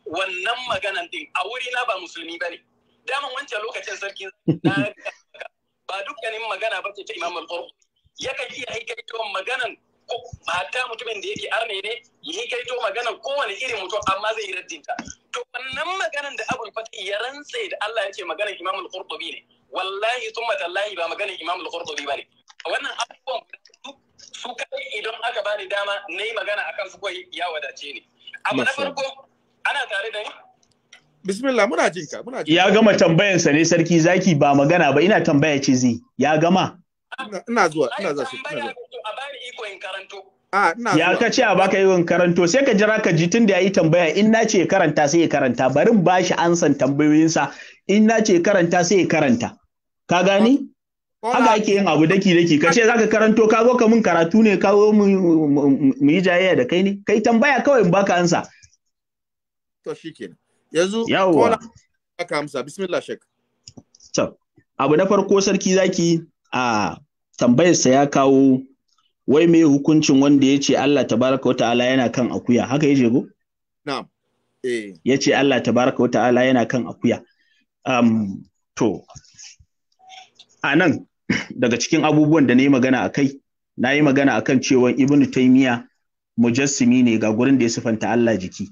wannan maganan din a wuri na ba musulmi bane daman wancan lokacin sarki ba dukkanin magana ba ce ta imam al Ya yakan iya to maganan ko mata mutumin da yake arne ne ya kaito maganan kowane irin mutum amma zai yi raddinta to wannan maganan da abul fatih ya rantse da Allah ya ce maganar imamul qurtubi ne wallahi thumma tallahi ba maganar imamul qurtubi bane wannan abubuwan su kai idan aka bani dama na yi magana akan su kai ya wadace ne abu na farko ana tare da ni bismillah muna jin ka muna jin ya gama tambayan sa ne sarki zaki ba magana ba ina tambaya ce zai ya gama ina zuwa ina zuwa ina zuwa a bani iko in karanto ya ka ce a baka yin karanto sai ka jira ka ji tun da ya yi tambaya in na ce karanta sai ya karanta bari ba shi ansan tambayoyinsa in na ce karanta sai ya karanta ka gani haka ake yin abu daki daki ka ce zaka karanto ka zo ka mun karatu ne ka zo mu yi jayayya da kai ne kai tambaya kawai in baka ansa to shikenan yanzu kola aka amsa bismillah shek to abu na farko sarki zaki a tambayarsa ya kawo wai me hukuncin wanda ya ce Allah tabaraka wa ta'ala yana kan akuya haka yace go na'am eh ce Allah tabaraka wa ta'ala yana kan akuya um to nan, daga cikin abubuwan da na yi magana a kai na yi magana a kan cewa ibnu taimiya mujassimi ne ga gurin da ya sifanta Allah jiki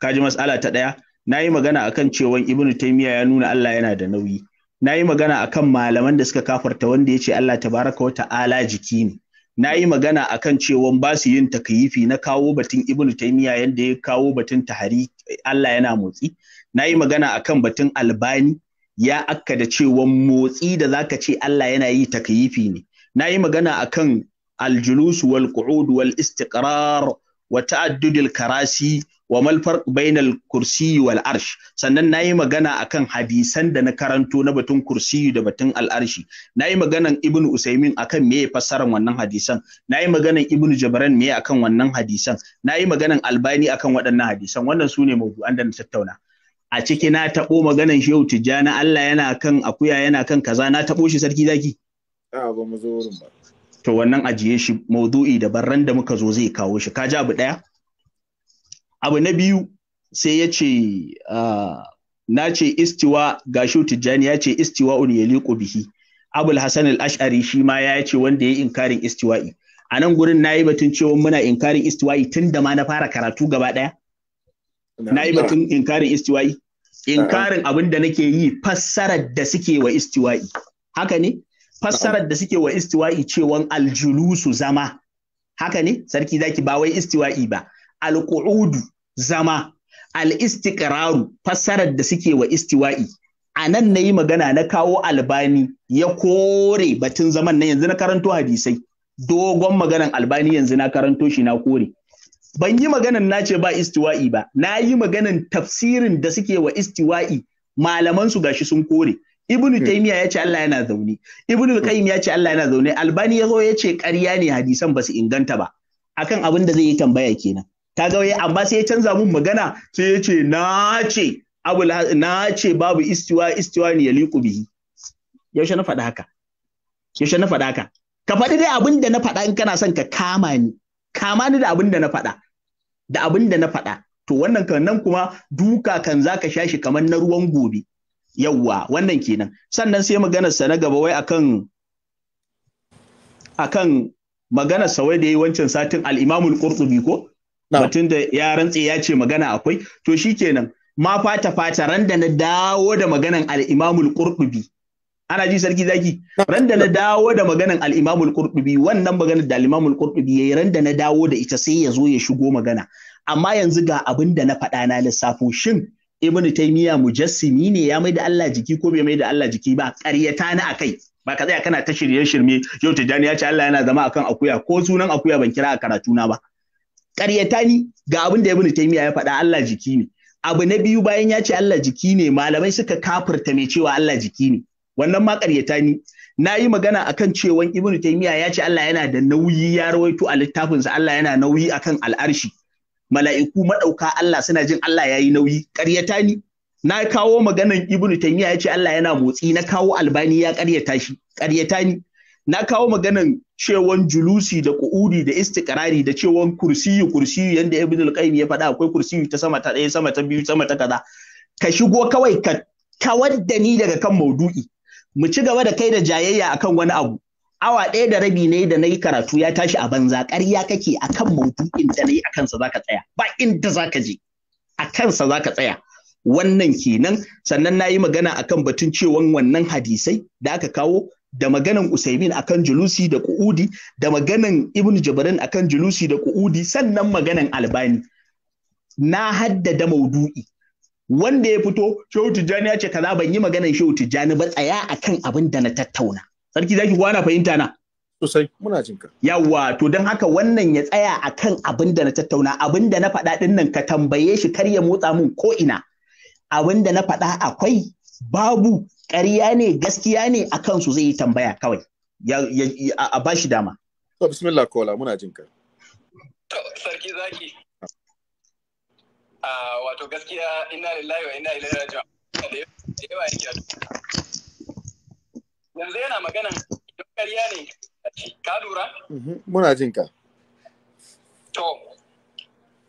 kaji matsala ta ɗaya na yi magana a kan cewa ibnu taimiya ya nuna Allah yana da nauyi na yi magana a kan malaman da suka kafarta wanda ya ce Allah tabaraka wa ta'ala jiki ne na yi magana a kan cewa ba su yin takayifi na kawo batun ibn taimiya yadda ya kawo batun tahari Allah yana motsi na yi magana a kan batun albani ya akka da cewa motsi da za ka ce Allah yana yi takayifi ne na yi magana a kan aljulus wal qu'ud wal istiqrar wa ta'addud karasi wa mal farq bainal kursi wal arsh sannan nayi magana akan hadisan da na karanto na batun kursi da batun al'arshi. arshi nayi maganan ibnu usaimin akan meye fassaran wannan hadisan nayi maganan ibnu jabran meye akan wannan hadisan nayi maganan albani akan waɗannan hadisan wannan sune an da na tattauna a ciki na taɓo maganan shehu tijjani Allah yana kan akuya yana kan kaza na taɓo shi sarki zaki a ba mu zo wurin ba to wannan ajiye shi maudu'i da barran da muka zo zai kawo shi ka ji abu ɗaya? abu na biyu sai ya ce ah, na ce istiwa ga tijjani ya ce istiwa un yaliqu bihi abul hasan al-ash'ari shi ma ya ce wanda ya inkarin istiwa'i a nan gurin na yi batun cewa muna inkarin istiwa'i tun da ma na fara karatu gaba ɗaya na yi batun inkarin istiwa'i inkarin abin da nake yi fassarar da suke wa istiwa'i haka ne fassarar da suke wa istiwa'i cewan aljulusu zama haka ne sarki zaki ba wai istiwa'i ba alƙu'udu zama al'istiƙararu fassarar da suke wa istiwa'i a nan na yi magana na kawo albani ya kore batun zaman na yanzu na karanto hadisai dogon maganan albani yanzu na karanto shi na kore ban yi maganan na ce ba istiwa'i ba na yi maganan tafsirin da suke wa istiwa'i malaman su gashi sun kore ibnu hmm. taymiya ya ce Allah yana zaune ibnu qayyim ya Allah yana zaune albani ya zo ce ƙarya ne hadisan basu inganta ba akan abin da zai yi tambaya kenan kaga wai amma sai ya canza mun magana sai ya ce na ce abu na ce babu istiwa istiwa ne ya liku bihi yaushe na faɗa haka yaushe na faɗa haka ka faɗi dai abin da na faɗa in kana son ka kama ni kama ni da abin da na faɗa da abin da na faɗa to wannan kan nan kuma duka kan zaka sha shi kamar na ruwan gobe yawwa wannan kenan sannan sai maganarsa sa na gaba wai akan akan maganar sa wai da yi wancan satin al-Imam al-Qurtubi ko Batun da ya rantse ya ce magana akwai, to shi kenan ma fata fata ran da na dawo da maganan al'imamul ƙurɗubi. Ana ji sarki zaki? Ran da na dawo da maganan al'imamul ƙurɗubi wannan maganar da al'imamul ƙurɗubi ya yi ran da na dawo da ita sai ya zo ya shigo magana. Amma yanzu ga abin da na faɗa na lissafo shin Ibn taymiya mujassimi ne ya mai da Allah jiki ko bai mai da Allah jiki ba ƙaryata na akai. ba ka tsaya kana ta shirye shirme yau tijani ya ce Allah yana zama akan akuya ko sunan akuya ban kira a karatu na ba ƙaryata ni ga abin da Ibn Taymiyyah ya faɗa Allah jiki ne abu na biyu bayan ya ce Allah jiki ne malamai suka kafirta mai cewa Allah jiki ne wannan ma ƙaryata ni na yi magana akan cewa Ibn Taymiyyah ya ce Allah yana da nauyi ya rawaito a littafinsa Allah yana nauyi akan al'arshi mala'iku maɗauka Allah suna jin Allah yayi nauyi ƙaryata ni na kawo maganan Ibn Taymiyyah ya ce Allah yana motsi na kawo albani ya ƙaryata shi ƙaryata ni na kawo maganan cewan julusi da ku'udi da istikrari da cewan kursiyu kursiyu yadda ibn al-qayyim ya faɗa akwai kursiyu ta sama ta ɗaya sama ta biyu sama ta kaza ka shigo kawai ka kawar da ni daga kan maudu'i mu ci gaba da kai da jayayya akan wani abu awa ɗaya da rabi ne da nayi karatu ya tashi a banza ƙarya kake akan maudu'in da na yi a kansa tsaya ba inda za je a kansa za tsaya wannan kenan sannan nayi magana akan batun cewan wannan hadisai da aka kawo da maganan Usaimin akan julusi da ku'udi da maganan Ibn Jibrin akan julusi da ku'udi sannan maganan Albani na haddada maudu'i wanda ya fito Shehu Tijjani ya ce kaza ban yi maganan Shehu Tijjani ba tsaya akan abin da na tattauna sarki zaki kuwa na fahimta na sosai muna jin ka yawa to don haka wannan ya tsaya akan abin da na tattauna abin da na faɗa din nan ka tambaye shi kar ya motsa mun ko ina abin da na faɗa akwai babu ƙarya ne gaskiya ne a kansu zai yi tambaya kawai a ba shi dama. To bismillah kola muna jin ka. Sarki zaki. Ah, wato gaskiya ina lillahi wa ina ilaihi raji'un. Da yawa yake Yanzu yana magana don ƙarya ne ka lura? Mhm, muna jin ka. To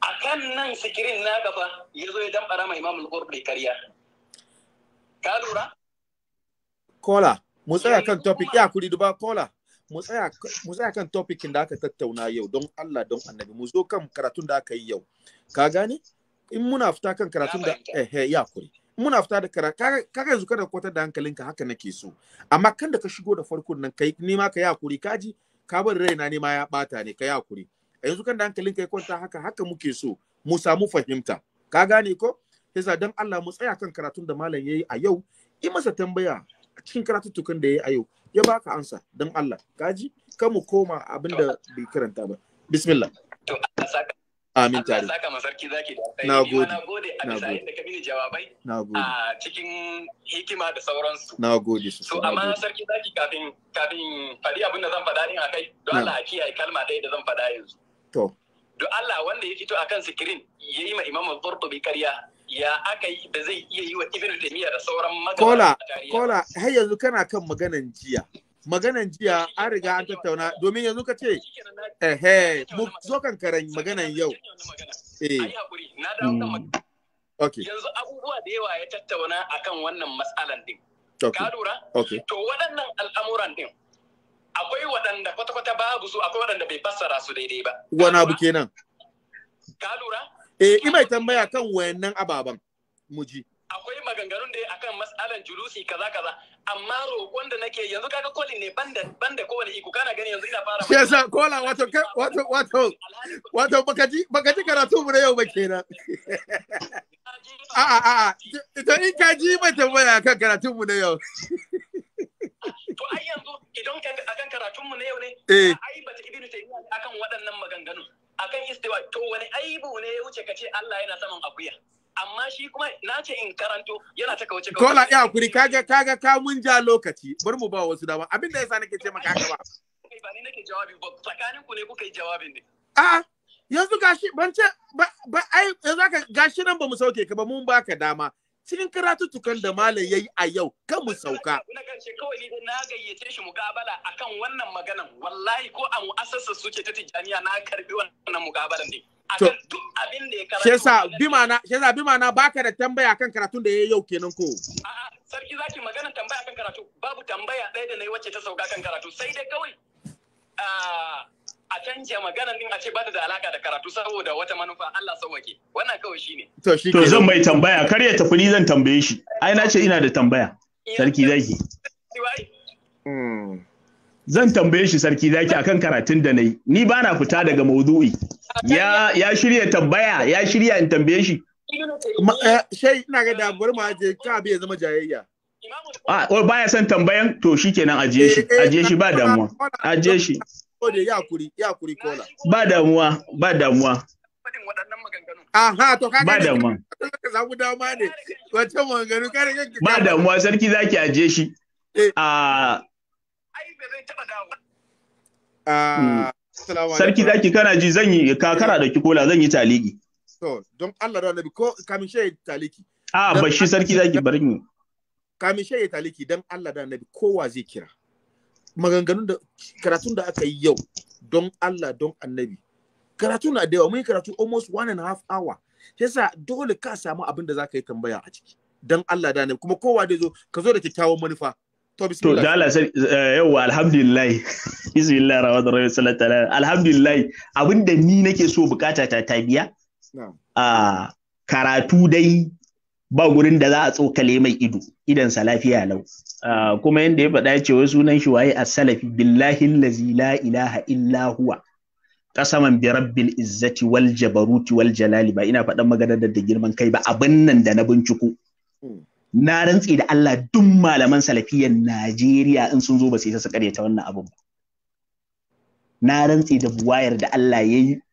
a kan nan sikirin na gaba ya zo ya damɓara mai mamul ƙurɗi ƙarya. Ka lura? kola mu tsaya kan topic ya kuri duba kola mu tsaya mu tsaya kan topicin da aka tattauna yau don Allah don Annabi mu zo kan karatun da aka yi yau ka gane in muna fita kan karatun da eh, eh ya kuri muna fita da kara ka yanzu kada kwatar da hankalinka haka nake so amma kan da ka shigo da farkon nan kai ni ma ka ya kuri kaji ka bar raina ne ma ya bata ne ka ya kuri yanzu kan da hankalinka ya kwanta haka haka muke so mu samu fahimta ka gane ko yasa dan Allah mu tsaya kan karatun da malam yayi a yau yi masa tambaya cikin karatuttukan da ya yi a yau ya baka ansa don Allah kaji ka mu koma abin da bai karanta ba bismillah to Allah saka amin tare Allah saka masarki zaki da na gode na gode a bisa yadda ka mini jawabai na gode a cikin hikima da sauransu na gode so amma sarki zaki kafin kafin fadi abin da zan fada din akai don Allah a kiyaye kalma ɗaya da zan fada yanzu to don Allah wanda ya fito akan screen yayi ma imamu Qurtubi kariya ya aka yi da zai iya yi wa ibnu taymiya da sauran magana kola kola har yanzu kana kan maganan jiya maganan jiya an riga an tattauna domin yanzu ka ce ehe mu zo kan karan maganan yau eh hmm. okay yanzu abubuwa da yawa ya tattauna akan wannan matsalan din ka lura to waɗannan al'amuran din akwai waɗanda kwata-kwata babu su akwai waɗanda bai fassara su daidai ba wani abu kenan ka lura eh mai tambaya kan wayannan ababan muji akwai maganganun da akan mas'alan julusi kaza kaza amma roƙon da nake yanzu kaga kolin ne banda banda kowane iko kana gani yanzu ina fara shi yasa kola wato wato wato wato bakaji bakaji karatu mu na yau ba kenan a a a to in ka ji mai tambaya kan karatu mu na yau to ai yanzu idan akan karatun mu na yau ne eh. ai bata ibnu taymiya akan waɗannan maganganun akan istiwa to wani aibu ne ya wuce kace Allah yana saman akuya amma shi kuma na ce in karanto yana ta kauce kauce kola ya hakuri kaga kaga ka mun ja lokaci bar mu ba wasu dama abin da yasa nake ce maka haka ba kai ba ni nake jawabi ba tsakanin ku ne kuka yi jawabin ne a yanzu gashi ban ce ba ai yanzu ka gashi nan ba mu sauke ka ba mun baka dama cikin karatuttukan da malam yayi a yau kan mu sauka na ce kawai ni na gayyace shi mukabala akan wannan maganan wallahi ko a mu'assasa suke ta tijaniya na karbi wannan mukabalan ne to duk abin da ya karatu da tambaya kan karatun da yayi yau kenan ko a'a sarki zaki magana tambaya kan karatu babu tambaya ɗaya da nayi wacce ta sauka kan karatu sai dai kawai ah, a canje maganar din a ce bata da alaka da karatu saboda wata manufa Allah sauwake wannan kawai shine to shi to zan mai tambaya kar ya tafi ni zan tambaye shi ai na ce ina da tambaya sarki zaki zan tambaye shi sarki zaki akan karatun da nayi ni bana fita daga maudu'i ya ya shirya tambaya ya shirya in tambaye shi eh, shai ina ga damuwar ma je ka bai zama jayayya a ah, oh, baya son tambayan to shikenan ajiye shi eh, eh, ajiye shi ba damuwa ajiye shi Ode ya kuri, ya kuri kola. Ba damuwa, ba damuwa. Aha, to kaga ba damuwa. Ka samu dama ne. Wace maganganu kare rage Ba damuwa sarki zaki aje shi. Eh. Ah. ah hmm. Sarki zaki kana ji zan yi kakara da ki kola zan yi taliki. To, don Allah da Annabi ko kamin shi taliki. Ah, bashi sarki zaki bari ni. Kamin shi taliki dan Allah da Annabi kowa zai kira. maganganun da karatun da aka yi yau don Allah don annabi karatu na da yawa mun yi karatu almost one and a half hour yasa dole ka samu abin da zaka yi tambaya a ciki don Allah da ne kuma kowa da zo ka zo da kyakkyawan manufa to bismillah to da Allah sai eh, yawa alhamdulillah bismillah rahman rahim sallallahu alaihi alhamdulillah abin da ni nake so bukata ta tabiya a ah, karatu dai ba gurin da za a tsokale mai ido idansa lafiya lau ah, kuma yadda ya faɗa ce wai sunan shi waye as-salafi billahi allazi la ilaha illa huwa qasaman bi rabbil izzati wal jabaruti wal jalali ba ina faɗan maganar da girman kai ba abin nan da na binciko hmm. na rantsi da Allah duk malaman salafiyan Najeriya in sun zo ba sai su karyata wannan abin ba na rantsi da buwayar da Allah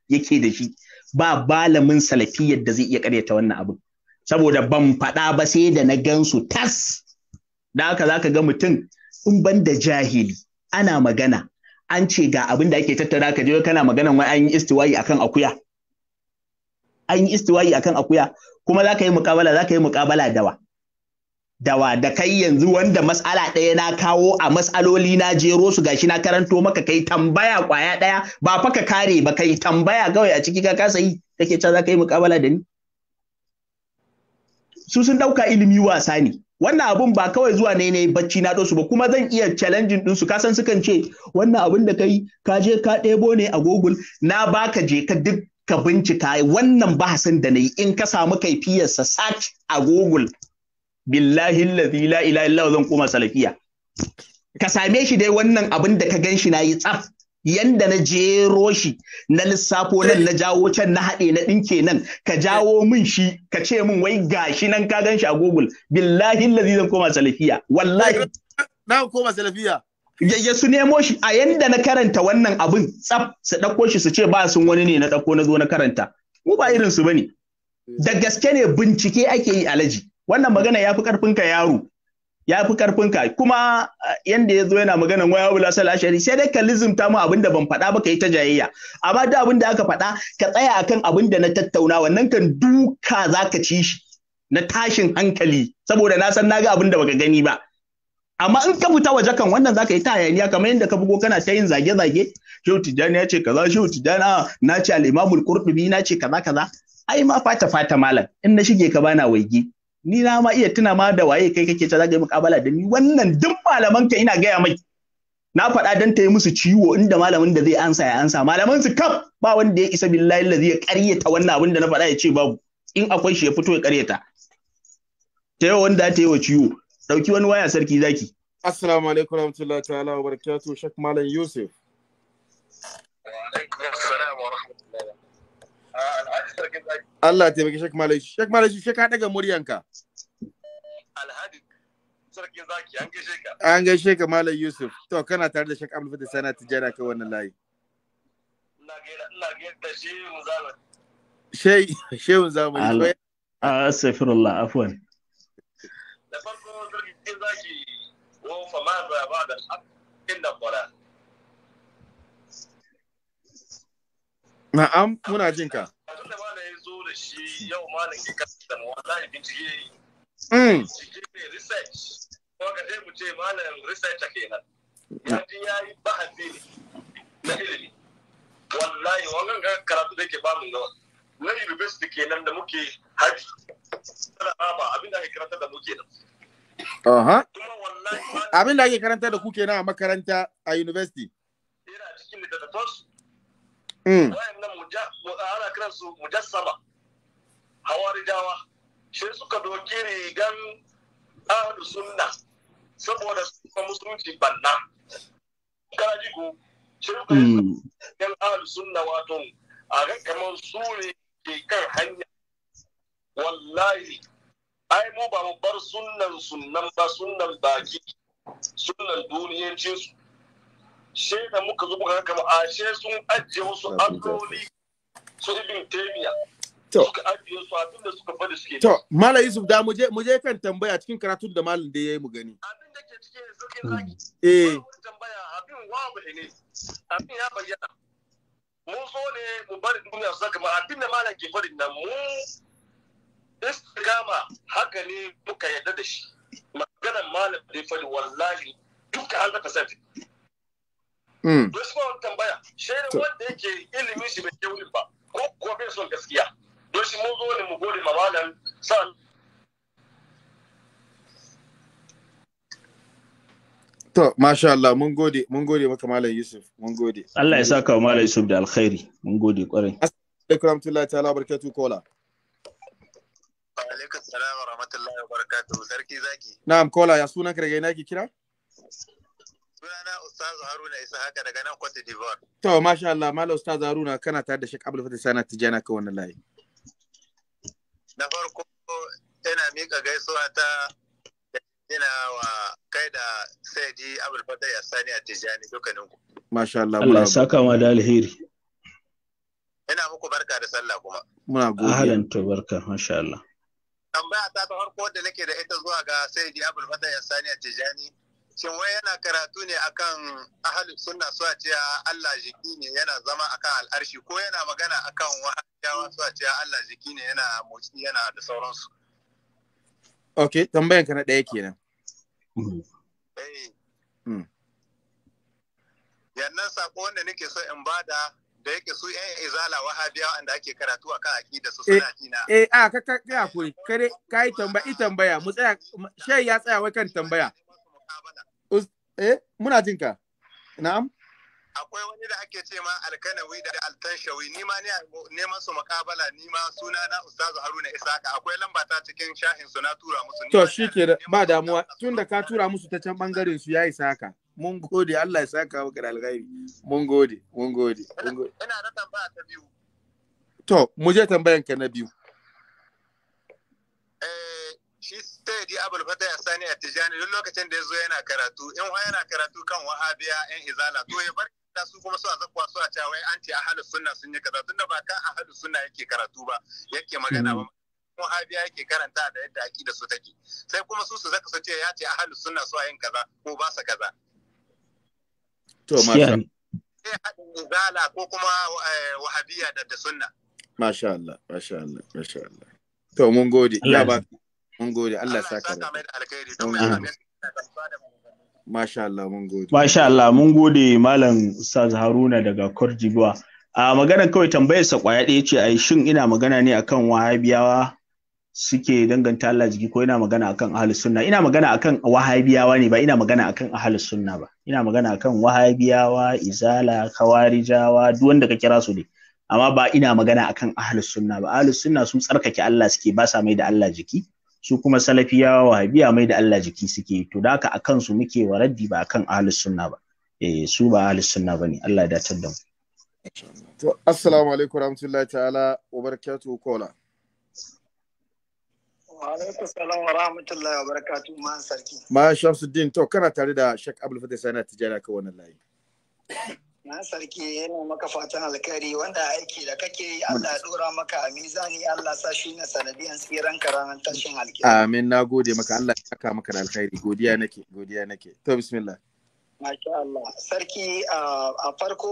yake da shi ba malamin salafiyar da zai iya karyata wannan abin saboda ban faɗa ba sai da na gansu tas da haka zaka ga mutum in ban da jahili ana magana an ce ga abin da ake tattara ka je kana magana wai an yi istiwayi akan akuya an yi istiwayi akan akuya kuma zaka yi muƙabala zaka yi muƙabala dawa dawa da kai yanzu wanda mas'ala ɗaya na kawo a mas'aloli na jero su gashi na karanto maka kai tambaya kwaya ɗaya ba fa ka kare ba kai tambaya kawai a ciki ka kasa yi kake cewa za ka yi mukabala da ni su sun dauka ilimi wasa ne wannan abun ba kawai zuwa ne ne bacci na dosu ba kuma zan iya challenging ɗinsu ka san sukan ce wannan abun da kai ka je ka ɗebo ne a google na baka je ka duk ka bincika wannan bahasin da na yi in ka samu sa, search a google billahi la ilaha illa zan koma salafiya ka same shi dai wannan abin da ka gan shi na yi tsaf yanda na jero shi na lissafo nan na jawo can na haɗe na ɗinke nan ka jawo min shi ka ce min wai gashi nan ka gan shi a google billahi lazi zan koma salafiya wallahi na koma salafiya ya su nemo shi a yanda na karanta wannan abin tsaf su ɗauko shi su ce ba sun wani ne na ɗauko na zo na karanta mu ba irin su bane da gaske ne bincike ake yi alaji wannan magana ya fi karfin ka yaro ya fi karfinka kuma eh, yadda ya zo yana magana waya wula ashari sai dai ka lizimta mu abin da ban faɗa ba ka yi ta jayayya amma da abin da aka faɗa ka tsaya akan abin da na tattauna wannan kan duka za ka ci shi na tashin hankali saboda na san naga abin da baka gani ba amma in ka fita waje kan wannan za ka yi ta hayaniya kamar yadda ka bugo kana ta yin zage-zage shehu tijjani ya ce kaza shehu tijjani ah, na ce al'imamul kurɗubi na ce kaza kaza ai ma fata fata malam in na shige ka bana waige ni na ma iya tuna ma da waye kai kake ta zaka yi mukabala da ni wannan duk malaman ka ina gaya mai na faɗa dan ta yi musu ciwo inda malamin da zai ansa ya ansa malaman su kaf ba wanda ya isa billahi lazi ya ƙaryata wannan abin da na faɗa ya ce babu in akwai shi ya fito ya ƙaryata ta yau wanda ta yi wa ciwo ɗauki wani waya sarki zaki assalamu alaikum warahmatullahi ta'ala wa barakatuh shek malam yusuf Allah taimaki Sheikh Malam Sheikh Malam Sheikh ka daga muryanka sarkin zaki an gaishe ka. An gaishe Malam Yusuf. To kana tare da Sheikh Abdul Fattah Sana tijara kai wannan layi. Ina Zamani. afwan. Da farko zaki fa ma za ba da Na'am muna jin ka. Tunda ya da shi yau ke Mm. Kuma ka sai mu ce malam research kenan. Ya ji ya yi bahasi ne na ilimi. Wallahi wannan ga karatu da yake bamu na na university kenan da muke haji. Tana raba abin da ake karanta da muke nan. Aha. Abin da ake karanta da kuke na a makaranta a university. Ina cikin littattafansu. Mm. Wayannan ana kiransu mujassama. Hawarijawa. Shi suka doki rigan ahlu sunna saboda suka musulunci banna kana ji ko shirku hmm. yan ahlu sunna wato a ga kamar su ne ke kan hanya wallahi ai mu ba mu bar sunnan sunnan ba sunnan baki sunnan duniyancin su she da muka zo muka kama a? ashe sun ajiye wasu alloli su ibn taymiya To, Mala Yusuf da muje kan tambaya cikin karatun da malin da ya yi mu gani. Eh. Abin ya bayyana. ne mu bari duniya su abin da malam ke faɗin nan mu istiqama haka ne muka yarda da shi. Maganar malam da ya wallahi duka an zaka wani tambaya, wanda yake ilimin shi bai ke ba, ko kuwa bai son gaskiya. Don shi mun zo ne mu gode ma malam To, masha Allah, mun gode, mun gode maka Malam Yusuf, mun gode. Allah ya saka wa Malam Yusuf da alkhairi, mun gode ƙwarai. Assalamu alaikum warahmatullahi ta'ala barakatu kola. Alaikum salam wa rahmatullahi wa barakatuhu, sarki zaki. Na'am kola, ya sunan ka daga ina ki kira? Sunana Ustaz Haruna Isa haka daga nan Cote d'Ivoire. To, masha Allah, Malam Ustaz Haruna kana tare da Sheikh Abdul Fatah Sana Tijana ka wannan layi. Na farko, ina mika gaisuwa ta ina wa kai da sai ji abul fata ya sani a tijani dukkanin ku masha Allah Allah saka ma da alheri ina muku barka da sallah kuma muna godiya Ahalan to barka masha Allah tambaya ta ta farko da nake da ita zuwa ga sai ji abul fata ya sani a tijani shin wai yana karatu ne akan ahalin sunna a cewa Allah jiki ne yana zama akan al'arshi ko yana magana akan wahayawa a cewa Allah jiki ne yana motsi yana da sauransu ok tambayan ka na ɗaya kenan Eh. Hmm. yannan sako wanda nake so in bada da yake su yan izala wahabiya wanda ake karatu a kan aƙida su suna jina. Eh, eh a ah, ka kai hakuri, kare ka yi tambaya, i tambaya, mu tsaya, shai ya tsaya wai kan tambaya. Eh, muna jinka. Na'am? akwai wani da ake ce ma alkanawi da altanshawi ni ma neman su makabala ni ma suna na ustazu haruna isaka akwai lamba ta cikin shahin su na tura musu to shi ke ba damuwa tun da ka tura musu ta can bangaren su ya isa ka mun gode allah ya saka maka da alkhairi, mun gode mun gode mun gode ina da tambaya ta biyu to mu je tambayan ka na biyu eh, shi di Abul Fata ya sani a Tijani duk lokacin da ya zo yana karatu in wa yana karatu kan Wahabiya yan Izala to ya bar da su kuma suna zakuwa suna cewa wai ce ahalus sunna sun yi kaza tunda ba kan ahalus sunna yake karatu ba yake magana ba muhabiya yake karanta da yadda aqida su take sai kuma su su zaka su ce ya ce ahalus sunna su yin kaza ko ba su kaza to masha Allah ko kuma eh, wahabiya da da sunna masha Allah masha Allah masha Allah to mun gode Allah ba mun gode Allah saka da alkhairi to mai Masha Allah mun gode. Masha Allah mun Malam Ustaz Haruna daga Korjibuwa. A magana kawai tambayar sa kwaya ɗaya ce ai shin ina magana ne akan wahabiyawa suke danganta Allah jiki ko ina magana akan ahlus sunna ina magana akan wahabiyawa ne ba ina magana akan ahlus sunna ba ina magana akan wahabiyawa izala kawarijawa duk wanda ka kira su ne amma ba ina magana akan ahlus sunna ba ahlus sunna sun tsarkake Allah suke ba sa mai da Allah jiki su kuma salafiyawa wahabiya mai da Allah jiki suke to da haka akan su muke wa raddi ba akan ahlus sunna ba eh su ba ahlus sunna bane Allah ya dace da mu to assalamu alaikum warahmatullahi ta'ala wa barakatuhu kola wa alaikum salam wa rahmatullahi wa barakatuhu ma sarki ma shamsuddin to kana tare da Sheikh Abdul Fatih Sani Tijara ka wannan layi Na sarki yana maka fatan alkhairi wanda aiki da kake yi Allah dora maka a mizani Allah sa shi na sanadiyan tsiran karamin tashin alkhairi. Amin na gode maka Allah ya saka maka da alkhairi godiya nake godiya nake. To bismillah. Masha Allah. Sarki a farko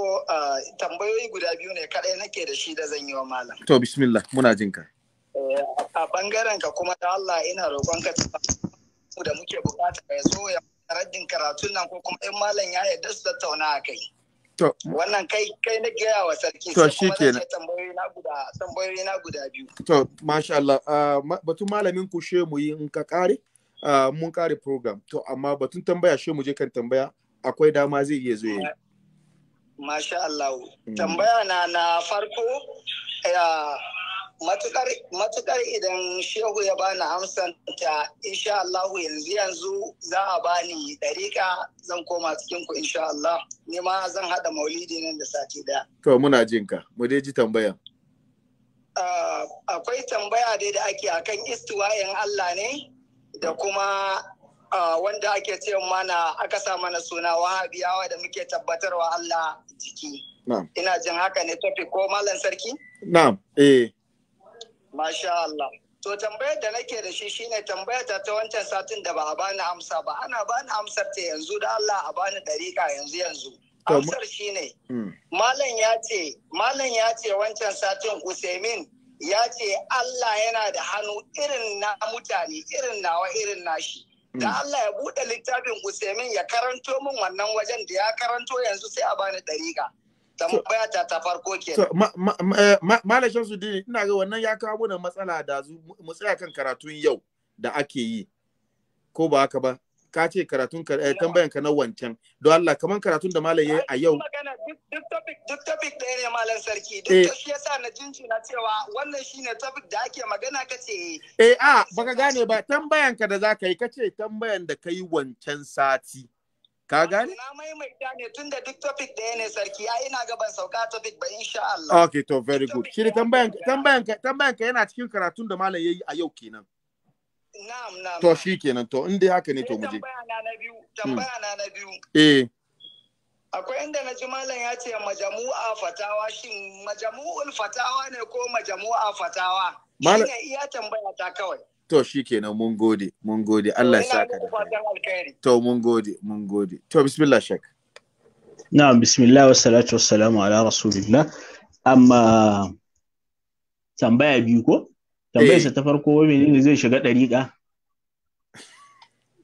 tambayoyi guda biyu ne kadai nake da shi da zan yi wa malam. To bismillah muna jin ka. Eh, a bangaren ka kuma da Allah ina roƙon ka da muke bukata ya zo ya raddin karatun nan ko kuma in malam ya yarda su tattauna a kai. Wannan kai kai na gaya wa sarki to shi ke Tambayoyi na guda tambayoyi na guda biyu. To masha Allah uh, batun malamin ku she mu yi in ka kare uh, ah, mun kare program to amma batun tambaya she mu je kan tambaya akwai dama zai iya zo yi. Masha Allah. Mm. Tambaya na na farko matukar idan shehu ya bani amsan ta insha Allah yanzu yanzu za a bani dariƙa zan koma cikin ku insha Allah ni ma zan hada maulidi nan da sati daya to muna jin ka mu dai ji tambayan akwai tambaya dai da ake akan 'yan Allah ne da kuma wanda ake ce mana aka sa mana suna wahabiyawa da muke tabbatarwa Allah jiki ina jin haka ne tafi ko malam sarki na'am eh Masha Allah. To tambayar da nake da shi shine tambayar ta ta wancan satin da ba a bani amsa ba. Ana bani amsar ta yanzu da Allah a bani dariƙa yanzu yanzu. Amsar shine. Hmm. Malam ya ce, Malam ya ce wancan satin Usaimin ya ce Allah yana da hannu irin na mutane, irin nawa irin nashi. Hmm. Da Allah ya buɗe littafin Usaimin ya karanto min wannan wajen da ya karanto yanzu sai a bani dariƙa. tambaya ta ta farko ke eh, malam shamsu dini ina ga wannan ya kawo mana matsala da mu tsaya kan karatun yau da ake yi ko ba haka ba ka ce karatun eh, tambayan ka na wancan don Allah kaman karatun da malam a yau duk topic duk topic ne malam sarki duk eh. shi yasa na jinci na cewa wannan shi ne topic da ake magana ka ce. eh a baka gane ba tambayan ka da ka yi ka ce tambayan da yi wancan sati Ka gane? Na maimaita ne tun da duk topic ɗaya ne sarki, ai ina ga ban sauka topic ba insha Allah. Okay, to very good. Shi tambayan tambayan ka tambayan ka yana cikin karatun da malam yayi a yau kenan. Na'am, na'am. To shi kenan to in dai haka ne to mu je. Tambaya na biyu, hmm. tambaya na biyu. Eh. Akwai inda na ji malam ya ce majamu'a fatawa shin majamu'ul fatawa ne ko majamu'a fatawa? Malam iya tambaya ta kawai. To shi kenan mun gode, mun gode, Allah sa ka da To mun gode, mun gode. To bismillah shek. Na bismillah wa salatu wa salamu ala rasulillah. Amma tambaya biyu ko? Tambayarsa eh. ta farko wani ne zai shiga ɗariƙa?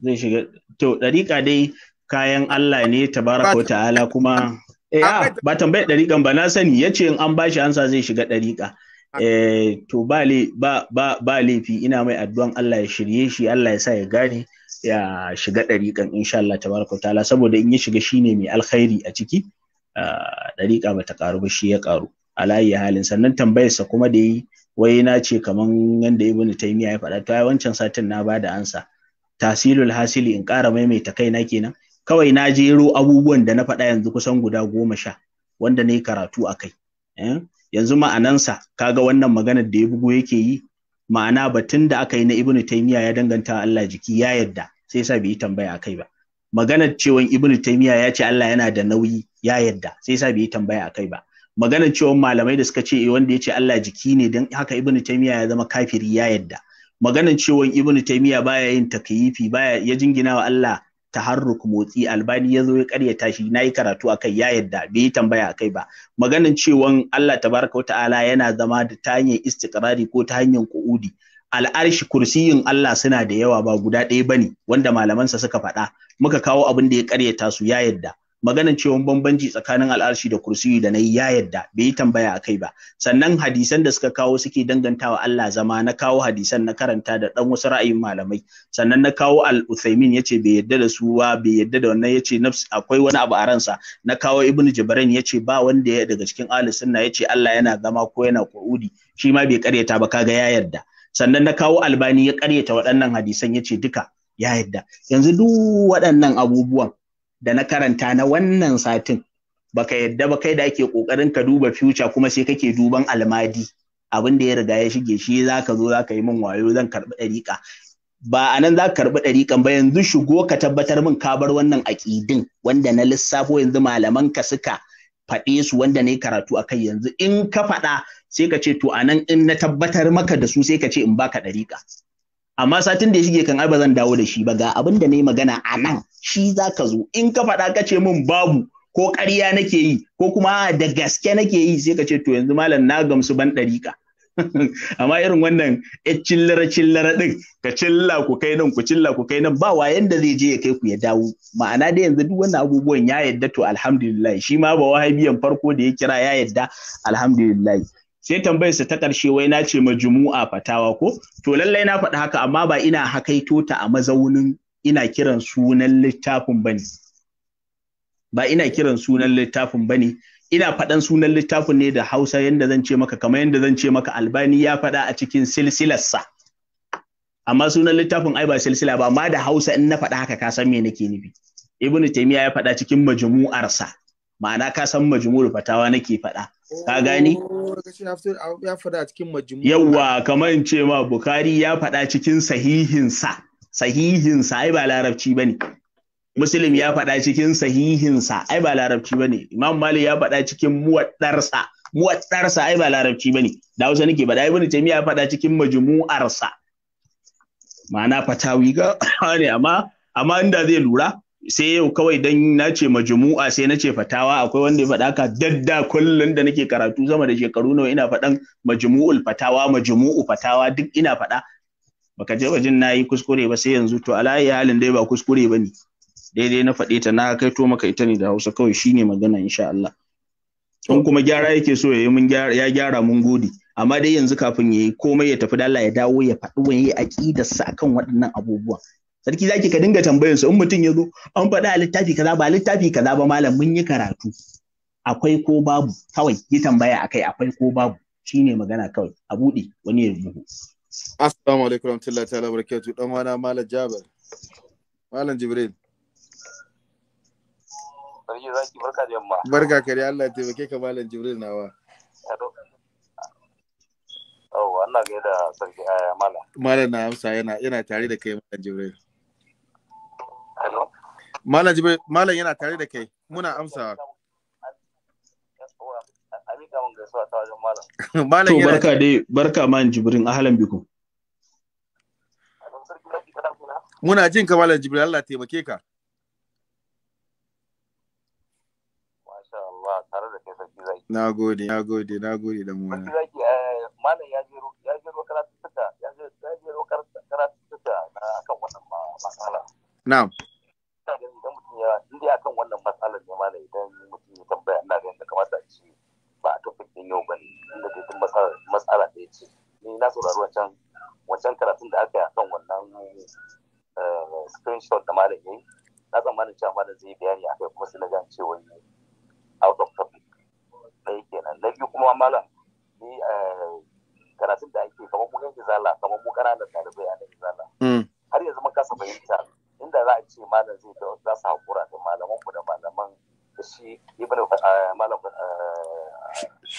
Zai shiga, to ɗariƙa dai kayan Allah ne tabaraka wa ta'ala kuma Eh, ah, ba tambayar ɗariƙan ba na sani ya ce in an bashi ansa zai shiga ɗariƙa. Eh, to ba, ba, ba, ba laifi ina mai addu'an Allah ya shirye shi Allah ya sa ya gane ya shiga dariƙan insha Allah tabaraka ta'ala saboda in ya shiga shine mai alkhairi a ciki ah, ɗarika ba ta ƙaru ba shi ya ƙaru alayyi halin sannan tambayarsa kuma da yi wai na ce kaman yanda ibn Taymiyyah ya faɗa to ai wancan satin na bada ansa tasilul hasili in ƙara maimaita na kenan kawai na jero abubuwan da na faɗa yanzu kusan guda goma sha wanda na yi karatu a kai eh, yanzu ma'anansa kaga wannan maganar da ya bugo yake yi ma'ana ba tun da aka yi na ibnu taymiya ya danganta Allah jiki ya yadda sai yasa bai yi tambaya akai ba maganar cewa ibnu taymiya ya ce Allah yana da nauyi ya yadda sai yasa bai yi tambaya akai ba maganar cewan malamai da suka ce eh, wanda ya ce Allah jiki ne dan haka ibnu taymiya ya zama kafiri ya yadda maganar cewan ibnu taymiya baya yin takyifi baya ya jingina wa Allah taharruk motsi albani ya zo ya karyata shi na yi karatu a kai ya yadda bai yi tambaya a kai ba maganin cewan Allah tabaraka wa ta'ala yana zama da ta hanyar istiqrari ko ta hanyar ku'udi al'arshi kursiyin Allah suna da yawa ba guda ɗaya bane wanda malamansa suka faɗa muka kawo abin da ya karyata su ya yadda maganan cewa bambanci tsakanin al'arshi da kursiyi da na ya yadda bai yi tambaya a kai ba sannan hadisan da suka kawo suke dangantawa Allah zama na kawo hadisan na karanta da dan wasu ra'ayin malamai sannan na kawo al-Uthaymin yace bai yadda da su ba bai yadda da wannan yace nafs akwai wani abu a ransa na kawo Ibn Jibran yace ba wanda ya daga cikin ahli sunna yace Allah yana zama ko yana qu'udi shi ma bai karyata ba kaga ya yadda sannan na kawo Albani ya karyata waɗannan hadisan yace duka ya yadda yanzu duk waɗannan abubuwan da na karanta na wannan satin baka yadda ba kai da ake kokarin ka duba future kuma sai kake duban almadi abin da ya riga ya shige shi za ka zo za ka yi min wayo zan karbi ɗariƙa ba a nan za ka karɓi ɗariƙan ba yanzu shigo ka tabbatar min ka bar wannan aƙidin wanda na lissafo yanzu malaman ka suka faɗe su wanda na karatu akai yanzu in ka faɗa sai ka ce to a nan in na tabbatar maka da su sai ka ce in baka ɗariƙa amma satin da ya shige kan ai ba zan dawo da shi ba ga abin da na yi magana a nan shi za ka zo in ka faɗa ka ce min babu ko ƙarya nake yi ko kuma da gaske nake yi sai ka ce to yanzu malam na gamsu ban ɗarika amma irin wannan ya cillara cillara ɗin ka cilla ku kai nan ku cilla ku kai nan ba wa yanda zai je ya kai ku ya dawo ma'ana dai yanzu duk wannan abubuwan ya yadda to alhamdulillah shi ma ba wahabiyan farko da ya kira ya yadda alhamdulillah sai tambayar tambayarsa ta ƙarshe wai na ce ma jumu'a fatawa ko to lallai na faɗi haka amma ba ina hakaito ta a mazaunin ina kiran sunan littafin bane ba ina kiran sunan littafin bane ina faɗan sunan littafin ne da Hausa yanda zan ce maka kamar yanda zan ce maka Albani ya faɗa a cikin silsilarsa amma sunan littafin ai ba silsila ba amma da Hausa in na faɗa haka ka san me nake nufi Ibn Taymiyyah ya faɗa cikin majmu'arsa ma'ana ka san majmu'ul fatawa nake faɗa ka gani yawwa kamar in ce ma Bukhari ya faɗa cikin sahihinsa sahihinsa ai ba larabci ba ne muslim ya faɗa cikin sahihinsa ai ba larabci ba ne imam malik ya faɗa cikin muwaddarsa muwaddarsa ai ba larabci ba ne da hausa nake faɗa ibnu taymiya ya faɗa cikin majmu'arsa ma'ana fatawi ga ne amma amma inda zai lura sai yau kawai dan na ce majmu'a sai na ce fatawa akwai wanda ya faɗa ka dadda kullun da nake karatu sama da shekaru nawa ina faɗan majmu'ul fatawa majmu'u fatawa duk ina faɗa baka je wajin na yi kuskure ba sai yanzu to alayi halin dai ba kuskure ba ne daidai na faɗe ta na kai to maka ita ne da hausa kawai shine magana insha Allah kuma gyara yake so ya mun ya gyara mun gode amma dai yanzu kafin yayi komai ya tafi dala ya dawo ya faɗi wani aqidar sa akan waɗannan abubuwa sarki zaki ka dinga tambayar su in mutum ya zo an faɗa a littafi kaza ba littafi kaza ba malam mun yi karatu akwai ko babu kawai yi tambaya akai akwai ko babu shine magana kawai a buɗe wani ya buhu Assalamu alaikum warahmatullahi ta'ala barakatu dan wana Malam Jabir. Malam Jibril. Sarki zaki barka da yamma. Barka kare Allah ya taimake ka Malam Jibril nawa. Oh, wannan ga da sarki aya eh, malam. Malam na amsa yana yana tare da kai Malam Jibril. Hello. Malam Jibril, Malam yana tare da kai. Muna amsawa. malam. Malam barka dai barka man jibrin ahalan bikum. Muna jin ka malam jibrin Allah taimake ka. Masha Allah tare da kai sarki zaki. Na gode na gode na gode da mu. Sarki zaki eh, malam ya je ya je karatu suka ya je karatu suka akan wannan matsala. Na'am.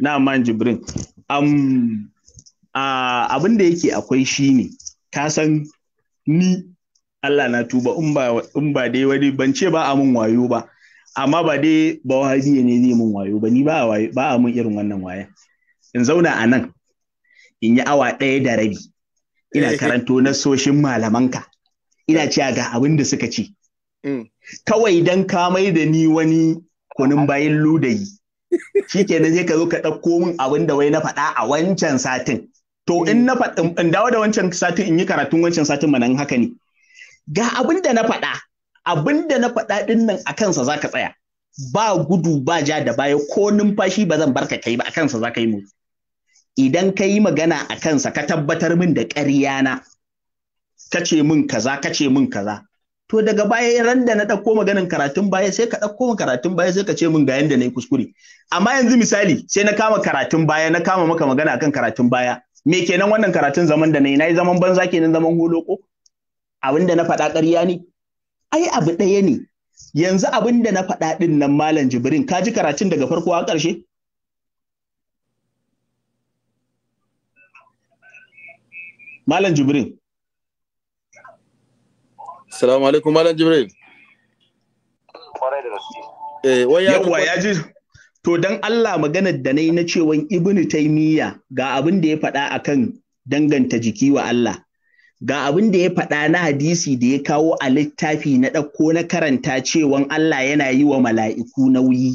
na man jibrin um, uh, abin da yake akwai shi ne ka san ni Allah na tuba in ba dai wani ban ce ba a mun wayo ba amma ba dai ba wahabiya ne zai mun wayo ba ni ba a mun irin wannan waya in zauna a nan in yi awa ɗaya da rabi ina eh. karanto na soshin malamanka ina eh. cewa ga abin da suka ce mm. kawai don ka mai da ni wani kunun bayan ludayi shi kenan sai ka zo ka ɗauko min abin da wai na faɗa a wancan satin to in na in dawo da wancan satin in yi karatun wancan satin manan haka ne ga abin da na faɗa abin da na faɗa ɗin nan a kansa za ka tsaya ba gudu ba ja da baya ko numfashi ba zan barka kai ba a kansa za ka yi mu idan ka yi magana a kansa ka tabbatar min da ƙarya na ka ce min kaza ka ce min kaza to daga baya ran da na ɗauko maganin karatun baya sai ka ɗauko karatun baya sai ka ce min ga yanda na yi kuskure amma yanzu misali sai na kama karatun baya na kama maka magana akan karatun baya me kenan wannan karatun zaman da na yi na yi zaman banza kenan zaman holoko abin da na faɗa ƙarya ne ai abu ɗaya ne yanzu abin da na faɗa ɗin nan malam jibrin ka ji karatun daga farko a ƙarshe malam jibrin Assalamu alaikum Malam Jibril. Kwarai da eh, ya ji to don Allah maganar da na yi na cewa Ibn Taimiyya ga abin da ya faɗa a kan danganta jiki wa Allah. Ga abin da ya faɗa na hadisi da ya kawo a littafi na ɗauko na karanta cewan Allah yana yi wa mala'iku nauyi.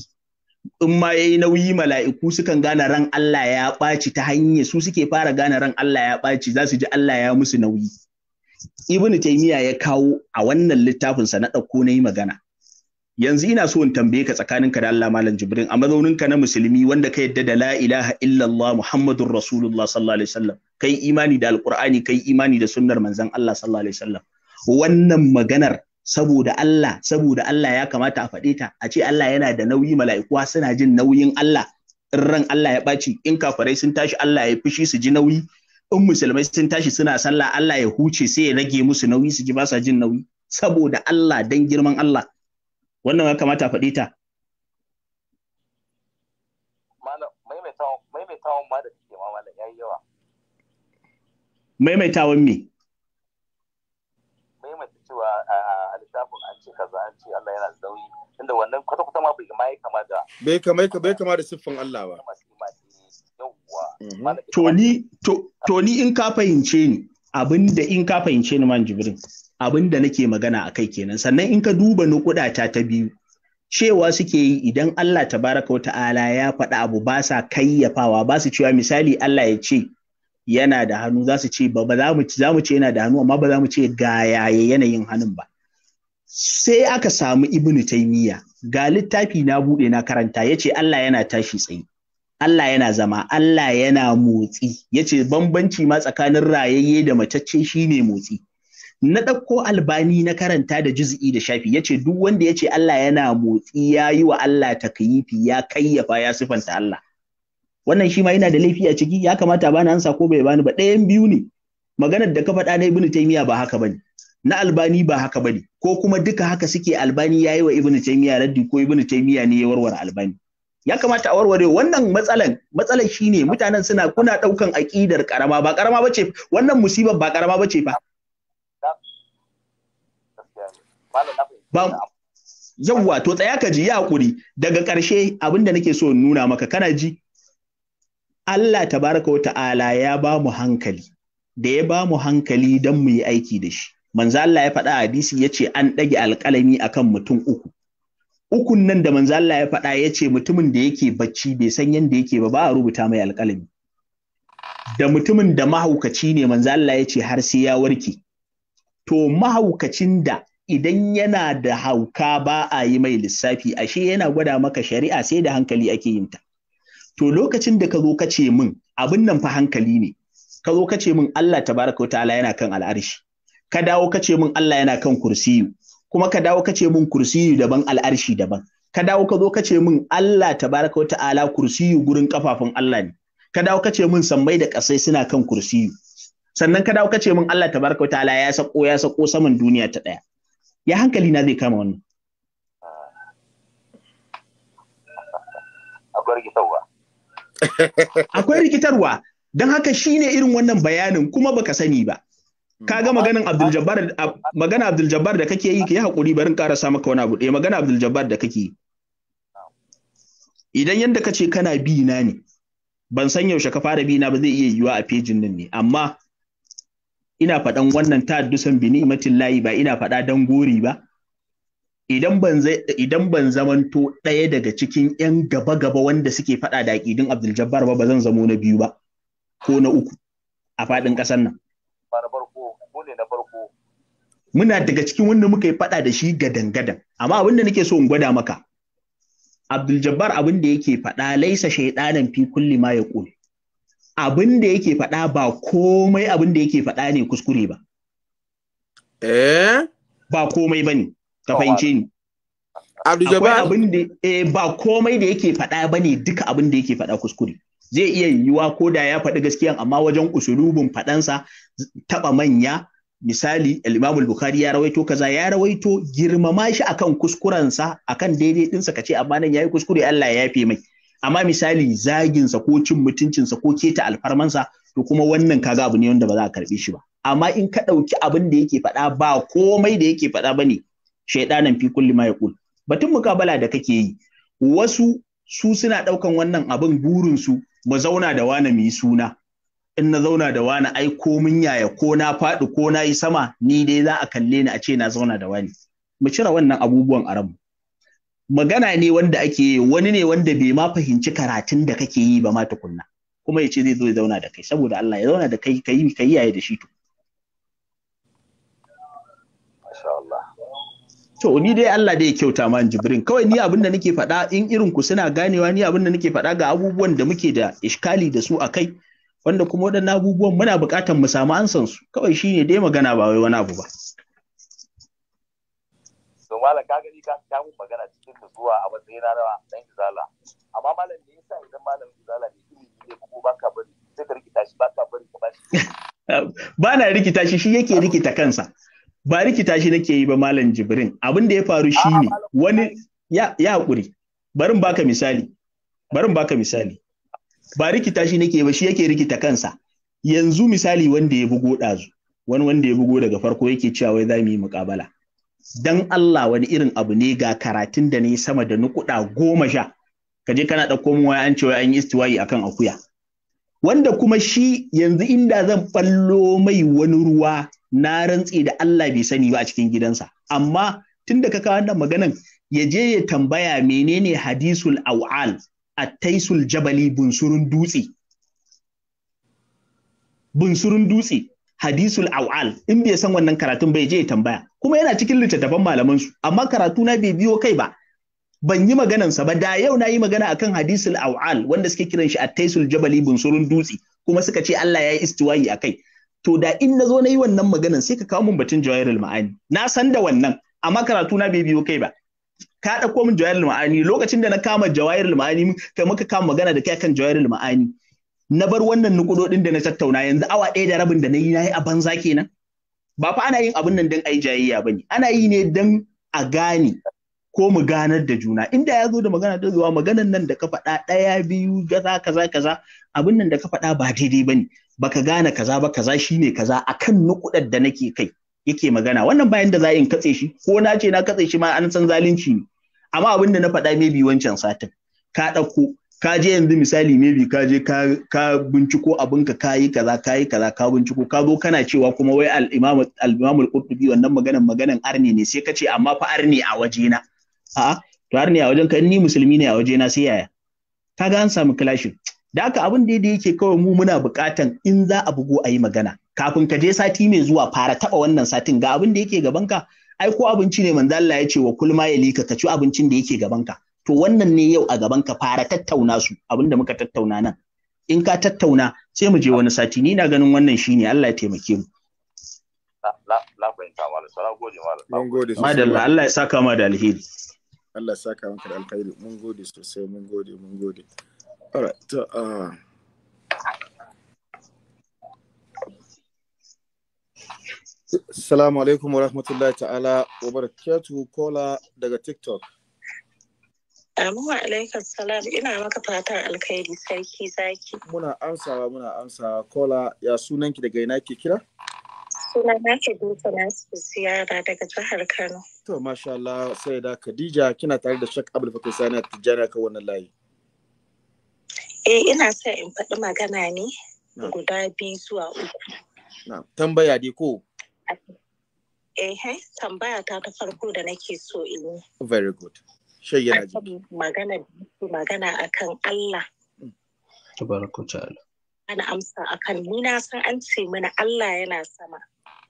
in ma ya yi nauyi mala'iku sukan gane ran Allah ya ɓaci ta hanyar su suke fara gane ran Allah ya ɓaci za su ji Allah ya musu nauyi. ibn taimiya ya kawo a wannan littafin sa na ɗauko na yi magana yanzu ina so in tambaye ka tsakanin ka da Allah malam jibrin a mazaunin na musulmi wanda ka yadda da la ilaha illallah muhammadur rasulullah sallallahu alaihi wasallam kai imani da alqur'ani kai imani da sunnar manzon Allah sallallahu alaihi wasallam wannan maganar saboda Allah saboda Allah ya kamata a faɗe ta a ce Allah yana da nauyi mala'ikuwa suna jin nauyin Allah in ran Allah ya ɓaci in kafarai sun tashi Allah ya fushi su ji nauyi in musulmai sun tashi suna sallah Allah ya huce sai ya rage musu nauyi su ji ba sa jin nauyi saboda Allah dan girman Allah wannan ya kamata faɗi ta maimaitawan ma da suke ma malam yayi yawa maimaitawan me maimaita cewa a littafin an ce kaza an ce Allah yana da nauyi inda wannan kwata-kwata ma bai kama da bai kama da siffin Allah ba Mhm. Toni in ka fahimce ni abinda in ka fahimce ni man jibrin abinda nake magana a kai kenan sannan in ka duba ni kudata ta biyu cewa suke yi idan Allah baraka wa ta'ala ya faɗa abu ba sa kayyafawa ba su cewa misali Allah ya ce yana da hannu za su ce ba za mu za mu ce yana da hannu amma ba za mu ce ga yaye yanayin hannun ba sai aka samu ibnu taymiya ga littafi na bude na karanta yace Allah yana tashi tsaye Allah yana zama, Allah yana motsi, ya ce bambanci ma tsakanin rayayye da shi ne motsi. Na ɗauko albani na karanta da juz'i da shafi, ya ce duk wanda ya ce Allah yana motsi ya yi wa Allah takayifi ya kayyafa ya sifanta Allah. Wannan shi ma yana da laifi a ciki, ya kamata bani ansa ko bai bani ba, ɗayan biyu ne. Maganar da ka faɗa na Ibn Taymiyyah ba haka bane. Na albani ba haka bane, ko kuma duka haka suke albani ya yi wa Ibn Taymiyyah raddi ko Ibn Taymiyyah ne ya warware albani. ya kamata a warware wannan matsalan matsalan shine mutanen suna kuna daukan aqidar karama ba karama bace wannan musibar ba karama bace fa ba yawwa to tsaya ka ji ya hakuri daga ƙarshe abinda nake so in nuna maka kana ji Allah tabaraka wa ta'ala ya ba mu hankali da ya ba mu hankali don mu yi aiki da shi manzo Allah ya faɗa hadisi ya ce an ɗage alƙalami akan mutum uku ukun nan da manzo Allah ya faɗa ya ce mutumin da yake bacci bai san yanda yake ba ba a rubuta mai alƙalami da mutumin da mahaukaci ne manzo Allah ya ce har sai ya warke to mahaukacin da idan yana da hauka ba a yi mai lissafi ashe yana gwada maka shari'a sai da hankali ake yin ta to lokacin da ka zo ka ce min abin nan fa hankali ne ka zo ka ce min Allah tabaraka wa ta'ala yana kan al'arshi ka dawo ka ce min Allah yana kan kursiyu kuma ka dawo kace min kursiyu daban al'arshi daban ka dawo ka zo kace min Allah tabaraka wa ta'ala kursiyu gurin kafafun Allah ne ka dawo kace min sammai da kasai suna kan kursiyu sannan ka dawo kace min Allah tabaraka wa ta'ala ya sako ya sako saman duniya ta daya ya hankali na zai kama wannan akwai rikitarwa akwai rikitarwa don haka shine irin wannan bayanin kuma baka sani ba Mm. ka ga maganin Abdul Jabbar magana Abdul Jabbar da kake yi ka yi hakuri barin karasa maka wani abu magana Abdul Jabbar da kake idan yadda ka ce kana bi na ne ban san yaushe ka fara bi na ba zai iya yiwa a fejin nan ne amma ina faɗan wannan ta dusan bi ni'matin layi ba ina faɗa dan gori ba idan ban idan ban zamanto ɗaya daga cikin yan gaba gaba wanda suke faɗa da aƙidin Abdul Jabbar ba ba zan zamo na biyu ba ko na uku a faɗin ƙasar nan muna daga cikin wanda muka yi faɗa da shi gadan-gadan amma abin da nake so in gwada maka Abdul Jabbar abin da yake faɗa laisa shaidanan fi kulli ma yaqul abin da yake faɗa ba komai abin da yake faɗa ne kuskure ba eh ba komai bane ka fahimce ni Abdul Jabbar abin da eh ba komai da yake faɗa bane duka abin da yake faɗa kuskure zai iya yiwuwa ko da ya faɗi gaskiyan amma wajen usulubin faɗansa taɓa manya misali al-Imam al-Bukhari ya rawaito kaza ya rawaito girmama shi akan kuskurensa akan daidai Ka kace amma nan yayi kuskure Allah ya yafe mai amma misali zagin sa ko cin mutuncin sa ko keta alfarmansa to kuma wannan kaga abu ne wanda ba za a karbe shi ba amma in ka dauki abin da yake faɗa ba komai da yake faɗa bane shaidanan fi kulli ma yaqul batun mukabala da kake yi wasu su suna daukan wannan abin burin su mu zauna da wani mu suna in na zauna da wani ai ko mun yaya ko na faɗi ko na yi sama ni dai za a kalle ni a ce na zauna da wani mu cire wannan abubuwan a ranmu magana ne wanda ake wani ne wanda bai ma fahimci karatun da kake yi ba ma tukunna kuma ya ce zai zo ya zauna da kai saboda Allah ya zauna da kai kai yi yaya da shi to masha Allah to ni dai Allah dai ya kyauta ma Jibrin kawai ni abin da nake faɗa in irin ku suna ganewa ni abin da nake faɗa ga abubuwan da muke da iskali da su a kai wanda kuma waɗannan abubuwan muna buƙatar mu samu ansan su kawai shine dai magana ba wai wani abu ba to malam ka gani ka ta mun magana cikin nutsuwa a matsayin na dan izala amma malam me yasa idan malam izala ne ilimi ne kuma baka bari sai ka rikita shi baka bari ka bashi ba na rikita shi shi yake rikita kansa ba rikita shi nake yi ba malam jibrin abin da ya faru shi ne. wani ya ya hakuri barin baka misali barin baka misali ba rikita shi nake ba shi yake rikita kansa yanzu misali wanda ya bugo ɗazu wani wanda ya bugo daga farko yake cewa wai za mu yi muƙabala dan Allah wani irin abu ne ga karatun da ne sama da nukuɗa goma sha ka je kana ɗauko mu an ce wai an yi istiwayi akan akuya wanda kuma shi yanzu inda zan ɓallo mai wani ruwa na rantse da Allah bai sani ba a cikin gidansa amma tun da ka kawo wannan maganan ya je ya tambaya menene hadisul awal attaisul jabali bunsurun dutse bunsurun dutse hadisul awal in bai san wannan karatun bai je ya tambaya kuma yana cikin littattafan malaman su amma karatu na bai biyo kai ba ban yi maganan sa ba da yau na yi magana akan hadisul awal wanda suke kiran shi attaisul jabali bunsurun dutse kuma suka ce Allah ya yi istiwayi kai. to da in na zo na yi wannan maganan sai ka kawo mun batun jawairul ma'ani na san da wannan amma karatu na bai biyo kai ba ka ɗauko min jawar ma'ani lokacin da na kama jawahirul ma'ani kai muka kama magana da kai kan jawar ma'ani na bar wannan nukudodin da na tattauna yanzu awa ɗaya da rabin da na yi na a banza kenan ba fa ana yin abin nan don ai jayayya ba ne ana yi ne don a gane ko mu ganar da juna inda ya zo da magana da zuwa maganan nan da ka faɗa ɗaya biyu kaza kaza kaza abin nan da ka faɗa ba daidai ba ne baka gane kaza ba kaza shine kaza akan nukudar da nake kai yake magana wannan bayan da za in katse shi ko na ce na katse shi ma an san zalunci ne amma abin da na faɗa bi wancan satin ka ɗauko ka je yanzu misali maybe ka je ka binciko abinka ka yi kaza ka yi kaza ka binciko ka zo kana cewa kuma wai al-imam al wannan maganan maganan arni ne sai ka ce amma fa arni a waje na a'a to arni a wajen ka ni musulmi ne a waje na sai yaya kaga an samu clashin da haka abin da yake kawai mu muna buƙatan in za a bugo a yi magana kafin ka je sati mai zuwa fara taɓa wannan satin ga abin da yake gabanka ai ko abinci ne manzo Allah ya ce wa kulma ya lika ka ci abincin da yake gabanka to wannan ne yau a gabanka fara tattauna su abinda muka tattauna nan in ka tattauna sai mu je wani sati ni na ganin wannan shine Allah ya taimake mu Madalla Allah ya saka ma da alheri. Allah ya saka maka da alheri. Mun gode sosai, mun gode, mun gode. alright To, uh... Assalamu alaikum wa rahmatullahi ta'ala wa barakatuhu kola daga TikTok. Amu alaikum salam ina maka fatan alkhairi sarki zaki. Muna amsawa muna amsawa kola ya sunanki daga ina ke kira? Suna na ke duka su ziyara daga jihar Kano. To masha Allah sai da Khadija kina tare da Shak Abdul Fakir Sani Tijjani kan wannan layi. Eh ina sai in faɗi magana ne guda biyu zuwa uku. Na'am tambaya dai ko? eh tambaya ta ta farko da nake so in yi very good shayyana magana magana kan Allah tabaraka ta'ala ana amsa akan ni na san an ce mana Allah yana sama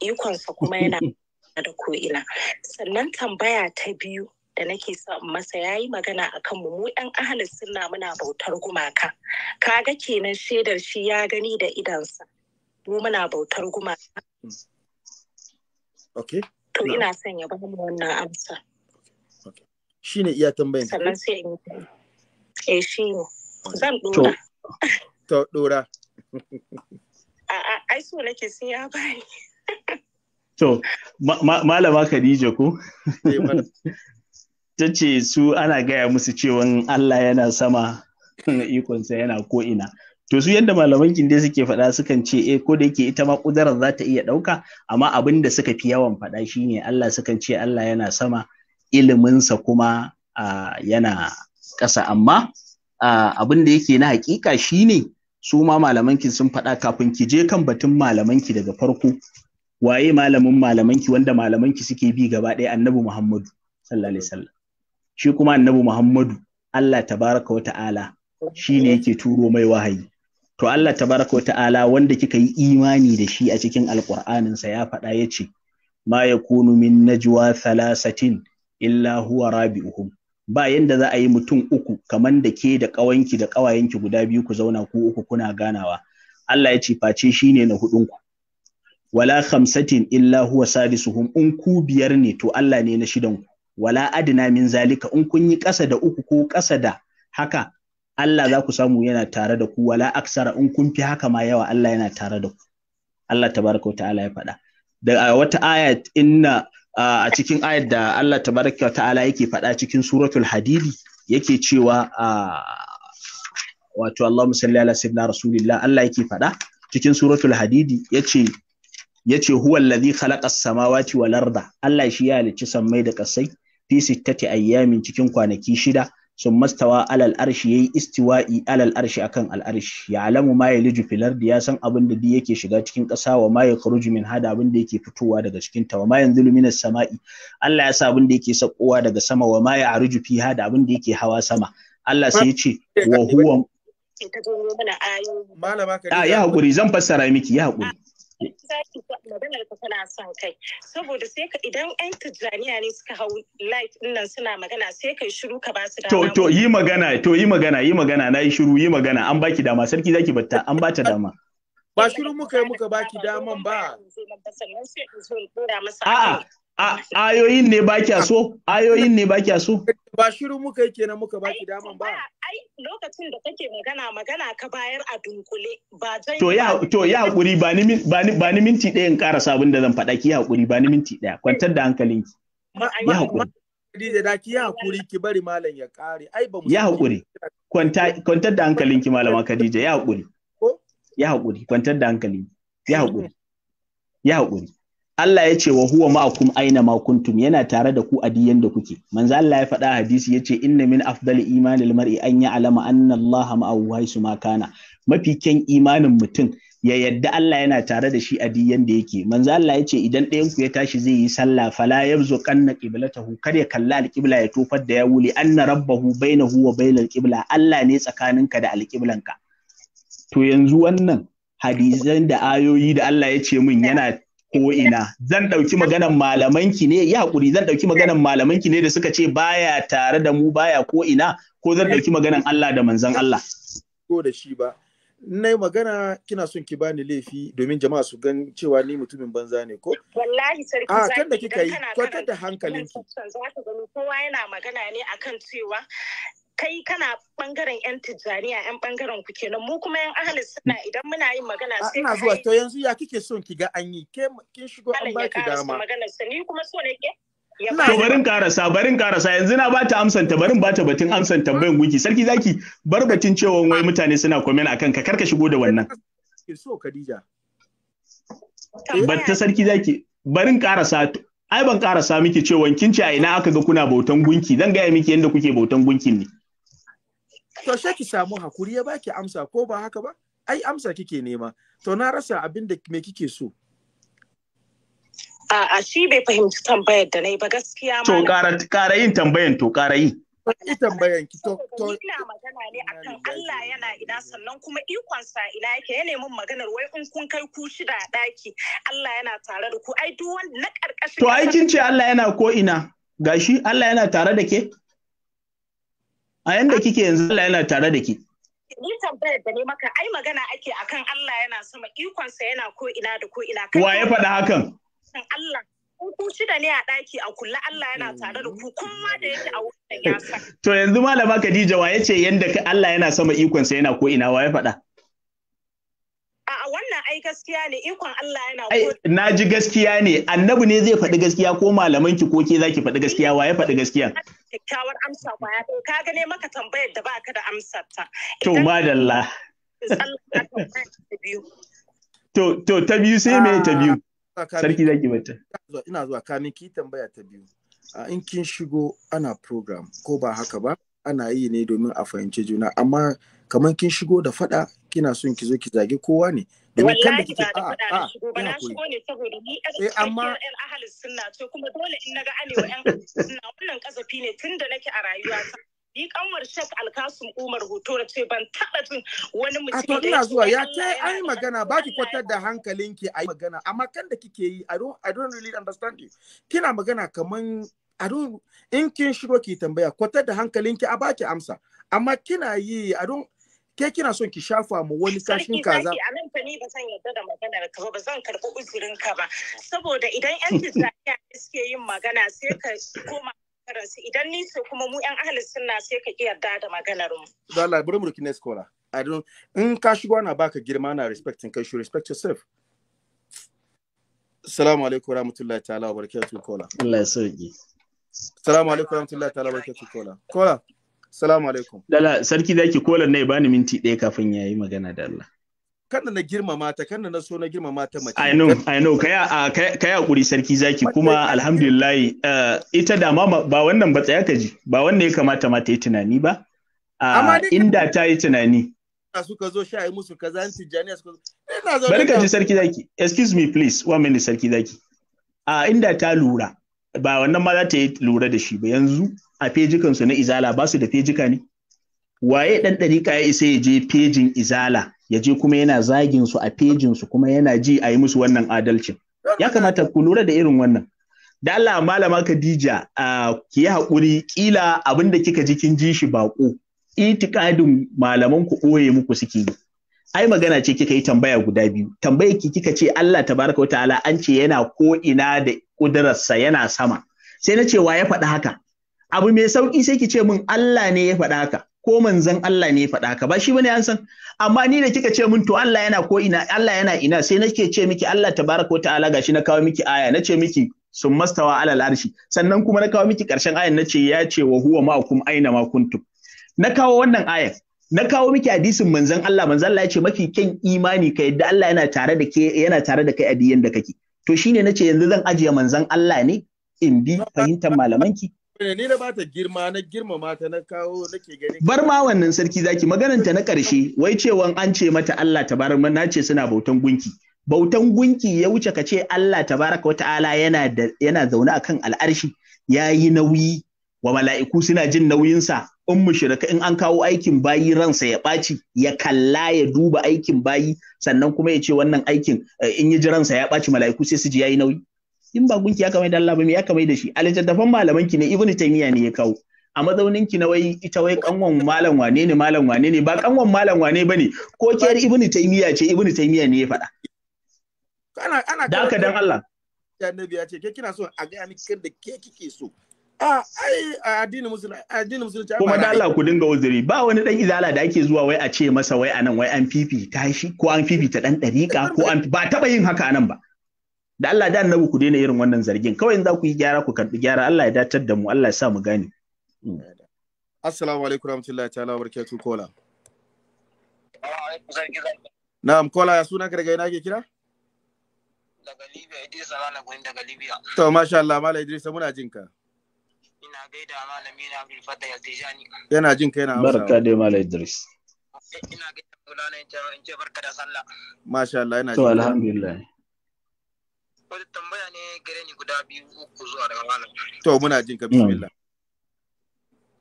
ikonsa kuma yana da ko'ina sannan tambaya ta biyu da nake son masa ya yi magana a kanmu mu ɗan ahalin suna muna bautar gumaka kaga kenan shaidar shi ya gani da idansa mu muna bautar gumaka hmm. Okay. To ina son ya bamu wannan amsa. Shi ne iya tambayin. Sannan sai in Eh shi ne. Zan dora. To dora. A'a ai so nake sai ya bayi. To malama Khadija ko? Eh, ta ce su ana gaya musu cewa Allah yana sama ikonsa yana ko'ina. to su yadda malaman kinde suke faɗa sukan ce eh ko da yake ita ma kudarar za ta iya ɗauka amma abin da suka fi yawan faɗa shine Allah sukan ce Allah yana sama iliminsa kuma yana ƙasa amma abin da yake na hakika shine su ma malamanki sun faɗa kafin ki je kan batun malamanki daga farko waye malamin malamanki wanda malamanki suke bi gaba ɗaya annabi Muhammadu sallallahu alaihi wasallam shi kuma annabi Muhammadu Allah tabaraka wa ta'ala ne yake turo mai wahayi to Allah Ta baraka ta'ala wanda kika yi imani da shi a cikin alƙur'aninsa ya faɗa ya ce ma kunu min najwa thalasatin illa huwa rabi'uhum ba yanda za a yi mutum uku kamar da ke da ƙawanki da ƙawayenki guda biyu ku zauna ku uku kuna ganawa Allah ya ce face shi ne na hudunku wala khamsatin illa huwa sadisuhum in ku biyar ne to Allah ne na shidanku wala adina min zalika in kun yi ƙasa da uku ko ƙasa da haka Allah za ku samu yana tare da ku wala aksara in kun fi haka ma yawa Allah yana tare da ku Allah tabaraka ta'ala ya faɗa da wata ayat inna a cikin ayat da Allah tabaraka ta'ala yake faɗa cikin suratul hadidi yake cewa wato Allahumma salli ala sayyidina rasulillah Allah yake faɗa cikin suratul hadidi yace yace huwa allazi khalaqa as-samawati wal arda Allah shi ya halicci sammai da kasai fi sittati ayyamin cikin kwanaki shida sun mastawa alal arshi yayi istiwa'i alal arshi akan al arshi ya alamu ma ya liju filar ya san abin da yake shiga cikin ƙasa wa ma ya kharuju min hada abin da yake fitowa daga cikin ta wa ma yanzilu sama'i Allah ya sa abin da yake sakowa daga sama wa ma ya aruju fi hada abin da yake hawa sama Allah sai ya ce wa huwa malama ah, ya hakuri zan fassara miki ya hakuri zaki maganar ka tana son kai saboda sai ka idan yan tijjaniya ne suka hau live din nan suna magana sai kai shiru ka ba su dama to to yi magana to yi magana yi magana na yi shiru yi magana an baki dama sarki zaki batta an ba ta dama ba shiru muka yi muka baki daman ba a'a ayoyin ne ba kya so ayoyin ne ba kya so ba shiru muka yi kenan muka baki daman ba ai lokacin da kake magana magana ka bayar a dunkule ba zai to ya to ya hakuri ba ni ba ni ba ni minti ɗaya in ƙara sabon da zan faɗa ki ya hakuri ba ni minti ɗaya kwantar da hankalinki ya hakuri da ki ya hakuri ki bari malam ya ƙare ai ba mu ya hakuri kwanta kwantar da hankalinki malama Khadija ya hakuri ya hakuri kwantar da hankalinki ya hakuri ya hakuri Allah ya ce wa huwa ma'akum aina ma kuntum yana tare da ku a diyan da kuke manzo Allah ya faɗa hadisi yace inna min afdali imanil mar'i an ya'lama anna Allah ma'ahu haisu ma kana mafi kyan imanin mutum ya yadda Allah yana tare da shi a diyan da yake manzo Allah yace idan ɗayan ku ya tashi zai yi sallah fala yabzu qanna qiblatahu kar ya kalla alqibla ya tofar da ya wuli anna rabbahu bainahu wa bainal qibla Allah ne tsakaninka da alqiblanka to yanzu wannan hadisan da ayoyi da Allah ya ce min yana ko ina zan ɗauki maganan malamanki ne ya haƙuri zan ɗauki maganan malamanki ne da suka ce baya tare da mu baya ko ina ko zan ɗauki maganan Allah da manzan Allah ko da shi ba na yi magana kina son ki bani laifi domin jama'a su gan cewa ni mutumin banza ne ko wallahi sarki a ah, kan da kika yi da hankalinki kowa yana magana ne akan cewa kai kana bangaren yan tijjaniya yan bangaren ku kenan mu kuma yan ahli suna idan muna yin magana sai ina zuwa to yanzu ya kike son ki ga an yi ke kin shigo an ba ki dama magana ni kuma so ne ke To barin karasa barin karasa yanzu na bata amsanta, barin bata batun amsan tambayan guki sarki zaki bar batun cewa wai mutane suna komen akan ka karka shigo da wannan so Khadija batta sarki zaki barin karasa ai ban karasa miki cewa kin ce a ina aka ga kuna bautan gunki zan gaya miki yadda kuke bautan gunkin ne to sai ki samu hakuri ya baki amsa ko ba haka ba ai amsa kike nema to na rasa abin da me kike so a a shi bai fahimci tambayar da nayi ba gaskiya ma to ƙara yin tambayan to ƙara yi tambayan ki to to ina magana ne akan Allah yana ina sannan kuma ikon sa ina yake ya nemi maganar wai in kun kai ku shida a daki Allah yana tare da ku ai duk wanda na karkashin To ai kin ce Allah yana ko ina gashi Allah yana tare da ke a yanda kike yanzu Allah yana tare da ki ni tambayar da ne maka ai magana ake akan Allah yana sama ikonsa yana ko ina da ko ina wa ya faɗa hakan Allah ku shida ne a ɗaki a kulla Allah yana tare da ku kuma da yake a wurin ya to yanzu malama Khadija wa yace yanda Allah yana sama ikonsa yana ko ina wa ya faɗa A'a wannan ai gaskiya ne ikon Allah yana ko na ji gaskiya ne annabi ne zai faɗi gaskiya ko malaman ki ko ke zaki faɗi gaskiya wa ya faɗi gaskiya kyakkyawar amsa kwaya to ka gane maka tambayar da baka da amsar ta. To madalla. To to ta biyu sai me ta biyu. Ah, Sarki zaki bata. Ina zuwa ka kamin ki tambaya ta biyu. a ah, In kin shigo ana program ko ba haka ba ana yi ne domin a fahimci juna amma kamar kin shigo da fada kina son ki zo ki zage kowa ne. wallahi ba da faɗa na shigo ba na shigo ne saboda ni ƴan eh, ƴan ahalin sunna to kuma dole in naga anewa ƴan sunna wannan kasafi ne tun da nake a rayuwa ni kanwar shek alkasum umar hoto da ce ban taɓa jin wani mutum a to ina zuwa ya ta ai magana ba ki kwatar da hankalinki ai magana amma kan da kike yi i don't i don't really understand you kina magana kaman i don't in kin shigo ki tambaya kwatar da hankalinki a baki amsa amma kina yi i don't ke kina son ki shafa mu wani kashin kaza a nan fa ni ba zan yarda da magana ka ba zan karɓi uzurin ka ba saboda idan yan tijaniya suke yin magana sai ka koma karansu idan ni so kuma mu yan ahli sunna sai ka yarda da maganar mu dala bari mu kines kola i don in ka shigo na baka girma na respecting kai you respect yourself Assalamu alaikum warahmatullahi ta'ala wa barakatuh kola Allah ya sauki Assalamu alaikum warahmatullahi ta'ala wa barakatuh kola kola Salamu alaikum. Dala, sarki ke kolan nai bani minti ɗaya kafin ya yi magana da Allah. Kanda na girmama ta, kanda na so na girmama ta mace. I know, I know, kaya kaya kuri sarki zaki kuma alhamdulillahi uh, ita da ma ba wannan ba tsaya ka ji, ba wannan ya kamata mata yi tunani ba. Uh, inda ta yi tunani. Suka zo sha yi musu kaza, tijjaniya suka zo. Eh, Bari ka ji sarki zaki, excuse me please, one minute sarki zaki. A uh, inda ta lura, ba wannan ma za ta yi lura da shi ba yanzu a fejikansu na izala ba su da fejika ne waye ɗan ɗarika ya isa ya je fejin izala ya je kuma yana zagin su a fejin su kuma yana ji a yi musu wannan adalcin ya kamata ku lura da irin wannan da Allah malama Khadija ki yi haƙuri kila abin da kika ji kin ji shi baƙo itikadin malaman ku ɓoye muku suke yi ai magana ce kika yi tambaya guda biyu tambayar ki kika ce Allah tabaraka wa ta'ala an ce yana ko ina da kudararsa yana sama sai na ce wa ya faɗi haka abu mai sauki sai ki ce min Allah ne ya faɗa haka ko manzon Allah ne ya faɗa haka ba shi bane an san amma ni da kika ce min to Allah yana ko ina Allah yana ina sai nake ce miki Allah tabaraka ta'ala gashi na kawo miki aya na ce miki sun mastawa alal arshi sannan kuma na kawo miki karshen ayan na ce ya ce wa huwa ma'akum aina ma kuntum na kawo wannan ayan na kawo miki hadisin manzon Allah manzon Allah ya ce mafi kyan imani ka yadda Allah yana tare da ke yana tare da kai a diyan da kake to shine nace yanzu zan ajiye manzon Allah ne in bi fahimtar malamanki ni na bata girma na girmama ta na kawo nake gani bar ma wannan sarki zaki maganar ta na karshe wai cewan an ce mata Allah tabaraka na ce suna bautan gunki bautan gunki ya wuce ka ce Allah tabaraka wata'ala yana da yana zaune akan al'arshi yayi nauyi wa mala'iku suna jin nauyinsa in mushrika in an kawo aikin bayi ransa ya ɓaci ya kalla ya duba aikin bayi sannan kuma ya ce wannan aikin eh, in yi jiransa ya ɓaci mala'iku sai su ji yayi nauyi in ba gunki aka mai da Allah ba me aka mai da shi a littattafan malaman ki ne ibnu taymiya ne ya kawo a mazaunin ki na wai ita wai kanwan malam wane ne malam wane ne ba kanwan malam wane bane ko ke ibnu taymiya ce ibnu taymiya ne ya faɗa ana ana da ka dan Allah nabi ya ce ke kina so a ga miki da ke kike so a ai addinin musulunci addinin musulunci kuma da Allah ku dinga uzuri ba wani dan izala da ake zuwa wai a ce masa wai anan wai an fifita shi ko an fifita dan dariƙa eh, ko an eh. ba taba yin haka anan ba da Allah da annabi ku daina irin wannan zargin kawai za ku yi gyara ku karbi gyara Allah ya datar da mu Allah ya sa mu gane hmm. assalamu alaikum warahmatullahi ta'ala barakatuh kola na'am kola ya suna ka daga ina ke kira daga Libya Idris Alana Gwani daga Libya to masha Allah mala Idris muna jinka ina gaida malami na Abdul Fattah Yaltijani yana jin jinka yana amsa barka dai mala Idris ina gaida Maulana Jami'in barka da sallah masha Allah yana jin jinka to alhamdulillah wata tambaya ne gare ni guda biyu uku zuwa daga malam. To muna jin ka bismillah. Mm.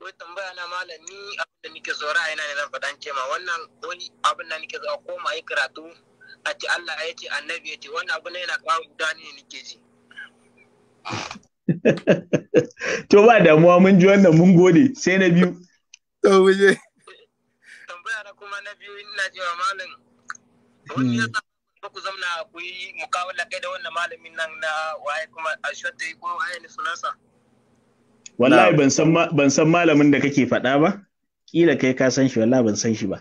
Wai tambaya na malam ni abin da nike zo ra'ayi yana ne zan faɗan ce ma wannan wani abin da nike zo a koma yi karatu a ce Allah ya ce annabi ya ce wannan abin yana kawo guda ne nike ji. To ba damuwa mun ji wannan mun gode sai na biyu. To muje. Tambaya na kuma na biyu ina cewa malam wani mm. ya ku zamna ku yi mukawala kai da wannan malamin nan na waye kuma a yi ko waye ne sunansa wallahi ban san malamin da kake faɗa ba kila kai ka san shi wallahi ban san shi ba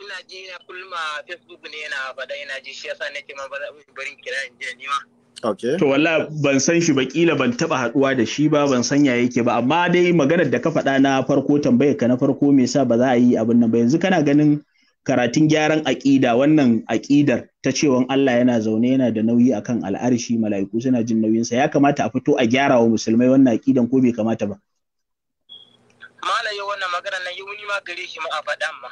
ina ji na kullum a facebook ne yana faɗa ina ji shi yasa nake ma ba barin kira in je ni ma To wala ban san shi ba kila ban taba haduwa da shi ba ban sanya yake ba amma dai maganar da ka faɗa na farko tambayar ka na farko me yasa ba za a yi abin nan ba yanzu kana ganin karatun gyaran aƙida wannan aƙidar ta cewa Allah yana zaune yana da nauyi akan al'arshi mala'iku suna jin nauyinsa ya kamata a fito a gyara wa musulmai wannan aƙidan ko bai kamata ba malaye wannan magana na yuni ma gare shi ma a faɗan ma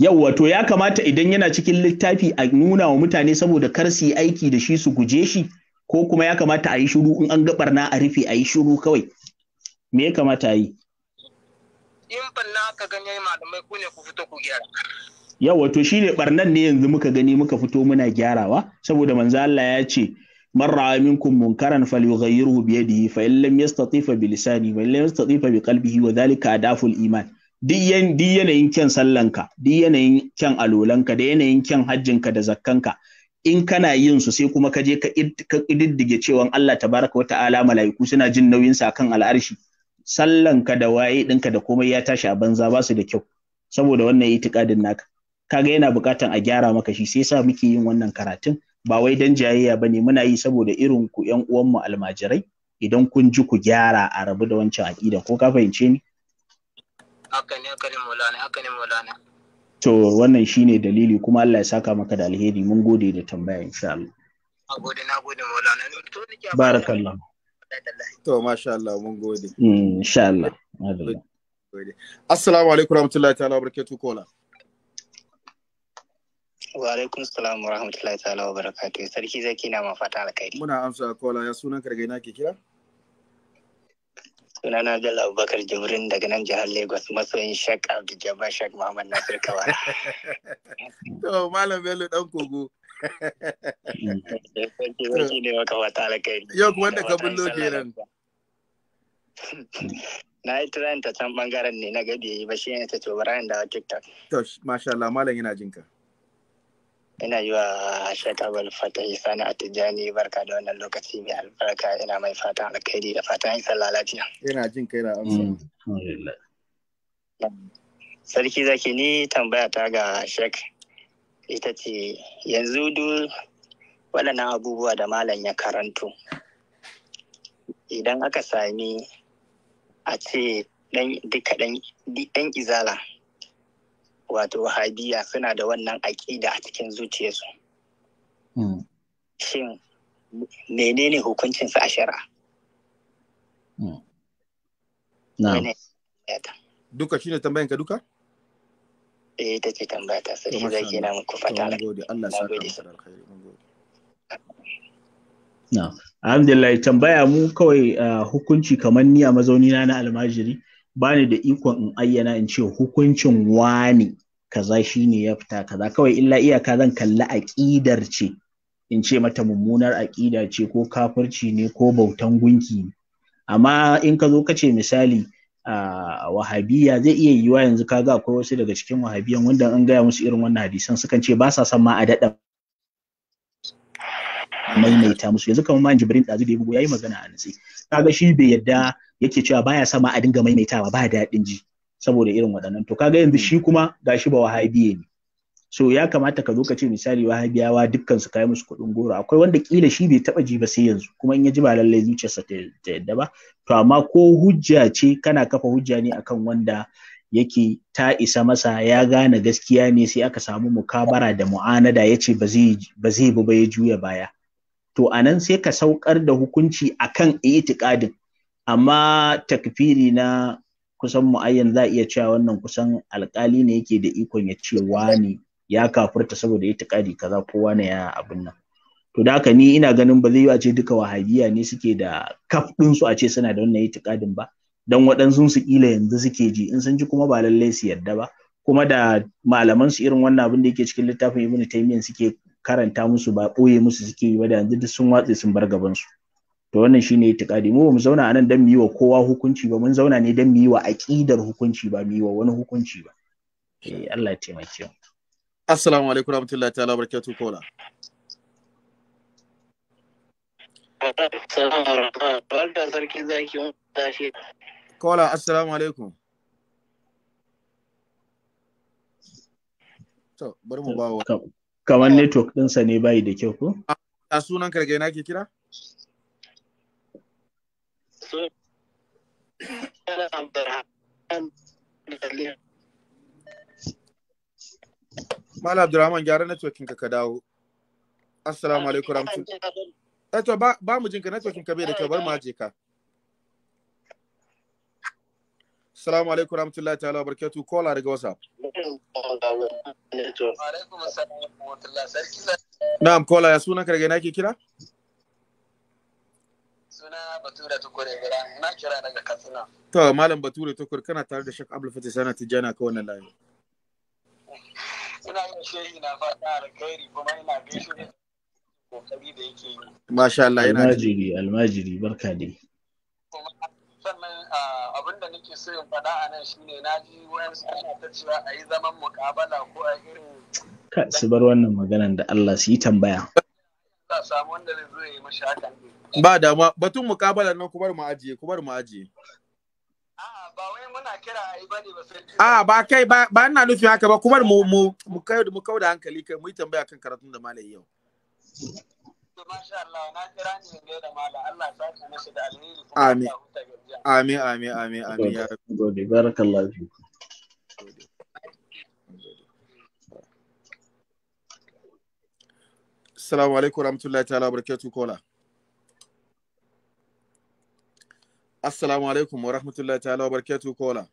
yawwa to ya kamata idan yana cikin littafi a nuna wa mutane saboda kar su yi aiki da shi su guje shi ko kuma ya kamata a yi shiru in an gabar na a rufe a yi shiru kawai me ya kamata a yi in ban na ka ganye malamai ku ne ku fito ku gyara Yau wato shi ne barnan ne yanzu muka gani muka fito muna gyarawa saboda manzo Allah ya ce man ra'a minkum munkaran falyughayyirhu bi yadihi fa in lam yastati fa bi lisani wa in lam yastati fa bi qalbihi wa dhalika adaful iman duk yanayin kyan sallanka duk yanayin kyan alolanka da yanayin kyan hajjinka da zakkanka in kana yin su sai kuma ka je ka diddige cewa Allah tabaraka wa ta'ala mala'iku suna jin nauyin sa kan al'arshi sallanka da waye dinka da komai ya tashi a banza ba su da kyau saboda wannan itikadin naka kaga yana buƙatan a gyara maka shi sai sa muke yin wannan karatun ba wai dan jayayya bane muna yi saboda irin ku ƴan uwanmu almajirai idan kun ji ku gyara a rabu da wancan aƙida ko ka fahimce ni haka ne haka ne maulana haka ne maulana to wannan shine dalili kuma Allah ya saka maka da alheri mun gode da tambaya insha Allah nagode nagode maulana to ke barakallah to masha Allah mun gode mm, insha Allah Assalamu alaikum warahmatullahi ta'ala wa barakatuh kola Wa alaikum salam wa rahmatullahi ta'ala wa barakatuh. Sarki zaki na ma fata alkhairi. Muna amsa kola ya sunan karge na ke kira? Sunana Bello Abubakar Jibrin daga nan jihar Lagos masoyin Shek Abdul Jabbar Shek Muhammad Nasir Kawara. To Malam Bello dan kogo. ne maka fata Yau kuma da ka bullo kenan. na yi turan can bangaren ne na gadi ba shi ne ta to da TikTok. To masha Allah malam yana jinka. ina yi wa shek abul fatahi sani a tijjani barka da wannan lokaci mai albarka ina mai fata alkhairi da fatan yi sallah lafiya ina jin kai da amsa mm, sarki zaki ni tambaya ta ga shek ita ce yanzu du waɗannan abubuwa da malam ya karanto idan aka sami a ce duka ɗan izala wato wahabiya suna da wannan aƙida a cikin zuciyarsu. Hmm. Shin menene hukuncinsu a shara? Hmm. Duka shi ne tambayanka duka? Eh ta ce tambaya ta sai shi zai na muku fata. Allah sa ka Na, alhamdulillah tambaya mu kawai ah, hukunci kamar ni a mazaunina na almajiri. bani da ikon in ayyana in ce hukuncin wani kaza shi ne ya fita kaza kawai illa iyaka zan kalli aƙidar ce in ce mata mummunar aƙida ce ko kafirci ne ko bautan gunki amma in ka zo ka ce misali a wahabiya zai iya yiwa yanzu kaga akwai wasu daga cikin wahabiyan wanda an gaya musu irin wannan hadisan sukan ce ba sa son ma a daɗa maimaita musu yanzu kamar ma jibrin ɗazu da ya yi magana a nutse kaga shi bai yadda yake cewa baya sama a dinga maimaitawa ba daɗin ji saboda irin waɗannan to kaga yanzu shi kuma shi ba wahabiye ne so ya kamata ka zo ka ce misali wahabiyawa dukkan su kai musu kuɗin goro akwai wanda kila shi bai taba ji ba sai yanzu kuma in ya ji ba lallai zuciyarsa ta yadda ba to amma ko hujja ce kana kafa hujja ne akan wanda yake ta isa masa ya gane gaskiya ne sai aka samu mukabara da mu'anada ya ce ba zai ba ya juya baya to anan sai ka saukar da hukunci akan itikadin amma takfiri na kusan mu'ayyan za a iya cewa wannan kusan alkali ne yake da ikon ya ce wani ya kafurta saboda ya kaza kowa wani ya abin nan to da haka ni ina ganin ba zai yi a ce duka wahabiya ne suke da kaf su a ce suna da wannan itikadin ba dan waɗansu su kila yanzu suke ji in sun ji kuma ba lallai su yarda ba kuma da malaman su irin wannan abin da yake cikin littafin ibnu taymiyyah suke karanta musu ba ɓoye musu suke yi ba da yanzu duk sun watse sun bar gaban su to wannan shine itikadi mu mu zauna anan dan mu yi wa kowa hukunci ba mun zauna ne dan mu yi wa aqidar hukunci ba mu yi wa wani hukunci ba eh Allah ya taimake mu assalamu alaikum warahmatullahi ta'ala barakatuh kola Kola, assalamu alaikum. To, bari mu bawa. Kamar network ɗinsa ne bayi da kyau ko? A sunan karge na ke kira? sun Abdulrahman, Mala Abdurrahman gyara networkin ka ka dawo. Assalamu alaikum ramtu. Eto eh, ba ba mu jinka networkin ka bai da kyau bar mu haje ka. Assalamu alaikum rahmatullahi ta'ala barkatu kola daga WhatsApp. Na'am kola ya sunan ka daga ina ke kira? suna Bature Tukur Ibra na kira daga Katsina. To Malam Bature Tukur kana tare da Sheikh Abdul Fatih Sana tijana ka wannan layi. Ina yin shehi na fata alkhairi kuma ina gaishe da kokari da yake yi. Masha Allah yana almajiri almajiri barka dai. Kuma sannan abin da nake so in faɗa a nan shine na ji wayan ana ta cewa a yi zaman muƙabala ko a irin Ka su bar wannan maganan da Allah su yi tambaya. Za samu wanda zai zo ya yi mashi hakan ne. Ba dama batun mukabalar nan ku bar mu ajiye, ku bar mu ajiye. A'a, ba wai muna kira ai bane ba sai a ba kai ba ina nufin haka ba kuma mu mu mu kai mu kauda hankali kai mu yi tambaya kan karatun da malai yau to masha Allah na kira ni ne da malai Allah ya saka mishi da alheri amin amin amin amin amin ya gode barakallahu fi Assalamu alaikum warahmatullahi ta'ala barakatuh kola Assalamu alaikum wa rahmatullahi ta'ala wa barakatuhu kola.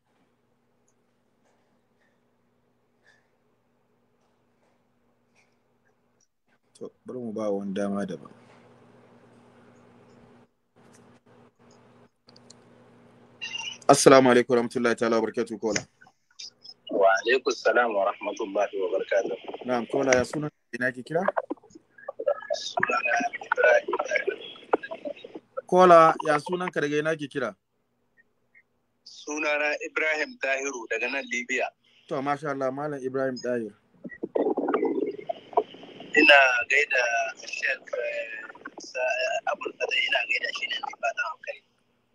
To, bari mu ba wani dama daban. Assalamu alaikum wa rahmatullahi ta'ala wa barakatuhu kola. Wa alaikum salam wa rahmatullahi wa barakatuhu. Na'am kola ya suna ina ki kira? Suna Ibrahim. Kola ya sunan ka daga ina ke kira? Sunana Ibrahim Tahiru daga nan Libya. To masha Allah Malam Ibrahim Tahir. Ina gaida Sheikh eh, Abul Qadir ina gaida shi ne ba da hankali.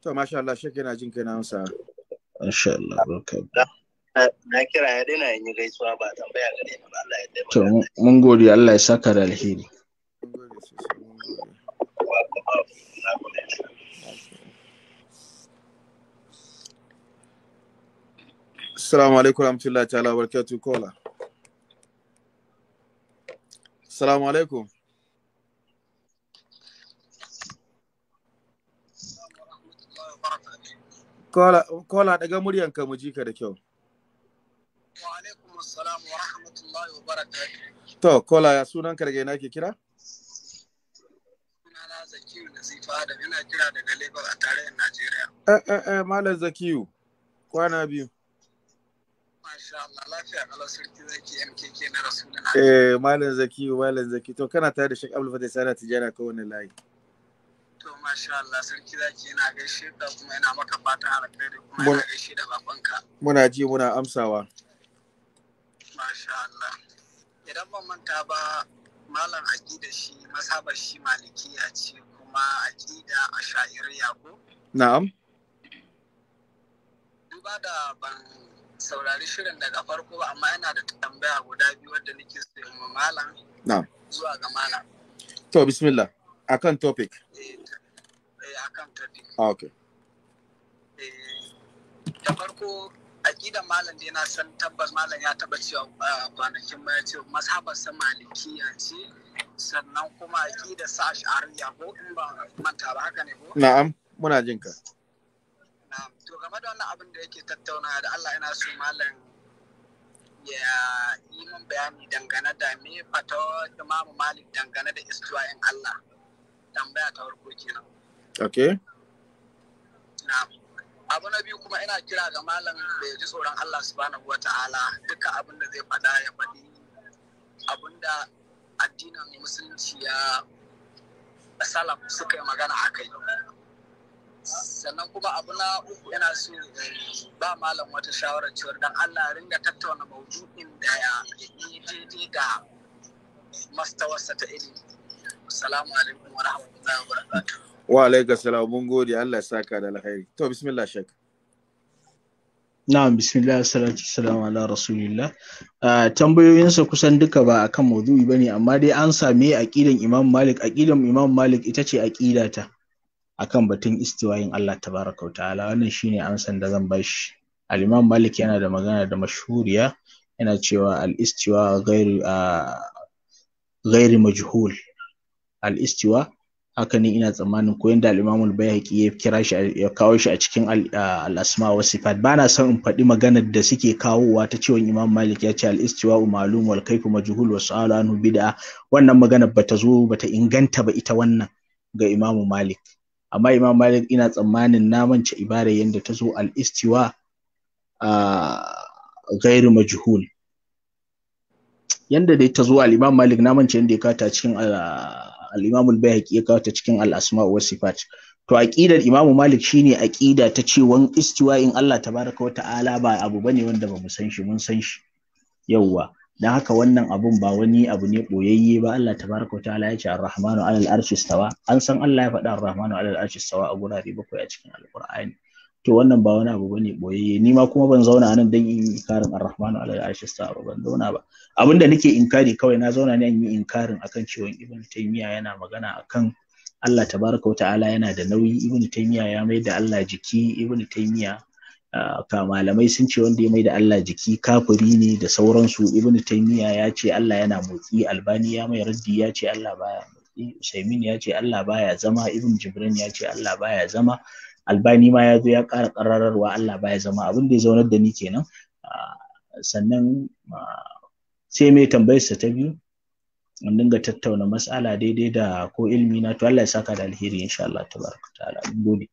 To masha Allah Sheikh yana jin kai na amsa. Masha Allah barka. na kira ya daina yin gaisuwa ba tambaya gare ni ba Allah ya taimaka. To mun gode Allah ya saka da alheri. Mun gode sosai. Assalamu alaikum rahmatullahi ta'ala barakatuh kola. Assalamu alaikum. Kola, kola daga muryanka mu ji ka da kyau. Wa alaikum assalam wa rahmatullahi wa barakatuh. To, kola ya sunanka daga ina ke kira? Nazifa da yana kira daga Lagos a tarayyar Najeriya. Eh eh eh Malam Zakiyu kwana biyu. Masha Allah lafiya kala sarki zaki MKK na Rasulullahi. Eh Malam Zakiyu Malam Zakiyu to kana tare da Sheikh Abdul Fatih Sani tijara ko wani layi. To masha Allah sarki zaki yana gaishe da kuma yana maka fatan alkhairi kuma yana gaishe da babanka. Muna ji muna amsawa. Masha Allah. Idan ban manta ba malam aqida shi masaba shi malikiya ce kuma aƙida a sha'irya ko? Na'am. Duba da ban saurari shirin daga farko ba amma yana da tambaya guda biyu wadda nake so yi malam. Na'am. Zuwa ga malam. To bismillah akan topic. Eh, eh akan topic. Ah, okay. Da eh, farko da malam da yana san tabbas malam ya taɓa cewa ah, kwanakin ya ce mazhabar sa ce sannan kuma ki da sa ariya ko in ba manta ba haka ne ko na'am muna jin ka na'am to game da wannan abin da yake tattauna da Allah yana so malam ya yi min bayani dangane da me fatawa Imam Malik dangane da in Allah tambaya ta farko kenan okay na'am abu na biyu kuma ina kira ga malam da ya ji tsoron Allah subhanahu wa ta'ala duka abin da zai faɗa ya faɗi abin da addinin musulunci ya asala suka yi magana a kai sannan kuma abu na uku yana so ba malam wata shawarar cewar dan Allah ringa tattauna maudu'in da ya yi daidai da mastawarsa ta ilimi assalamu alaikum wa rahmatullahi wa barakatuh wa alaikum salam mun gode Allah ya saka da alkhairi to bismillah shek Na'am bismillah salatu salamu ala rasulillah. Uh, tambayoyinsa kusan duka ba akan ba ne amma dai an same aqidan Imam Malik aqidan Imam Malik ita ce ta akan batun istiwa yin Allah tabaraka wa ta'ala wannan shine amsan da zan bashi. Al-Imam Malik yana da magana da mashuriya yana cewa al-istiwa ah, ghairu uh, majhul. Al-istiwa haka ne ina tsammanin ko yanda al-Imam al ya kira shi ya kawo shi a cikin al-Asma wa Sifat na son in faɗi maganar da suke kawowa ta cewa Imam Malik ya ce al istiwa ma'lum wal kayfu majhul wa su'alu anhu bid'a wannan ba bata zo bata inganta ba ita wannan ga Imam Malik amma Imam Malik ina tsammanin na mance ibara yanda ta zo al-istiwa ghairu majhul yanda dai ta zo al-Imam Malik na mance yanda ya kata cikin al-Imam al ya kawo ta cikin al-Asma wa Sifat to aqidar Imam Malik shine aqida ta cewan istiwa'in Allah tabaraka wa ta'ala ba abu bane wanda ba mu san shi mun san shi ba. dan haka wannan abun ba wani abu ne boyayye ba Allah tabaraka wa ta'ala ya ce ar-rahmanu 'alal arshi istawa an san Allah ya faɗa ar-rahmanu 'alal arshi istawa a gurare bakwai a cikin alqur'ani to wannan ba wani abu bane boyayye ni ma kuma ban zauna anan dan in karin ar-rahmanu 'alal arshi istawa ban zauna ba abin da nake inkari kawai na zauna ne in yi inkarin akan cewa ibn taymiya yana magana akan Allah tabaraka wa ta'ala yana da nauyi ibn taymiya ya mai da Allah jiki ibn taymiya ah, ka malamai sun ce wanda ya mai da Allah jiki kafiri ne da sauransu ibn taymiya ya ce Allah yana motsi albani ya mai raddi ya ce Allah baya motsi usaimin ya ce Allah baya zama ibn jibrin ya ce Allah baya zama albani ma ya zo ya ƙara karararwa Allah baya zama abin da ya zaunar da ni kenan ah, sannan ah, sai mai sa ta biyu in dinga tattauna mas'ala daidai da ko ilmi na to Allah ya saka da alheri insha Allah tabaraka ta'ala gode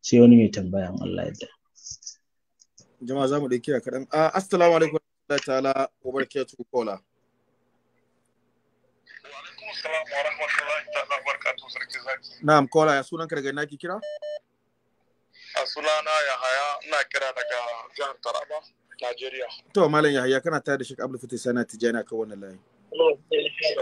sai wani mai tambaya Allah ya da jama'a zamu dai kira kadan ah, assalamu alaikum Allah ta'ala wa barakatuhu kola Na'am kola ya sunan ka na ki kira? A sunana Yahaya ina kira daga jihar Taraba. Najeriya. To Malam Yahaya kana tare da Sheikh Abdul Fatih Sana Tijani akan wannan layi.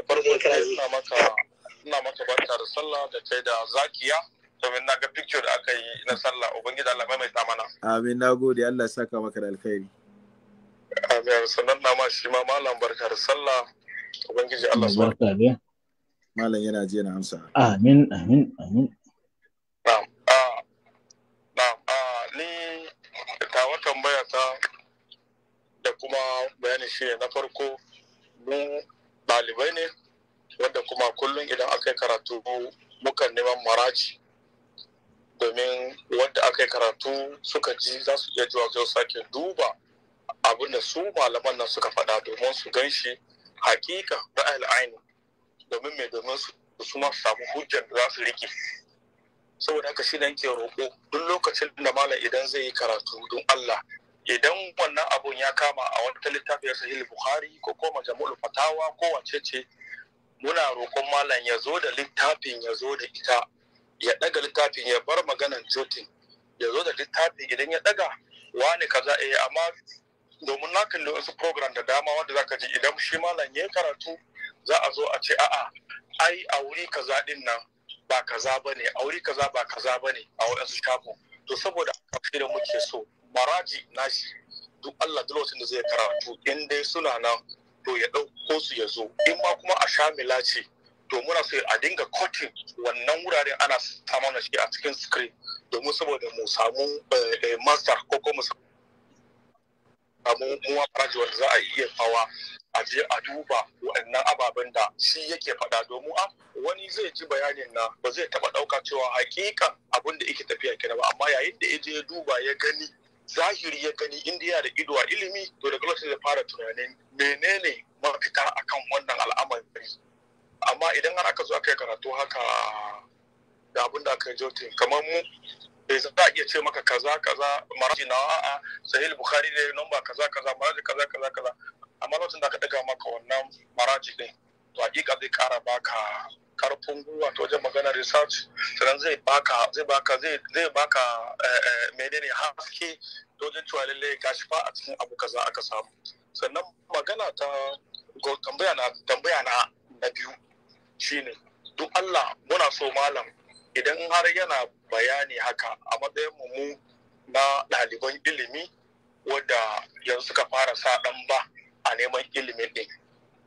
Farko eh, ina maka barka da sallah da kai da zakiya domin na ga picture da aka yi na sallah ubangiji Allah mai ta mana. Amin na gode Allah sa saka maka da alkhairi. Amin sannan na ma shi ma malam barka da sallah ubangiji Allah ya barka da Malam yana je na amsa. Amin amin amin. Na'am. Ah, na'am. Ah, ni ta wata tambaya ta da kuma bayanin shi na farko mu ɗalibai ne wanda kuma kullum idan aka yi karatu mukan neman maraci domin wanda aka yi karatu suka ji za su iya jiwa zai sake duba abin da su malaman nan suka faɗa domin su gan shi hakika da al'ainu domin mai domin su suma samu hujjar da za su rike saboda haka shi da ke roƙo duk lokacin da malam idan zai yi karatu don Allah idan wannan abun ya kama a wata littafin sahih bukhari ko ko majmu'ul fatawa ko wace ce muna roƙon malam ya zo da littafin ya zo da ita ya daga littafin ya bar maganan jotin ya zo da littafin idan ya daga wani kaza eh amma domin na kalli wasu program da dama wanda zaka ji idan shi malam ya karatu za a zo a ce a'a ai a wuri kaza din nan ba kaza bane a wuri kaza ba kaza bane a wasu shafin to saboda haka da muke so maraji nashi duk Allah duk lokacin da zai karatu in dai suna nan to ya ɗauko su ya zo in ma kuma a shamila ce to muna so a dinga kotin wannan wurare ana samun na shi a cikin screen domin saboda mu samu eh, eh, master ko kuma samu muwa faraji wanda za a iya fawa a je a duba waɗannan ababen da shi yake faɗa domin a wani zai ji bayanin na ba zai taɓa ɗauka cewa hakikan abin da yake tafiya kenan ba amma yayin da ya je ya duba ya gani zahiri ya gani indiya da ido a ilimi to da lokacin da fara tunanin menene mafita akan wannan al'amari amma idan har aka zo aka yi karatu haka da abin da aka yi jotin kamar mu bai eh, za a iya ce maka kaza kaza maraji na a'a sahil bukhari ne nomba kaza kaza maraji kaza kaza kaza amma lokacin da aka daga maka wannan maraji din to hakika zai kara baka karfin gwiwa ta wajen magana research sannan zai baka zai baka zai baka eh, eh, menene haske ta wajen cewa lallai ka fa a cikin abu kaza aka samu sannan magana ta tambaya na tambaya na na biyu shine duk Allah muna so malam idan har yana bayani haka a matsayin mu na ɗaliban ilimi wadda yanzu suka fara sa ɗan ba a neman ilimin ɗin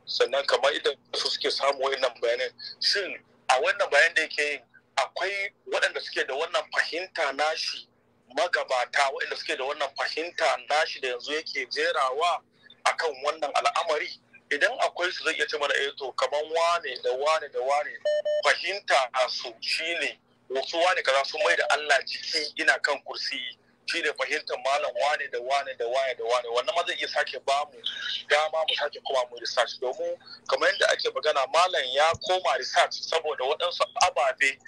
sannan kamar idan su suke samu wannan bayanan, shin a wannan bayan da yake yin akwai waɗanda suke da wannan fahimta nashi magabata waɗanda suke da wannan fahimta nashi da yanzu yake jerawa akan wannan al'amari idan akwai su zai iya ce mana eh to kaman wane da wane da wane fahimta a su shine wasu wane kaza sun mai da Allah jiki ina kan kursi shi ne fahimtar malam wane da wane da wane da wane wannan ma zai iya sake ba mu dama mu sake koma mu research domin kamar yadda ake magana malam ya koma research saboda waɗansu ababe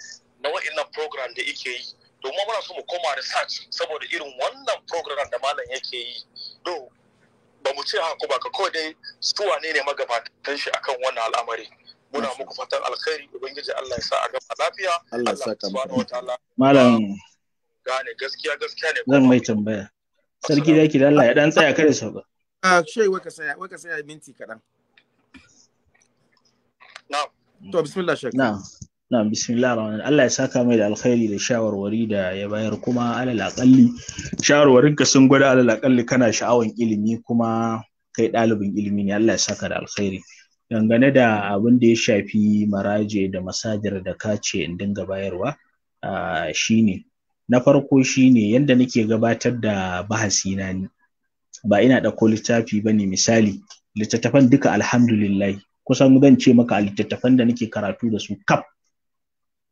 na wa'innan program da yake yi domin muna so mu koma research saboda irin wannan program da malam yake yi do ba mu ce haka ba ka kawai dai su wane ne magabatan shi akan wannan al'amari muna muku fatan alkhairi ubangiji Allah ya sa a gaba lafiya Allah subhanahu wataala malam gane gaskiya gaskiya ne zan mai tambaya sarki da da Allah ya dan tsaya kada sauka a shey waka tsaya waka tsaya minti kadan na'am to bismillah shek na'am na'am bismillah rahman Allah ya saka mai da alkhairi da shawarwari da ya bayar kuma alal aqalli shawarwarin ka sun gwada alal aqalli kana sha'awan ilimi kuma kai ɗalibin ilimi ne Allah ya saka da alkhairi dangane da abin da ya shafi maraje da masajir da kace in dinga bayarwa shine na farko shine yadda nake gabatar da bahasi na ni ba ina da ko littafi ba ne misali littattafan duka alhamdulillah kusan zan ce maka a littattafan da nake karatu da su kaf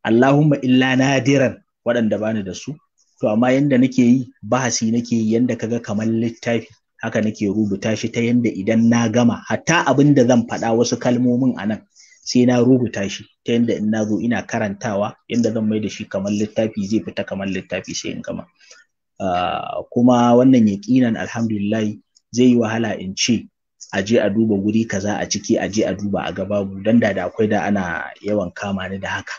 Allahumma illa nadiran waɗanda bani da su to amma yanda nake yi bahasi nake yi yanda kaga kamar littafi haka nake rubuta shi ta yanda idan na gama hatta abin da zan faɗa wasu kalmomin a nan sai na rubuta shi ta yadda in na zo ina karantawa yadda zan mai da shi kamar littafi zai fita kamar littafi sai in gama ah, kuma wannan yaƙinan alhamdulillah zai yi wahala in ce a je a duba wuri kaza a ciki a je a duba a gaba dan da da akwai da ana yawan kama ni da haka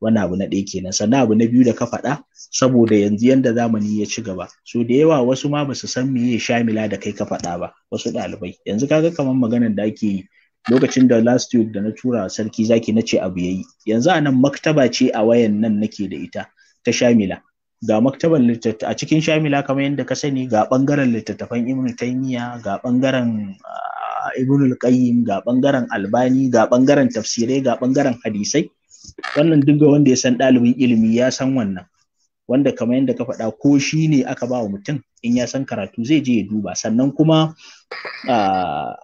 wannan abu na ɗaya kenan sannan abu na biyu da ka faɗa saboda yanzu yanda zamani ya ci gaba so da yawa wasu ma basu su san meye shamila da kai ka faɗa ba wasu ɗalibai yanzu kaga kamar maganar da ake yi lokacin da last week da na tura sarki zaki na ce abu yayi yanzu anan maktaba ce a wayan nan nake da ita ta shamila ga maktaban littattafai a cikin shamila kamar yadda ka sani ga bangaren littattafan ibn taymiya ga bangaren ah, ibn al-qayyim ga bangaren albani ga bangaren tafsirai ga bangaren hadisai wannan duk wanda ya san ɗalibin ilimi ya san wannan wanda kamar yadda ka faɗa ko shi ne aka ba wa mutum in ya san karatu zai je ya duba sannan kuma ah,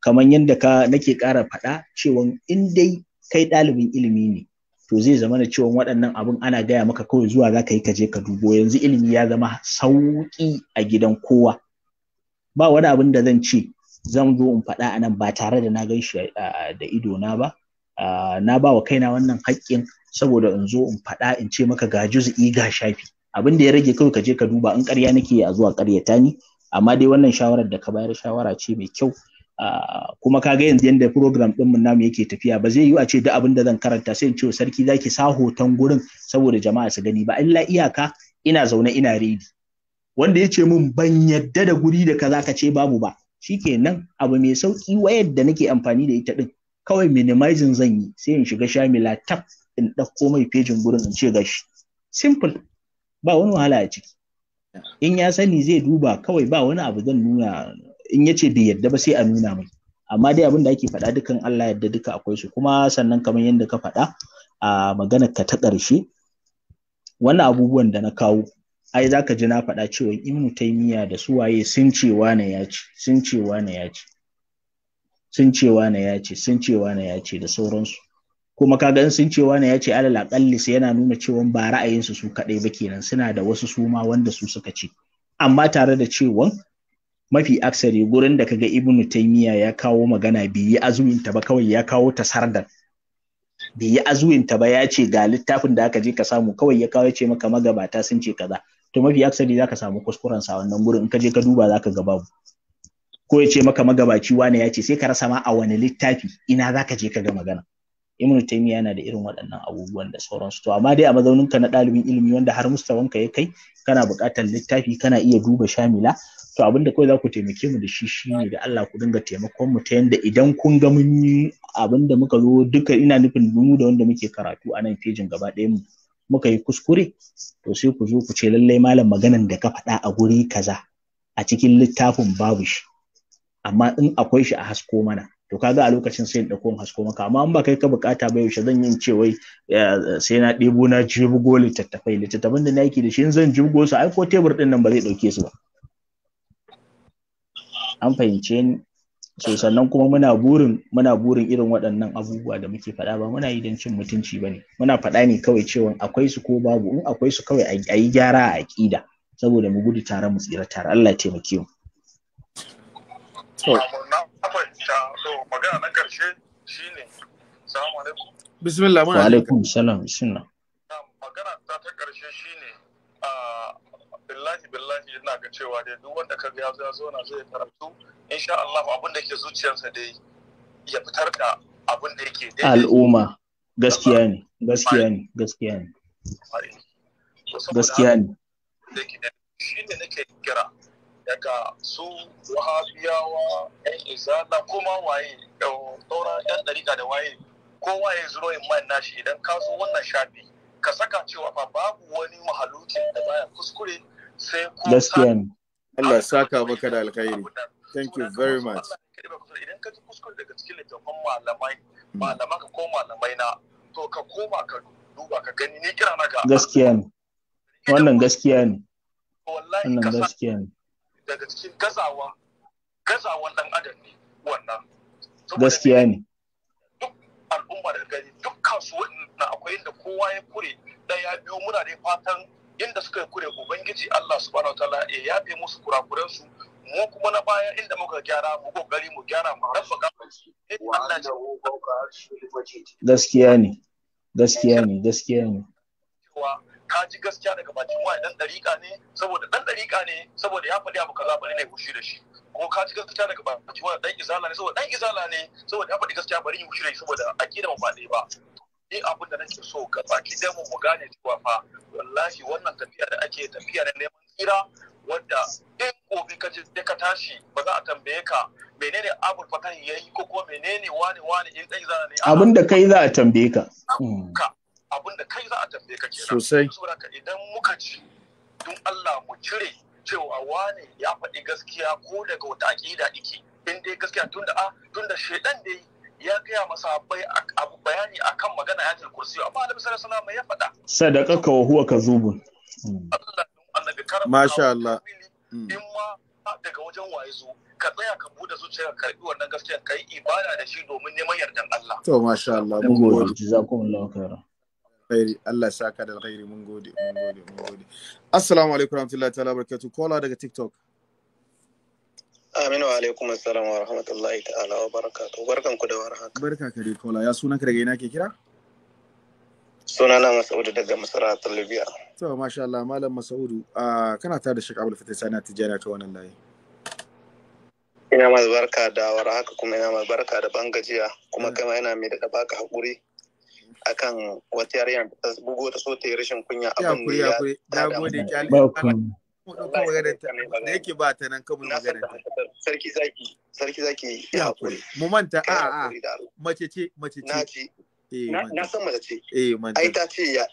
kamar yadda ka nake ƙara faɗa cewan in dai kai ɗalibin ilimi ne to zai zama da cewan waɗannan abin ana gaya maka kawai zuwa za ka yi ka ka dubo yanzu ilimi ya zama sauƙi a gidan kowa ba wani abin da zan ce zan zo in faɗa a nan ba tare da na gan shi da ido na ba na bawa wa kaina wannan haƙƙin saboda in zo in faɗa in ce maka ga juz'i ga shafi abin da ya rage kawai ka je ka duba in ƙarya nake a zuwa ƙaryata ni amma dai wannan shawarar da ka bayar shawara ce mai kyau Ah, kuma ga yanzu yadda program din mun namu yake tafiya ba zai yi a ce duk abin da zan karanta sai in ce sarki zaki sa hoton gurin saboda jama'a su gani ba illa iyaka ina zaune ina redi wanda ya ce min ban yadda da guri da kaza ka ce babu ba shikenan abu mai sauki wayar da nake amfani da ita din kawai minimizing zan yi sai in shiga shamila tap in ɗauko mai fejin gurin in ce gashi simple ba wani wahala a ciki in ya sani zai duba kawai ba wani abu zan nuna in ya ce bai yadda ba sai a nuna mai amma dai abin da ake faɗa dukan Allah yadda duka akwai su kuma sannan kamar yadda ka faɗa a maganar ka ta ƙarshe wannan abubuwan da na kawo ai za ka ji na faɗa cewa Ibn taymiya da suwaye sun ce na ya ce sun ce na ya ce sun ce na ya ce sun ce na ya ce da sauransu kuma kaga in sun ce na ya ce alal aqalli sai yana nuna cewa ba ra'ayinsu su kadai ba kenan suna da wasu suma wanda su suka ce amma tare da cewa mafi aksari gurin da kaga Ibn taymiya ya kawo magana bai yi azuwinta ba kawai ya kawo ta sardan bai yi azuwinta ba ya ce ga littafin da aka je ka samu kawai ya kawo ya ce maka magabata sun ce kaza to mafi aksari zaka samu kuskuren sa wannan gurin in ka je ka duba zaka ga babu ko ya ce maka magabaci wane ya ce sai ka rasa ma a wani littafi ina zaka je ka ga magana Ibn taymiya yana da irin waɗannan abubuwan da sauransu to amma dai a mazauninka na ɗalibin ilimi wanda har mustawanka ya kai kana buƙatar littafi kana iya duba shamila so abin da kawai za ku taimake mu da shi shi ne da Allah ku dinga taimakon mu ta yanda idan kun ga mun yi abin da muka zo duka ina nufin mu da wanda muke karatu a nan fejin gaba ɗaya mu muka yi kuskure to sai ku zo ku ce lallai malam maganan da ka faɗa a guri kaza a cikin littafin babu shi amma in akwai shi a hasko mana to kaga a lokacin sai in dauko in hasko maka amma in ba kai ka bukata ba yaushe zan yi ce wai sai na ɗebo na jibgo littattafai littattafan da na yake da shi in zan jibgo su ai ko tebur ɗin nan ba zai dauke su ba an fahimce ni so sannan kuma muna burin muna burin irin waɗannan abubuwa da muke faɗa ba muna yi don cin mutunci ba ne muna faɗa ne kawai cewa akwai su ko babu in akwai su kawai a yi gyara a aƙida saboda mu gudu tare mu tsira tare Allah taimake mu bismillah wa alaikum salam bismillah cewa dai duk wanda ka ya ya zauna zai karatu insha Allah abin da ke zuciyarsa dai ya fitar da abin da yake dai al'umma gaskiya ne gaskiya ne gaskiya ne gaskiya ne shi ne nake kira daga su wahabiyawa yan izala kuma waye sauran yan dariƙa da waye kowa ya zuro man nashi idan ka zo wannan shafi ka saka cewa fa babu wani mahalucin da baya kuskure sai gaskiya Allah saka maka da alkhairi thank you very much idan gani kira gaskiya ne wannan gaskiya ne wannan gaskiya ne daga cikin gazawa gazawan dan adam ne wannan gaskiya ne duk al'umma gani duk kasuwa akwai inda kowa ya kure ɗaya biyu muna da fatan inda suka kure ubangiji Allah subhanahu wa ta'ala ya yafe musu kurakuren su mu kuma na baya inda muka gyara mu kokari mu gyara mu rafa Allah gaskiya ne gaskiya ne gaskiya ne ka ji gaskiya daga bakin wani dan dariƙa ne saboda dan dariƙa ne saboda ya faɗi abu kaza bari ne. fushi da shi ko ka ji gaskiya daga bakin wani dan izala ne saboda dan izala ne saboda ya faɗi gaskiya bari ne. fushi da shi saboda akida mu ba ɗaya ba ni abin da nake so ga baki mu mu gane cewa fa wallahi wannan tafiya da ake tafiya na neman tsira wadda in gobe ka je ka tashi ba za a tambaye ka menene abul fatahi yayi ko ko menene wani wani in eh, dai za ne abin da kai za a tambaye ka abin da kai za a tambaye ka kenan sosai saboda idan muka ci don Allah mu cire cewa wani ya faɗi gaskiya ko daga wata aƙida ike in dai gaskiya tunda a ah, tunda shedan dai ya gaya masa abu bayani akan magana ya ayatul kursi amma annabi sallallahu alaihi wasallam ya faɗa sadaqaka wa huwa kazubun masha Allah mm. in ma daga wajen waye zo ka tsaya ka bude zuciya ka karbi wannan gaskiya kai ibada da shi domin neman yardan Allah to masha Allah mun gode jazakumullahu khairan khairi Allah saka da khairi mun gode mun gode mun gode assalamu alaikum warahmatullahi ta'ala barakatuh kola daga tiktok Aminu alaikum assalam wa rahmatullahi ta'ala wa barakatuh. Barkan ku da warhaka. Barka ka dai kola. Ya sunan ka daga ina ke kira? suna na Masaudu daga Masara ta Libya. To masha Allah malam Masaudu kana tare da Sheikh Abdul Fatah Sani Tijjani ta wannan layi. Ina mai barka da warhaka kuma ina mai barka da bangajiya kuma mm. kama ina mai da baka hakuri akan wata yarinya ta bugo ta so ta yi rashin kunya abin da ya. Ya gode kyalin. mu ɗauko maganar ta da yake ba ta nan kamar maganar ta sarki zaki sarki zaki ya hakuri mu manta a a mace ce mace ce eh, na san mace ce eh manta ai ta ce ya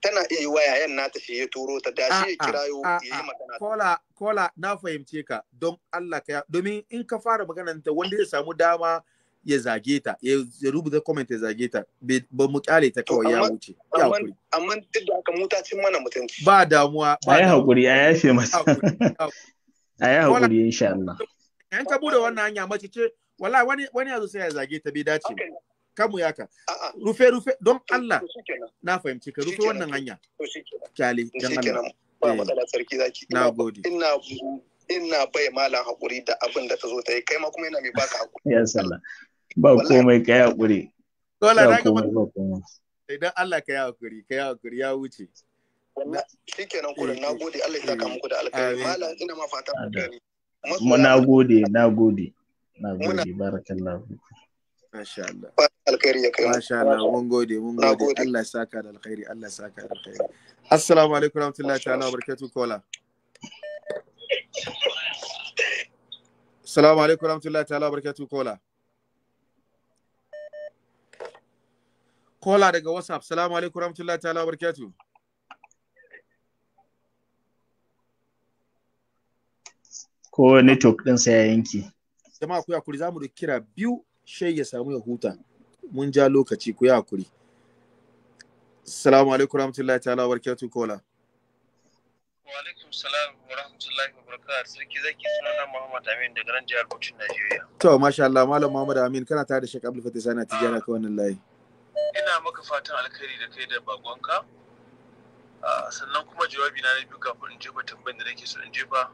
tana iya yi waya yan nata shi ya turo ta da shi ya kirayo ya yi magana kola kola na fahimce ka don Allah ka domin in ka fara maganar ta wanda zai samu dama ya zage ta ya rubuta comment ya zage ta ba mu kyale ta kawai ya wuce ya hakuri amma duk da haka muta cin mana mutunci ba damuwa ba ya hakuri a ce masa a ya hakuri insha Allah yan ka bude wannan hanya mace ce wallahi wani wani yazo sai ya zage ta bai dace kamu yaka rufe rufe don Allah na fahimci ka rufe wannan hanya kyale dan Allah ba eh. matsala sarki zaki na gode ina ina bai malam hakuri da abin da ta zo ta yi kai ma kuma yana mai baka hakuri. Ya sallah. ba komai ka yaƙuri dole na ga idan Allah ka hakuri, ka hakuri ya wuce shikenan kullum eh, na gode Allah ya saka eh, muku da alkhairi malam ina ma fata mutane na gode na gode na barakallahu Masha Allah. Alkhairi ya kai. Masha Allah, mun gode, mun gode. Allah ya saka da alkhairi, Allah ya saka da alkhairi. Assalamu alaikum warahmatullahi ta'ala wa barakatuh kola. Assalamu alaikum warahmatullahi ta'ala wa barakatuh kola. kola daga WhatsApp. Salamu alaikum rahmatullahi ta'ala barkatu. Ko network din sai ya yanke. Jama'a ku kuri zamu da kira biyu shai ya samu ya huta. Mun ja lokaci ku kuri Salamu alaikum rahmatullahi ta'ala barkatu kola. Wa alaikum salam wa rahmatullahi wa barakatuh. Sarki zaki sunana Muhammad Amin daga nan jihar Bauchi Najeriya. To masha Allah Malam Muhammad Amin kana tare da Sheikh Abdul Fatih Sani Tijana ka wannan layi. ina maka fatan alkhairi da kai da bakonka ah, sannan kuma jawabi na biyu kafin in jefa tambayin da nake so in jefa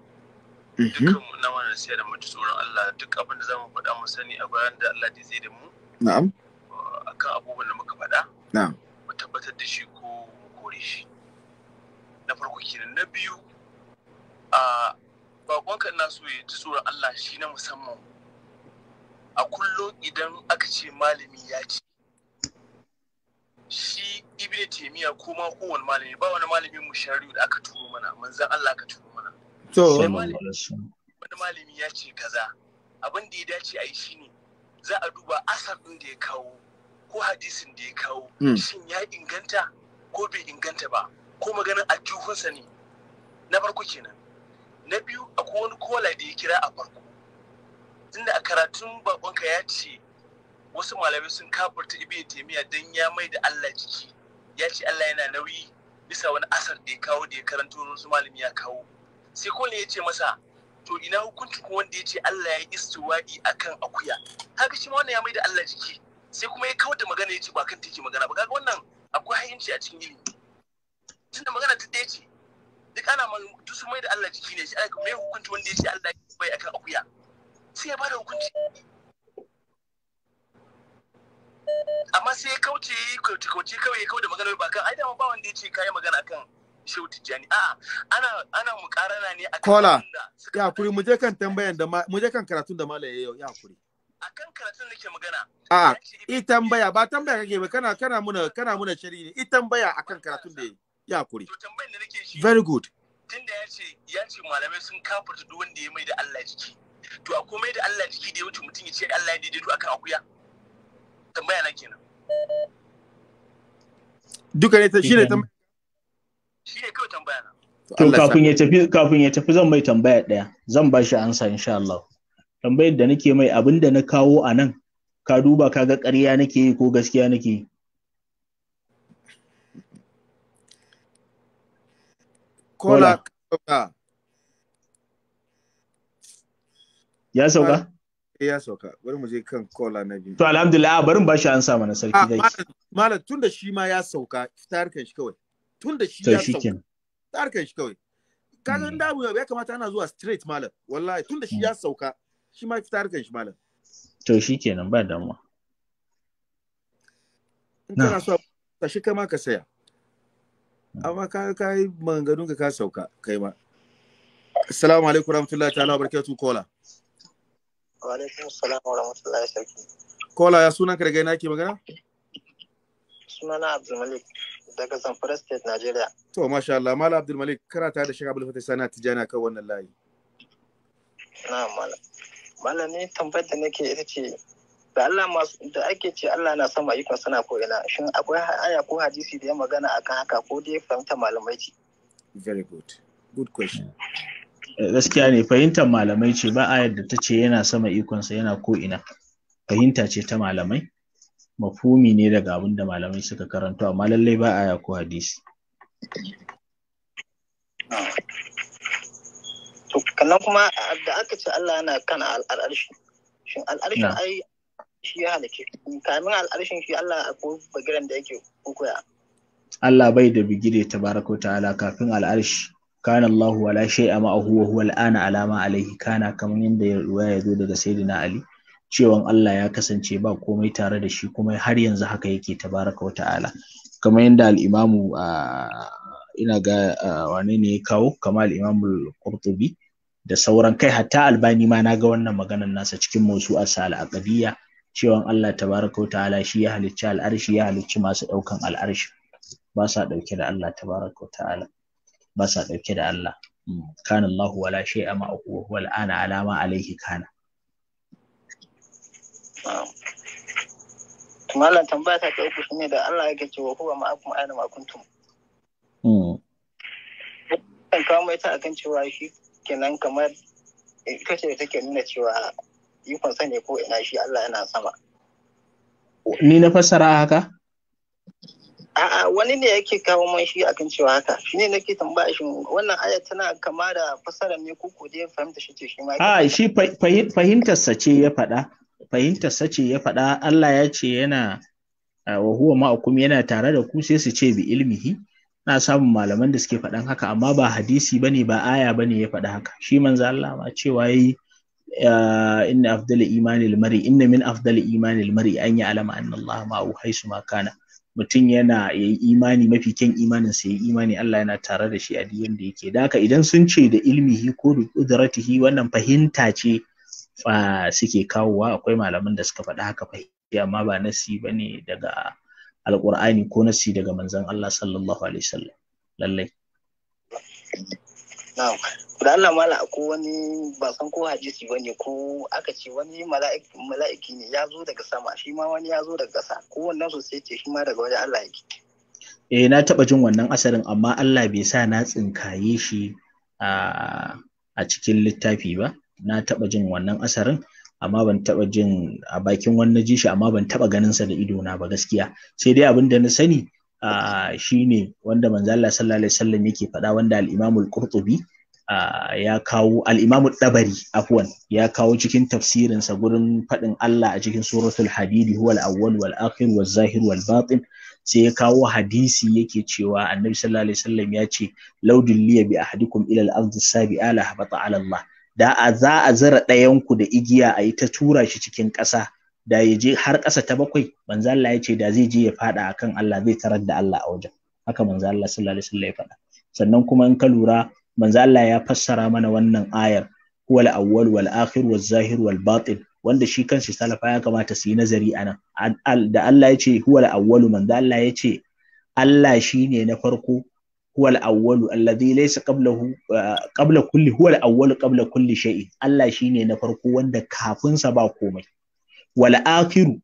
mhm. dukkan na wani nasiya da mutu tsoron Allah duk abin da zamu faɗa mu sani a bayan da Allah zai da mu na'am ah, akan abubuwan da muka faɗa na'am mu tabbatar da shi ko mu kore shi na farko kenan na biyu a ah, bakonka ina so ya ji tsoron Allah shi na musamman a kullum idan aka ce malami ya ce shi ibn taymiya ma kowane malami ba wani malami mu shari'u da aka turo mana manzon Allah ka turo mana to wani malami ya ce kaza abin da ya dace a yi shine za a duba asar ɗin da ya kawo ko hadisin da ya kawo hmm. shin ya inganta ko bai inganta ba ko maganin ajuhunsa ne na farko kenan na biyu akwai wani kola da ya kira a farko tunda a karatun bakonka ya ce wasu malamai sun kafirta ibn taimiyya don ya mai da Allah jiki ya ce Allah yana nauyi bisa wani asar da ya kawo da ya karanta wani su malami ya kawo sai kole ya ce masa to ina hukuncin wanda ya ce Allah ya istiwadi akan akuya haka shi ma wannan ya mai da Allah jiki sai kuma ya kawar da magana ya ce ba kan take magana ba kaga wannan akwai hayinci a cikin ilimi tunda magana ta ɗaya ce duk ana ma duk su mai da Allah jiki ne shi aka mai hukunci wanda ya ce Allah ya bai akan akuya sai ya bada hukunci amma sai ya kauce kauce kauce kawai ya kauce maganar ba kan ai da ba wanda yace kai magana kan Shehu Tijjani a ana ana mu karana ne akan kola ya kuri mu je kan tambayan da mu je kan karatun da malaye yau ya kuri akan karatun nake magana a i tambaya ba tambaya kake ba kana kana muna kana muna shari ne i tambaya akan karatun da ya kuri to tambayan da nake shi very good tunda ya ce ya ce malamai sun kafirta duk wanda ya mai da Allah jiki to akwai mai da Allah jiki da ya wuce mutum ya ce Allah ya daidaito akan akuya tambaya kenan duka ne shi ne shi ne kawai tambaya na to kafin ya tafi kafin ya tafi zan mai tambaya daya zan ba shi ansa insha Allah tambayar da nake mai abin da na kawo a nan ka duba ka ga ƙarya nake yi ko gaskiya nake yi kola ya sauka ya sauka bari mu je kan shi ma ya sauka fitar kan kawai shi ya sauka fitar hmm. kamata ana zuwa straight malam wallahi da shi hmm. ya sauka shi ma fitar kan malam to shikenan ba damuwa so ka shi ka saya hmm. amma assalamu alaikum warahmatullahi ta'ala barakatuh kola Wa alaikum salam wa rahmatullahi sarki. Kola ya sunan ka daga ke magana? Sunana Abdulmalik daga Zamfara State, Nigeria. To masha Allah, Malam Abdulmalik kana tare da Sheikh Abdul sana Sani Tijani kan wannan layi. na mala mala ne tambayar da nake ita ce da Allah masu da ake ce Allah na sama ikon sana ko ina shin akwai aya ko hadisi da ya magana akan haka ko dai fahimta malamai ce. Very good. Good question. gaskiya ne fahimtar malamai ce ba a yadda ta ce yana sama ikonsa yana ko ina fahimta ce ta malamai mafumi ne daga abin da malamai suka karanta amma lallai ba ya ko hadisi kannan kuma da aka ce Allah yana kan al'arshi shin al'arshi ai shi ya halake kamin al'arshin shi Allah akwai bagiran da yake kokoya Allah bai da bigire tabaraka ta'ala kafin al'arshi kana Allahu wala shay'a ma huwa huwa al'ana alama alaihi kana kamar yadda ya ya zo daga sayyidina Ali Cewa Allah ya kasance ba komai tare da shi kuma har yanzu haka yake tabaraka wa ta'ala kamar yadda al-imamu ina ga wane ne ya kawo kamar al-imamu al-Qurtubi da sauran kai hatta albani ma naga wannan maganar nasa cikin musu asal aqdiyya cewan Allah tabaraka wa ta'ala shi ya halicci al'arshi ya halicci masu daukan al'arshi ba sa dauke da Allah tabaraka wa ta'ala ba sa ɗauke da Allah hmm. kana Allahu wala shay'a ma'ahu wala ana alama alaihi kana malam tambaya ta uku shine da Allah yake cewa ba ma'akum aina ma kuntum kan hmm. kawo mai ta akan cewa shi kenan kamar ita ce da take nuna cewa ikon sa ko ina shi Allah yana sama ni na fassara haka A'a wani ne yake kawo man shi akan cewa haka shi ne nake tambaya shi wannan aya tana kama da fasara me koko da ya fahimta shi ce shi ma. A shi sa ce ya faɗa sa ce ya faɗa Allah ya ce yana wa huwa ma'akum yana tare da ku sai su ce bi ilmihi na samun malaman da suke faɗan haka amma ba hadisi bane ba aya bane ya faɗa haka shi manzo Allah ma cewa yayi inna afdal imani mari inna min afdal imani al-mar'i an ya'lama anna Allah ma'ahu haythu ma kana mutum yana ya yi imani mafi kyan imanin ya yi imani Allah yana tare da shi a duk yanda yake da haka idan sun ce da ilmihi ko da kudratihi wannan fahimta ce suke kawowa akwai malaman da suka faɗa haka fahimta amma ba nasi bane daga alqur'ani ko nasi daga manzon Allah sallallahu alaihi wasallam lallai da Allah mala ko wani ba san ko hadisi bane ko aka ce wani mala'iki ne ya zo daga sama shi ma wani ya zo daga ƙasa ko wannan su sai ce shi ma daga wajen Allah yake eh na taba jin wannan asarin amma Allah bai sa na tsinkaye shi a cikin littafi ba na taba jin wannan asarin amma ban taba jin a bakin wani ji shi amma ban taba ganin sa da ido na ba gaskiya sai dai abin da na sani ne wanda manzo Allah sallallahu alaihi wasallam yake faɗa wanda al-Imam al-Qurtubi ya kawo al-Imam al ya kawo cikin tafsirin sa gurin faɗin Allah a cikin suratul Hadid huwal al-awwal wal akhir wal zahir wal batin sai ya kawo hadisi yake cewa Annabi sallallahu alaihi wasallam ya ce laudulliya bi ahadikum ila al-ardi sabi'a la habata ala Allah da za a zara ɗayanku da igiya a yi ta tura shi cikin ƙasa da ya je har ƙasa ta bakwai manzo Allah ya ce da zai je ya faɗa akan Allah zai tarar da Allah a wajen haka manzo Allah sallallahu alaihi wasallam ya faɗa sannan kuma in ka lura manzo Allah ya fassara mana wannan ayar wal awwal wal akhir wal zahir wal batin wanda shi kansa salafa ya kamata su yi nazari a nan da Allah ya ce huwal awwalu manzo Allah ya ce Allah shine na farko huwal awwalu alladhi laysa qablahu qabla kulli huwal awwalu qabla kulli shay'in Allah shine na farko wanda kafin sa ba komai wal akhiru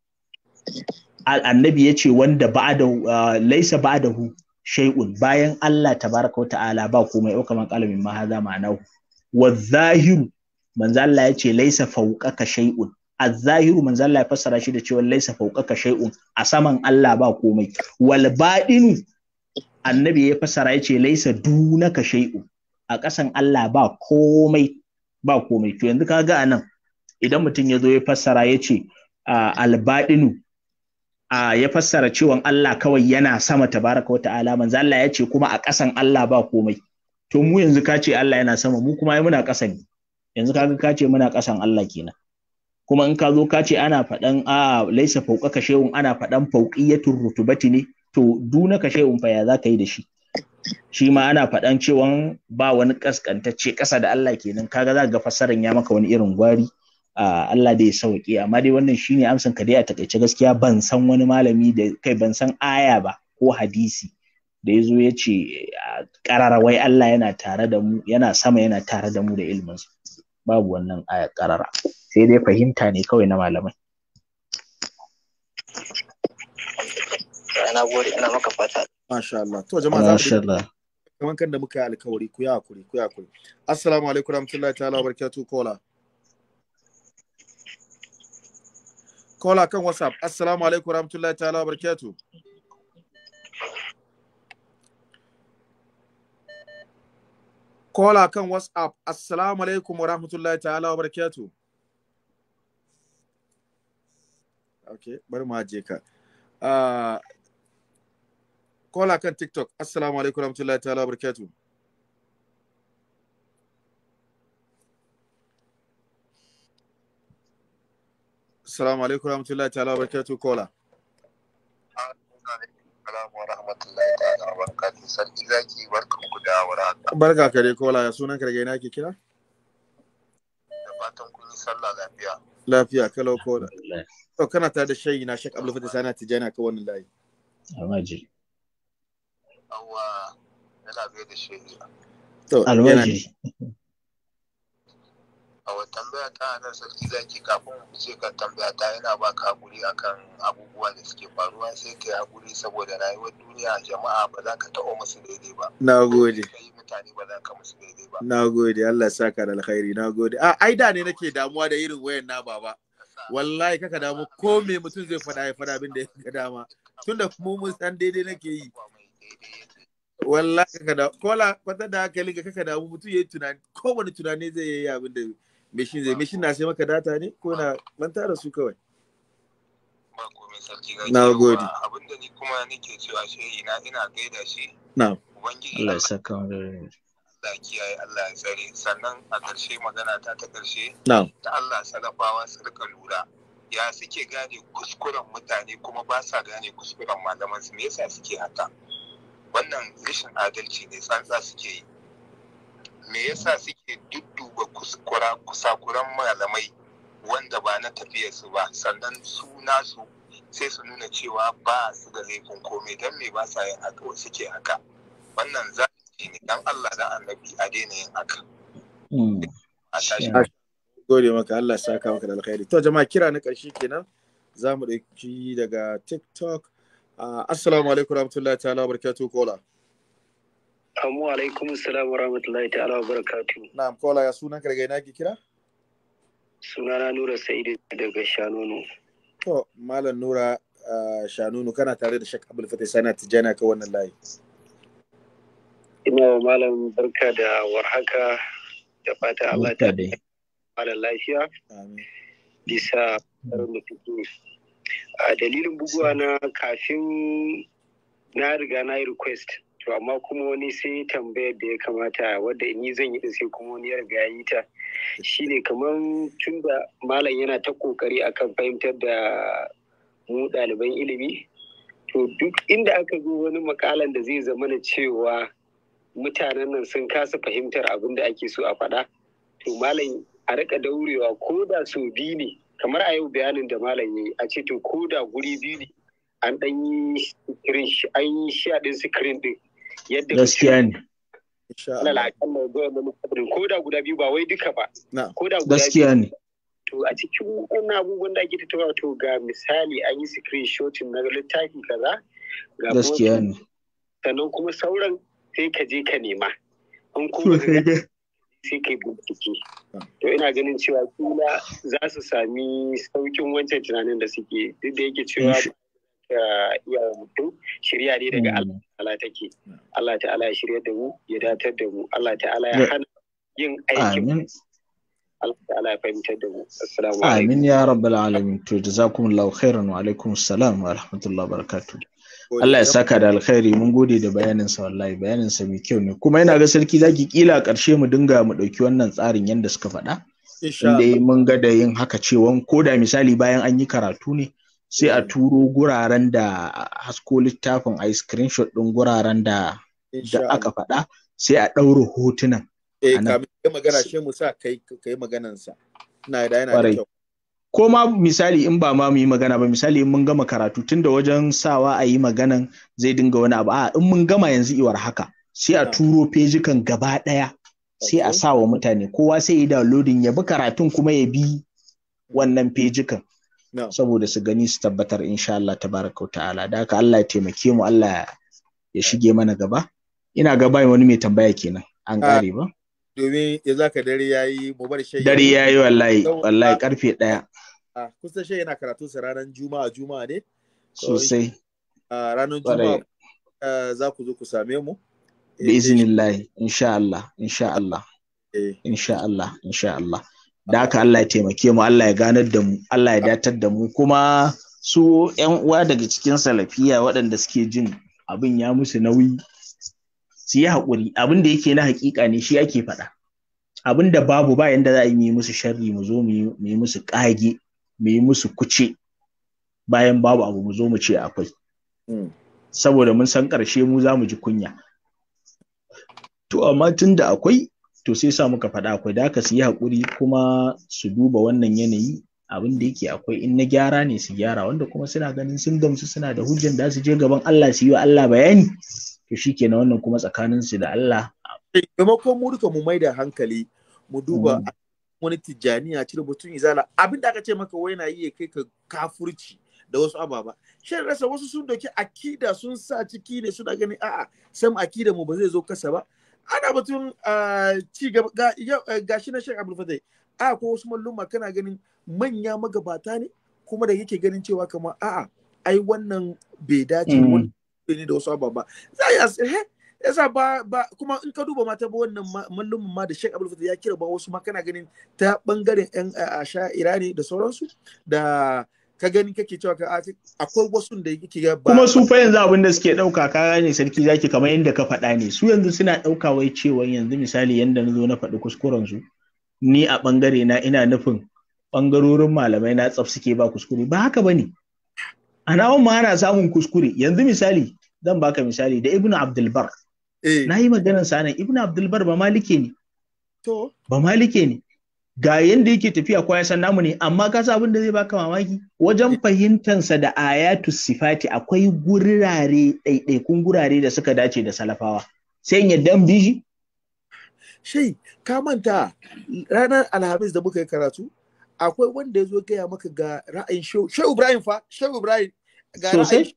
annabi yace ce wanda ba'da uh, laisa ba'dahu shay'un bayan Allah tabaraka ta'ala ba komai o kaman kalamin ma haza ma'anahu wal zahiru manzo Allah ya ce laisa fawqaka shay'un al zahiru manzo Allah ya fassara shi da cewa laisa fawqaka shay'un a saman Allah ba komai wal annabi ya fassara ya ce laisa dunaka shay'un a kasan Allah ba komai ba komai to yanzu kaga anan idan mutum ya zo ya fassara ya ce albaɗinu ya fassara cewa Allah kawai yana sama tabaraka wa ta'ala manzo Allah ya ce kuma a ƙasan Allah ba komai to mu yanzu ka ce Allah yana sama mu kuma muna ƙasan ne yanzu kaga ka ce muna ƙasan Allah kenan kuma in ka zo ka ce ana faɗan a laisa fauka ka ana faɗan fauqiyatul rutubati ne to duna ka shehun fa ya za ka yi da shi shi ma ana faɗan cewa ba wani kaskantacce ƙasa da Allah kenan kaga za ga fassaran ya maka wani irin gwari Allah dai ya amma dai wannan shine amsan ka dai a takaice gaskiya ban san wani malami da kai ban san aya ba ko hadisi da ya zo ya ce wai Allah yana tare da mu yana sama yana tare da mu da ilminsa babu wannan aya karara sai dai fahimta ne kawai na malamai na gode ina maka fata masha Allah to jama'a za mu kamar kan da muka yi alkawari ku ya ku ya hakuri assalamu alaikum warahmatullahi ta'ala wa barakatuh kola kola kan WhatsApp. Assalamu alaikum rahmatullahi ta'ala wa barakatu. Kola kan WhatsApp. Assalamu alaikum wa rahmatullahi ta'ala wa barakatu. ok bari ma je ka. kola ah, kan TikTok. Assalamu alaikum rahmatullahi ta'ala wa barakatu. Assalamu alaikum warahmatullahi ta'ala barakatuh kola. Barka ka dai kola ya sunan kargai na ke kira? Da fatan kun sallah lafiya. Lafiya kalau kola. To kana ta da shayi na Sheikh Abdul Fatah sana tijana ka wannan layi. Amaji. Awwa yana bai da shayi. To alwaji. wa tambaya ta nan sarki zaki kafin mu ce ka tambaya ta yana ba ka hakuri akan abubuwa da suke faruwa sai ka yi hakuri saboda rayuwar duniya jama'a ba za ka taɓa musu daidai ba. Na gode. mutane ba za ka musu daidai ba. Na gode Allah sa ka da alkhairi na gode. A ai da ne nake damuwa da irin wayan na baba. Wallahi kaka damu ko me mutum zai faɗa ya faɗa abin da ya dama. Tun da mu mun san daidai nake yi. Wallahi kaka da kola kwata da hankali ga kaka damu mutum ya yi tunani kowane tunani zai yi abin da Meshin zai, meshin na sai maka data ne ko na manta da su kawai. Na gode. abinda ni kuma nake cewa shehi na ina gaida shi. Na. Allah ya saka mu rai. Allah kiyaye Allah ya tsare sannan a ƙarshe magana ta ta ƙarshe ta Allah salafawa su rika lura ya suke gane kuskuren mutane kuma ba sa gane kuskuren malaman su me yasa suke haka wannan rashin adalci ne tsantsa suke yi me yasa suke dudduba kusakuran malamai wanda ba na tafiyarsu ba sannan su nasu sai su nuna cewa ba su da laifin komai don me ba sa yin haka suke haka wannan za zalunci ne dan Allah da annabi a daina yin haka hmm. gode maka Allah saka maka da alkhairi to jama'a kira na karshe kenan zamu dauki daga tiktok ah, assalamu alaikum warahmatullahi ta'ala barakatuh kola Amu alaikum salam wa rahmatullahi ta'ala wa barakatu. Na'am kola ya sunan daga na ke kira? Sunana Nura Sa'idu daga Shanunu. To Malam Nura Shanunu kana tare da Shek Abdul Fatih Sana Tijjana ka wannan layi. Ina wa Malam barka da warhaka da fata Allah ta Malam lafiya. Amin. Bisa tsarin da fito. A dalilin buguwa na kafin na riga na yi request. to amma kuma wani sai tambayar da ya kamata wadda ni zan yi sai kuma wani ya riga yi ta shine kamar tun da malam yana ta kokari akan fahimtar da mu ɗaliban ilimi to duk inda aka zo wani makalan da zai zama na cewa mutanen nan sun kasa fahimtar abin da ake so a faɗa to malam a rika daurewa ko da so biyu ne kamar a yau bayanin da malam ya yi a ce to ko da guri biyu ne an ɗan yi an yi sha ɗin sikirin ɗin yadda gaskiya ne Allah ko da guda biyu ba wai duka ba ko da guda gaskiya ne to a cikin wannan abubuwan da ake tattauna to ga misali an yi screenshotin na littafi kaza ga gaskiya ne sannan kuma sauran sai ka je ka nema in kuma sai kai bincike to ina ganin cewa kila za su sami saukin wancan tunanin da suke duk da yake cewa iya mutum shirya ne daga hmm. Allah ta'ala take Allah ta'ala ya shirya da mu ya datar da mu Allah ta'ala ya hana yin aikin Allah ya fahimtar da mu assalamu alaikum amin ya rabbal alamin to jazakumullahu khairan wa alaikum salam wa rahmatullahi wa barakatuh Allah ya saka da alkhairi mun gode da bayanin sa wallahi bayanin sa mai kyau ne kuma yana ga sarki zaki kila karshe mu dinga mu dauki wannan tsarin yanda suka faɗa inda mun ga da yin haka cewa ko da misali bayan an yi karatu ne sai a eh. turo guraren da hasko littafin a screenshot ɗin guraren da aka faɗa sai a ɗauro hotunan. Eh, kamin kai magana shi musa kai kai maganansa. Na da yana da Ko ma misali in ba ma mu yi magana ba misali in mun gama karatu tunda wajen sawa a yi maganan zai dinga wani abu a in mun gama yanzu iwar haka sai a ah. turo fejikan gaba ɗaya sai a sa wa mutane kowa sai ya downloading ya bi karatun kuma ya bi mm. wannan fejikan. saboda su gani su tabbatar insha Allah tabaraka ta'ala da haka Allah ya taimake mu Allah ya shige mana gaba ina gaba wani mai tambaya kenan an kare ah, ba domin ya zaka dare yayi mu bar shi dare yayi wallahi wallahi karfe daya a ah, kusa shi yana karatu sa ranar juma'a juma'a ne sosai a ah, ranar juma'a eh, za ku zo ku same mu bi iznillahi insha Allah insha Allah eh. insha Allah insha Allah da haka Allah ya taimake mu Allah ya ganar da mu Allah ya datar da mu kuma su yan uwa daga cikin salafiya waɗanda suke jin abin ya musu nauyi su yi haƙuri abin da yake na hakika ne shi ake faɗa abin da babu ba yanda za a yi musu sharri mu zo mu yi musu ƙage mu yi musu kuce bayan babu abu mu zo mu ce akwai hmm. saboda mun san ƙarshe mu za mu ji kunya to amma tun da akwai to sai sa muka faɗa akwai da haka su yi haƙuri kuma su duba wannan yanayi abin da yake akwai in na gyara ne su gyara wanda kuma suna ganin sun gamsu suna da hujjan da su je gaban Allah su yi wa Allah bayani to shikenan wannan kuma tsakanin su da Allah eh, maimakon mu mai da hankali mu duba mm. wani tijjaniya cire mutum izala abin da aka ce maka wai na iya kai ka kafurci da wasu ababa shin rasa wasu sun doki akida sun sa ciki ne suna ganin a'a sam akida mu ba zai zo kasa ba ana batun ci ga eh, shi na shan abu fadai a ko wasu malluma kana ganin manya magabata ne kuma da yake ganin cewa kama, a'a ai wannan bai dace mm. wani ne da wasu ababa za a yi eh, yasa ba ba kuma in ka duba mata ba wannan mallumin ma da shek abu ya kira ba wasu ma kana ganin ta bangaren yan asha'ira ne da sauransu da ka gani kake cewa ka akwai wasu da yake ga ba kuma su fa yanzu abin da suke dauka ka gane sarki zaki kamar yadda ka faɗa ne su yanzu suna dauka wai cewa yanzu misali yanda na zo na faɗi kuskuren su ni a bangare na ina nufin bangarorin malamai na tsaf suke ba kuskure ba haka bane a nawon ma ana samun kuskure yanzu misali zan baka misali da ibnu abdulbar eh. na yi maganar sanan ibnu abdulbar ba malike ne to ba malike ne ga yanda yake tafiya ko ya san namu ne amma ka san abin da zai baka mamaki wajen fahimtansa da ayatu sifati akwai gurare ɗaiɗaikun gurare da suka dace da salafawa sai ya dan biji shi ka manta ranar alhamis da muka yi karatu akwai wanda ya zo gaya maka ga ra'ayin shehu ibrahim fa shehu ibrahim ga ra'ayin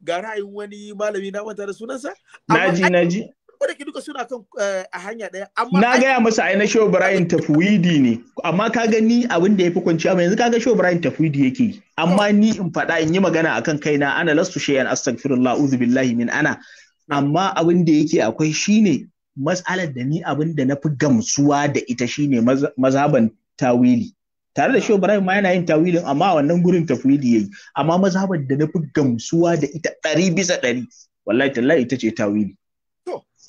ga ra'ayin wani malami na manta da sunansa naji naji wadda ke duka suna kan eh, a hanya ɗaya. Na gaya masa ai na Show Brian tafwidi ne, amma ka gani abin da ya fi kwanciya amma yanzu ka ga Show Brian tafwidi yake. Amma ni in faɗa in yi magana akan kaina ana lasu shay'an astaghfirullah uzu billahi min ana. Amma abin da yake akwai shine matsalar da ni abin da na fi gamsuwa da ita shine mazhaban tawili. tare da Brian ma yana yin tawilin amma wannan gurin tafwidi yayi amma mazhabar da na fi gamsuwa da ita ɗari bisa ɗari wallahi tallahi ita ce tawili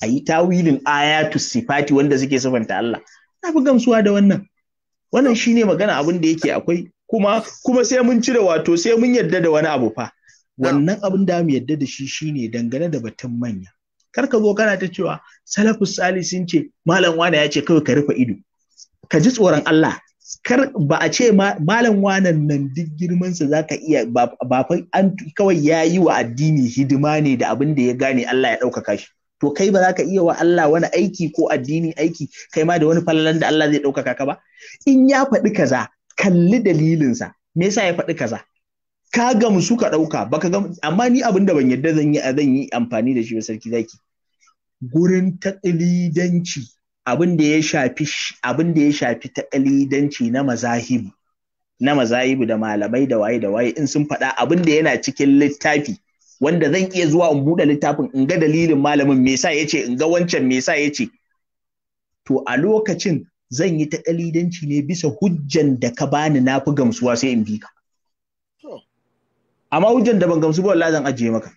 a yi tawilin ayatu sifati wanda suke sifanta Allah na fi gamsuwa da wannan wannan shine magana abin da yake akwai kuma kuma sai mun cire wato sai mun yadda da wani abu fa wannan abin da mu yadda da shi shine dangane da batun manya kar ka zo kana ta cewa salafus salih sun ce malam wani ya ce kawai ka rufe ido ka ji tsoron Allah kar ba a ce malam wanan nan duk girmansa za ka iya ba fa an kawai ya wa addini hidima ne da abin da ya gane Allah ya ɗaukaka shi to kai ba za ka iya wa Allah wani aiki ko addini aiki kai ma da wani falalan da Allah zai ɗaukaka ka ba in ya faɗi kaza kalli dalilinsa me yasa ya faɗi kaza ka gamsu ka ɗauka baka gam amma ni abin da ban yarda zan yi zan yi amfani da shi ba sarki zaki gurin taqlidanci abin da ya shafi abin da ya shafi taqlidanci na mazahibu na mazahibu da malamai da waye da waye in sun faɗa abin da yana cikin littafi wanda zan iya zuwa in buɗe littafin in ga dalilin malamin me yasa yace in ga wancan me yasa yace to a lokacin zan yi ta kalidanci ne bisa hujjan da ka bani na fi gamsuwa sai in bi ka amma hujjan da ban gamsu ba wallahi zan ajiye maka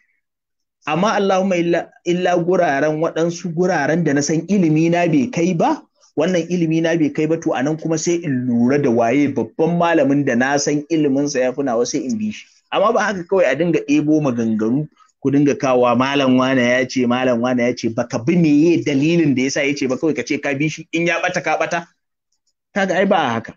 amma Allahumma illa illa guraren waɗansu guraren da na san ilimi na bai kai ba wannan ilimi na bai kai ba to anan kuma sai in lura da waye babban malamin da na san iliminsa ya fi nawa sai in bi shi amma ba haka kawai a dinga ɗebo maganganu ku dinga kawa malam wane ya ce malam wane ya ce baka bi ye dalilin da yasa yace ce ba kawai ka ce ka bi shi in ya bata ka bata kaga ai ba haka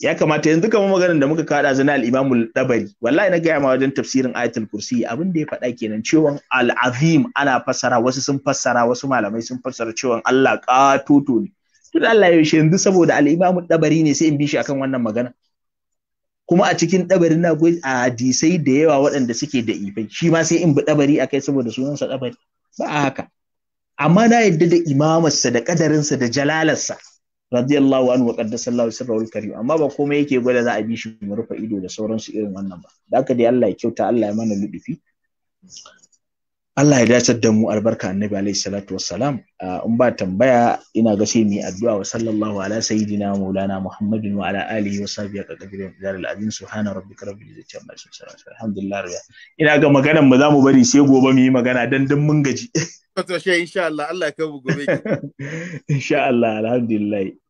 ya kamata yanzu kamar maganar da muka kada zina al-imamul dabari wallahi na gaya ma wajen tafsirin ayatul kursi abin da ya faɗa kenan cewa al-azim ana fassara wasu sun fassara wasu malamai sun fassara cewa Allah katoto ne to Allah ya yanzu saboda al-imamul dabari ne sai in bi shi akan wannan magana kuma a cikin ɗabarin na gwai a hadisai da yawa waɗanda suke da ifai shi ma sai in bi ɗabari kai saboda sunansa ɗabari ba a haka amma na yadda da imamarsa da ƙadarinsa da jalalarsa radiyallahu anhu wa qaddasallahu Allahu sirrahu karim amma ba komai yake gwada za a bi shi mu rufe ido da sauransu irin wannan ba da haka dai Allah ya kyauta Allah ya mana ludufi Allah ya dacar da mu albarka annabi alaihi salatu wassalam in ba tambaya ina ga sai mu addu'a wa sallallahu ala sayyidina maulana muhammadin wa ala alihi wa sahbihi ka kabirin dar al'azim subhana rabbika rabbil izzati amma yasifun alhamdulillah ina ga maganan mu zamu bari sai gobe mu yi magana dan dan mun gaji to insha Allah Allah ya kai gobe insha Allah alhamdulillah